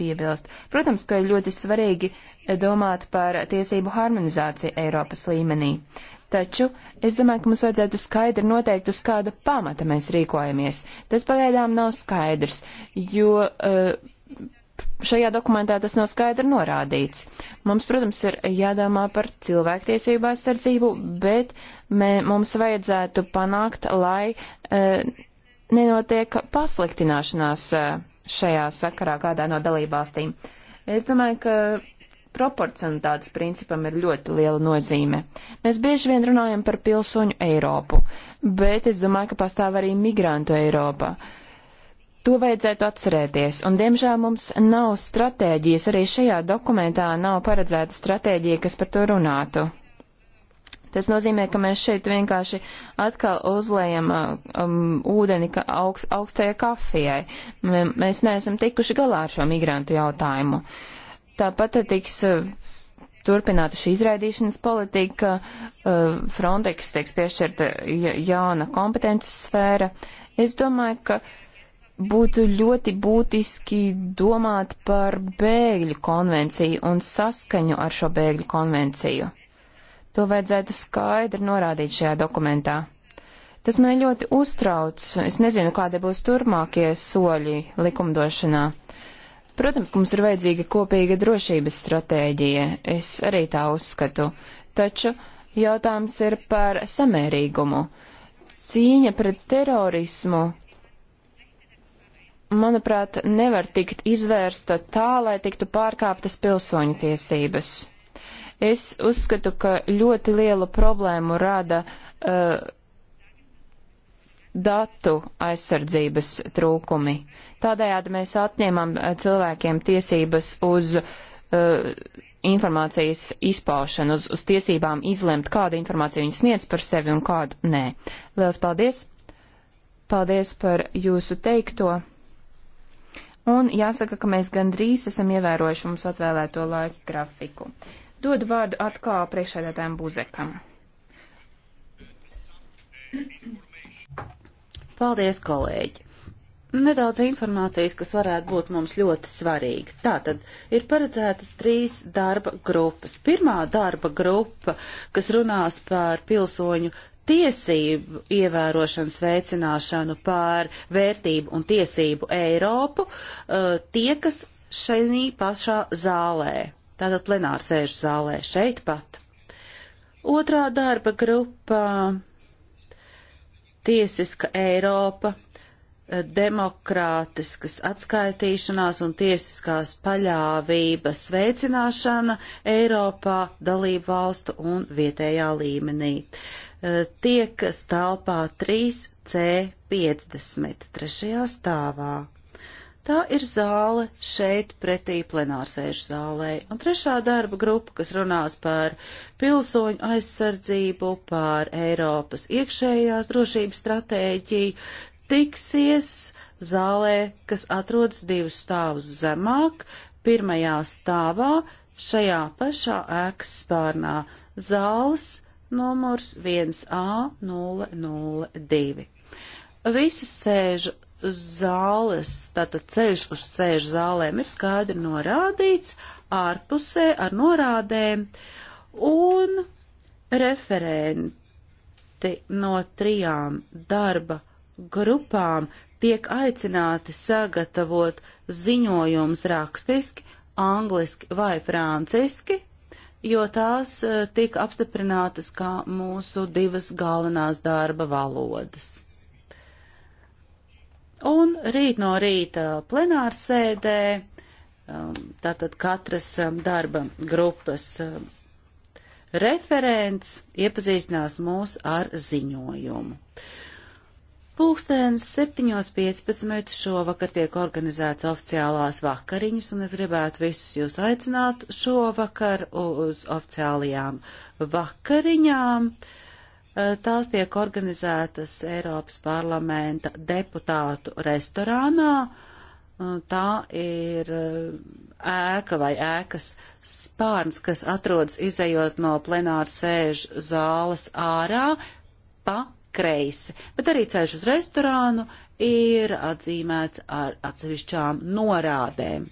piebilst. Protams, ka ir ļoti svarīgi eh, domāt par tiesību harmonizāciju Eiropas līmenī. Taču es domāju, ka mums vajadzētu skaidri noteikt, uz kāda pamata mēs rīkojamies. Tas pagaidām nav skaidrs, jo uh, šajā dokumentā tas nav skaidri norādīts. Mums, protams, ir jādomā par cilvēktiesību aizsardzību, bet mē, mums vajadzētu panākt, lai e, nenotiek pasliktināšanās e, šajā sakarā kādā no dalībvalstīm. Es domāju, ka proporcionalitātes principam ir ļoti liela nozīme. Mēs bieži vien runājam par pilsoņu Eiropu, bet es domāju, ka pastāv arī migrantu Eiropa. Uh, To vajadzētu atcerēties, un diemžēl mums nav stratēģijas, arī šajā dokumentā nav paredzēta stratēģija, kas par to runātu. Tas nozīmē, ka mēs šeit vienkārši atkal uzlējam uh, um, ūdeni ka augst, augstajai kafijai. M mēs neesam tikuši galā ar šo migrantu jautājumu. Tāpat tiks uh, turpināta šī izraidīšanas politika, uh, Frontex tiks piešķirta jauna kompetences sfēra. Es domāju, ka uh, būtu ļoti būtiski domāt par bēgļu konvenciju un saskaņu ar šo bēgļu konvenciju. To vajadzētu skaidri norādīt šajā dokumentā. Tas man ļoti uztrauc. Es nezinu, kādi būs turpmākie soļi likumdošanā. Protams, mums ir vajadzīga kopīga drošības stratēģija. Es arī tā uzskatu. Taču jautājums ir par samērīgumu. Cīņa pret terorismu manuprāt, nevar tikt izvērsta tā, lai tiktu pārkāptas pilsoņu tiesības. Es uzskatu, ka ļoti lielu problēmu rada uh, datu aizsardzības trūkumi. Tādējādi mēs atņemam uh, cilvēkiem tiesības uz uh, informācijas izpaušanu, uz, uz tiesībām izlemt, kādu informāciju viņi sniedz par sevi un kādu nē. Lielas paldies! Paldies par jūsu teikto! un jāsaka, ka mēs gandrīz esam ievērojuši mums atvēlēto laika grafiku. Dodu vārdu atkal priekšēdētājiem Buzekam. Paldies, kolēģi! Nedaudz informācijas, kas varētu būt mums ļoti svarīga. Tātad ir paredzētas trīs darba grupas. Pirmā darba grupa, kas runās par pilsoņu tiesību ievērošanas veicināšanu pār vērtību un tiesību Eiropu uh, tiekas šajā pašā zālē, tātad plenārsēžu zālē, šeit pat. Otrā darba grupa - tiesiska Eiropa, uh, demokrātiskas atskaitīšanās un tiesiskās paļāvības veicināšana Eiropā, dalību valstu un vietējā līmenī. Uh, E, tiek stāvpā 3C50 trešajā stāvā. Tā ir zāle šeit pretī plenārsēžu zālē, un trešā darba grupa, kas runās par pilsoņu aizsardzību, par Eiropas iekšējās drošības stratēģiju, tiksies zālē, kas atrodas divus stāvus zemāk, pirmajā stāvā, šajā pašā ēkas spārnā zāles numurs 1A002. Visi sēžu zāles, tātad ceļš uz sēžu zālēm ir skaidri norādīts, ārpusē ar norādēm, un referenti no trijām darba grupām tiek aicināti sagatavot ziņojums rakstiski, angliski vai franciski, jo tās eh, tika apstiprinātas kā mūsu divas galvenās darba valodas. Un rīt no rīta plenārsēdē, um, tātad katras um, darba grupas um, referents iepazīstinās mūs ar ziņojumu. Pūkstens 7.15. šovakar tiek organizēts oficiālās vakariņas, un es gribētu visus jūs aicināt šovakar uz oficiālajām vakariņām. Eh, tās tiek organizētas Eiropas parlamenta deputātu restorānā. Eh, tā ir eh, ēka vai ēkas spārns, kas atrodas izējot no plenāra sēžu zāles ārā pa kreisi, bet arī ceļš uz restorānu ir atzīmēts ar atsevišķām norādēm.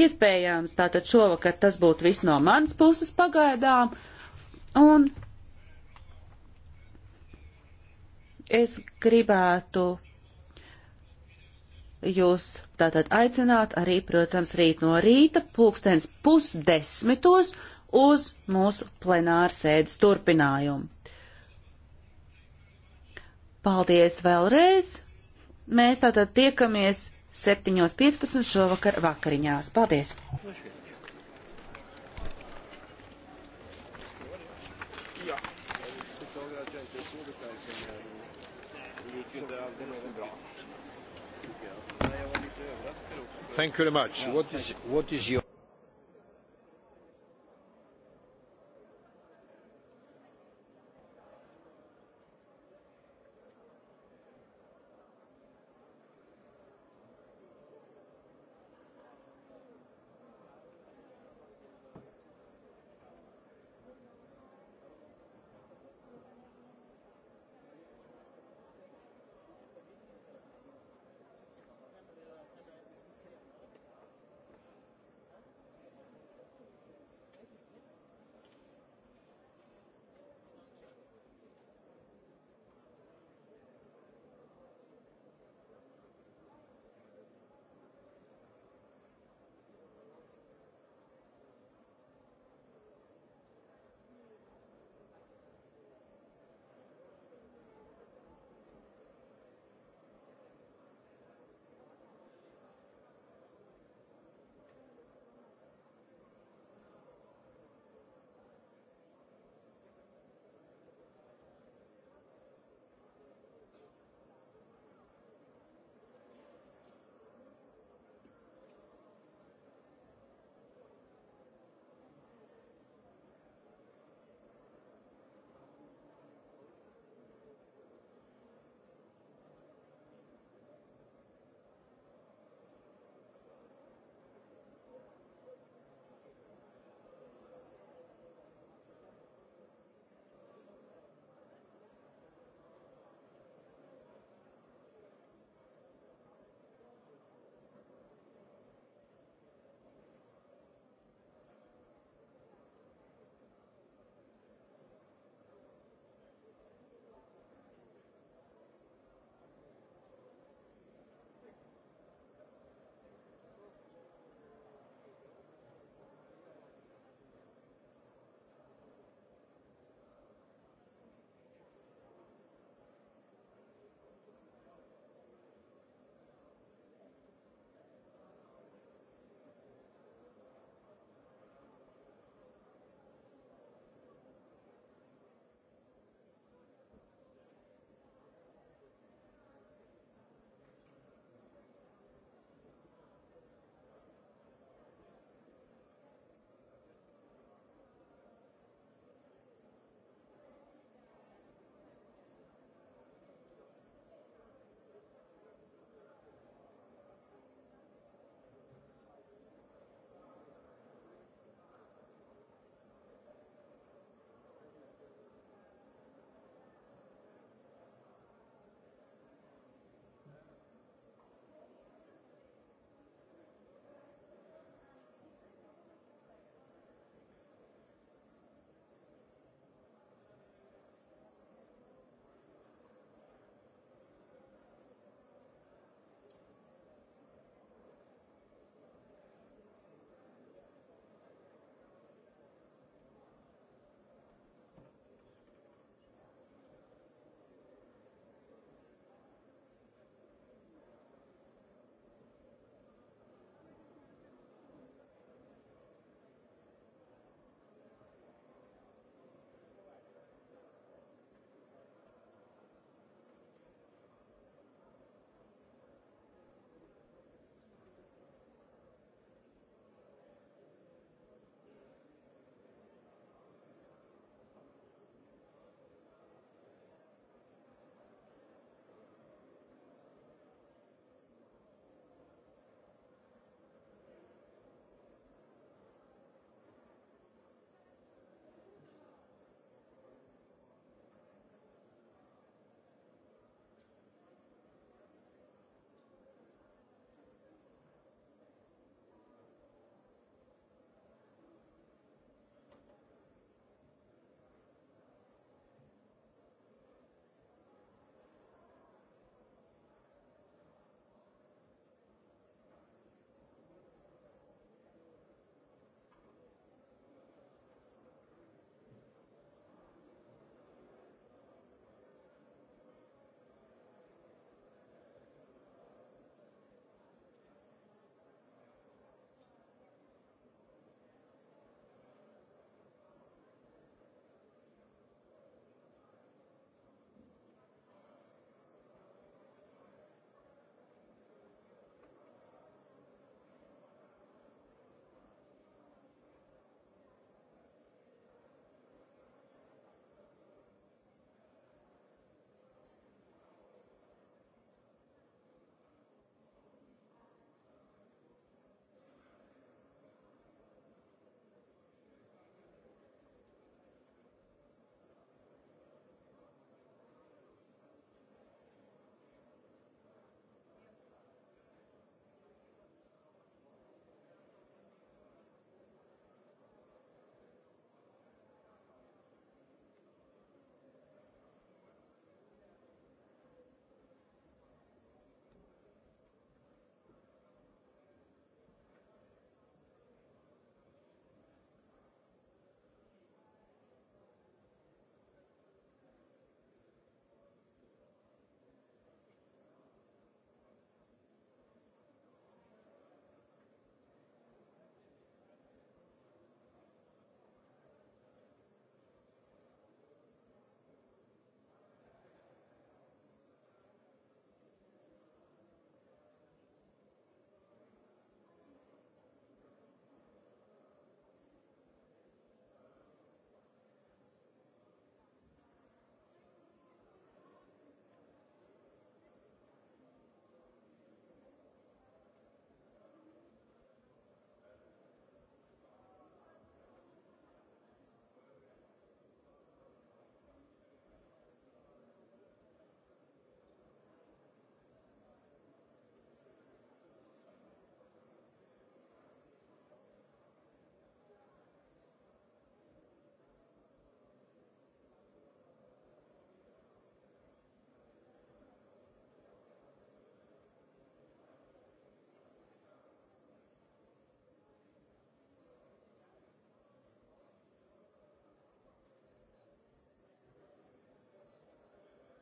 Iespējams, tātad šovakar tas būtu viss no manas puses pagaidām, un es gribētu jūs tātad aicināt arī, protams, rīt no rīta pulkstens pusdesmitos uz mūsu plenārsēdes turpinājumu. Paldies vēlreiz! Mēs tātad tiekamies 7.15 šovakar vakariņās. Paldies! Thank you very much. What is, what is your...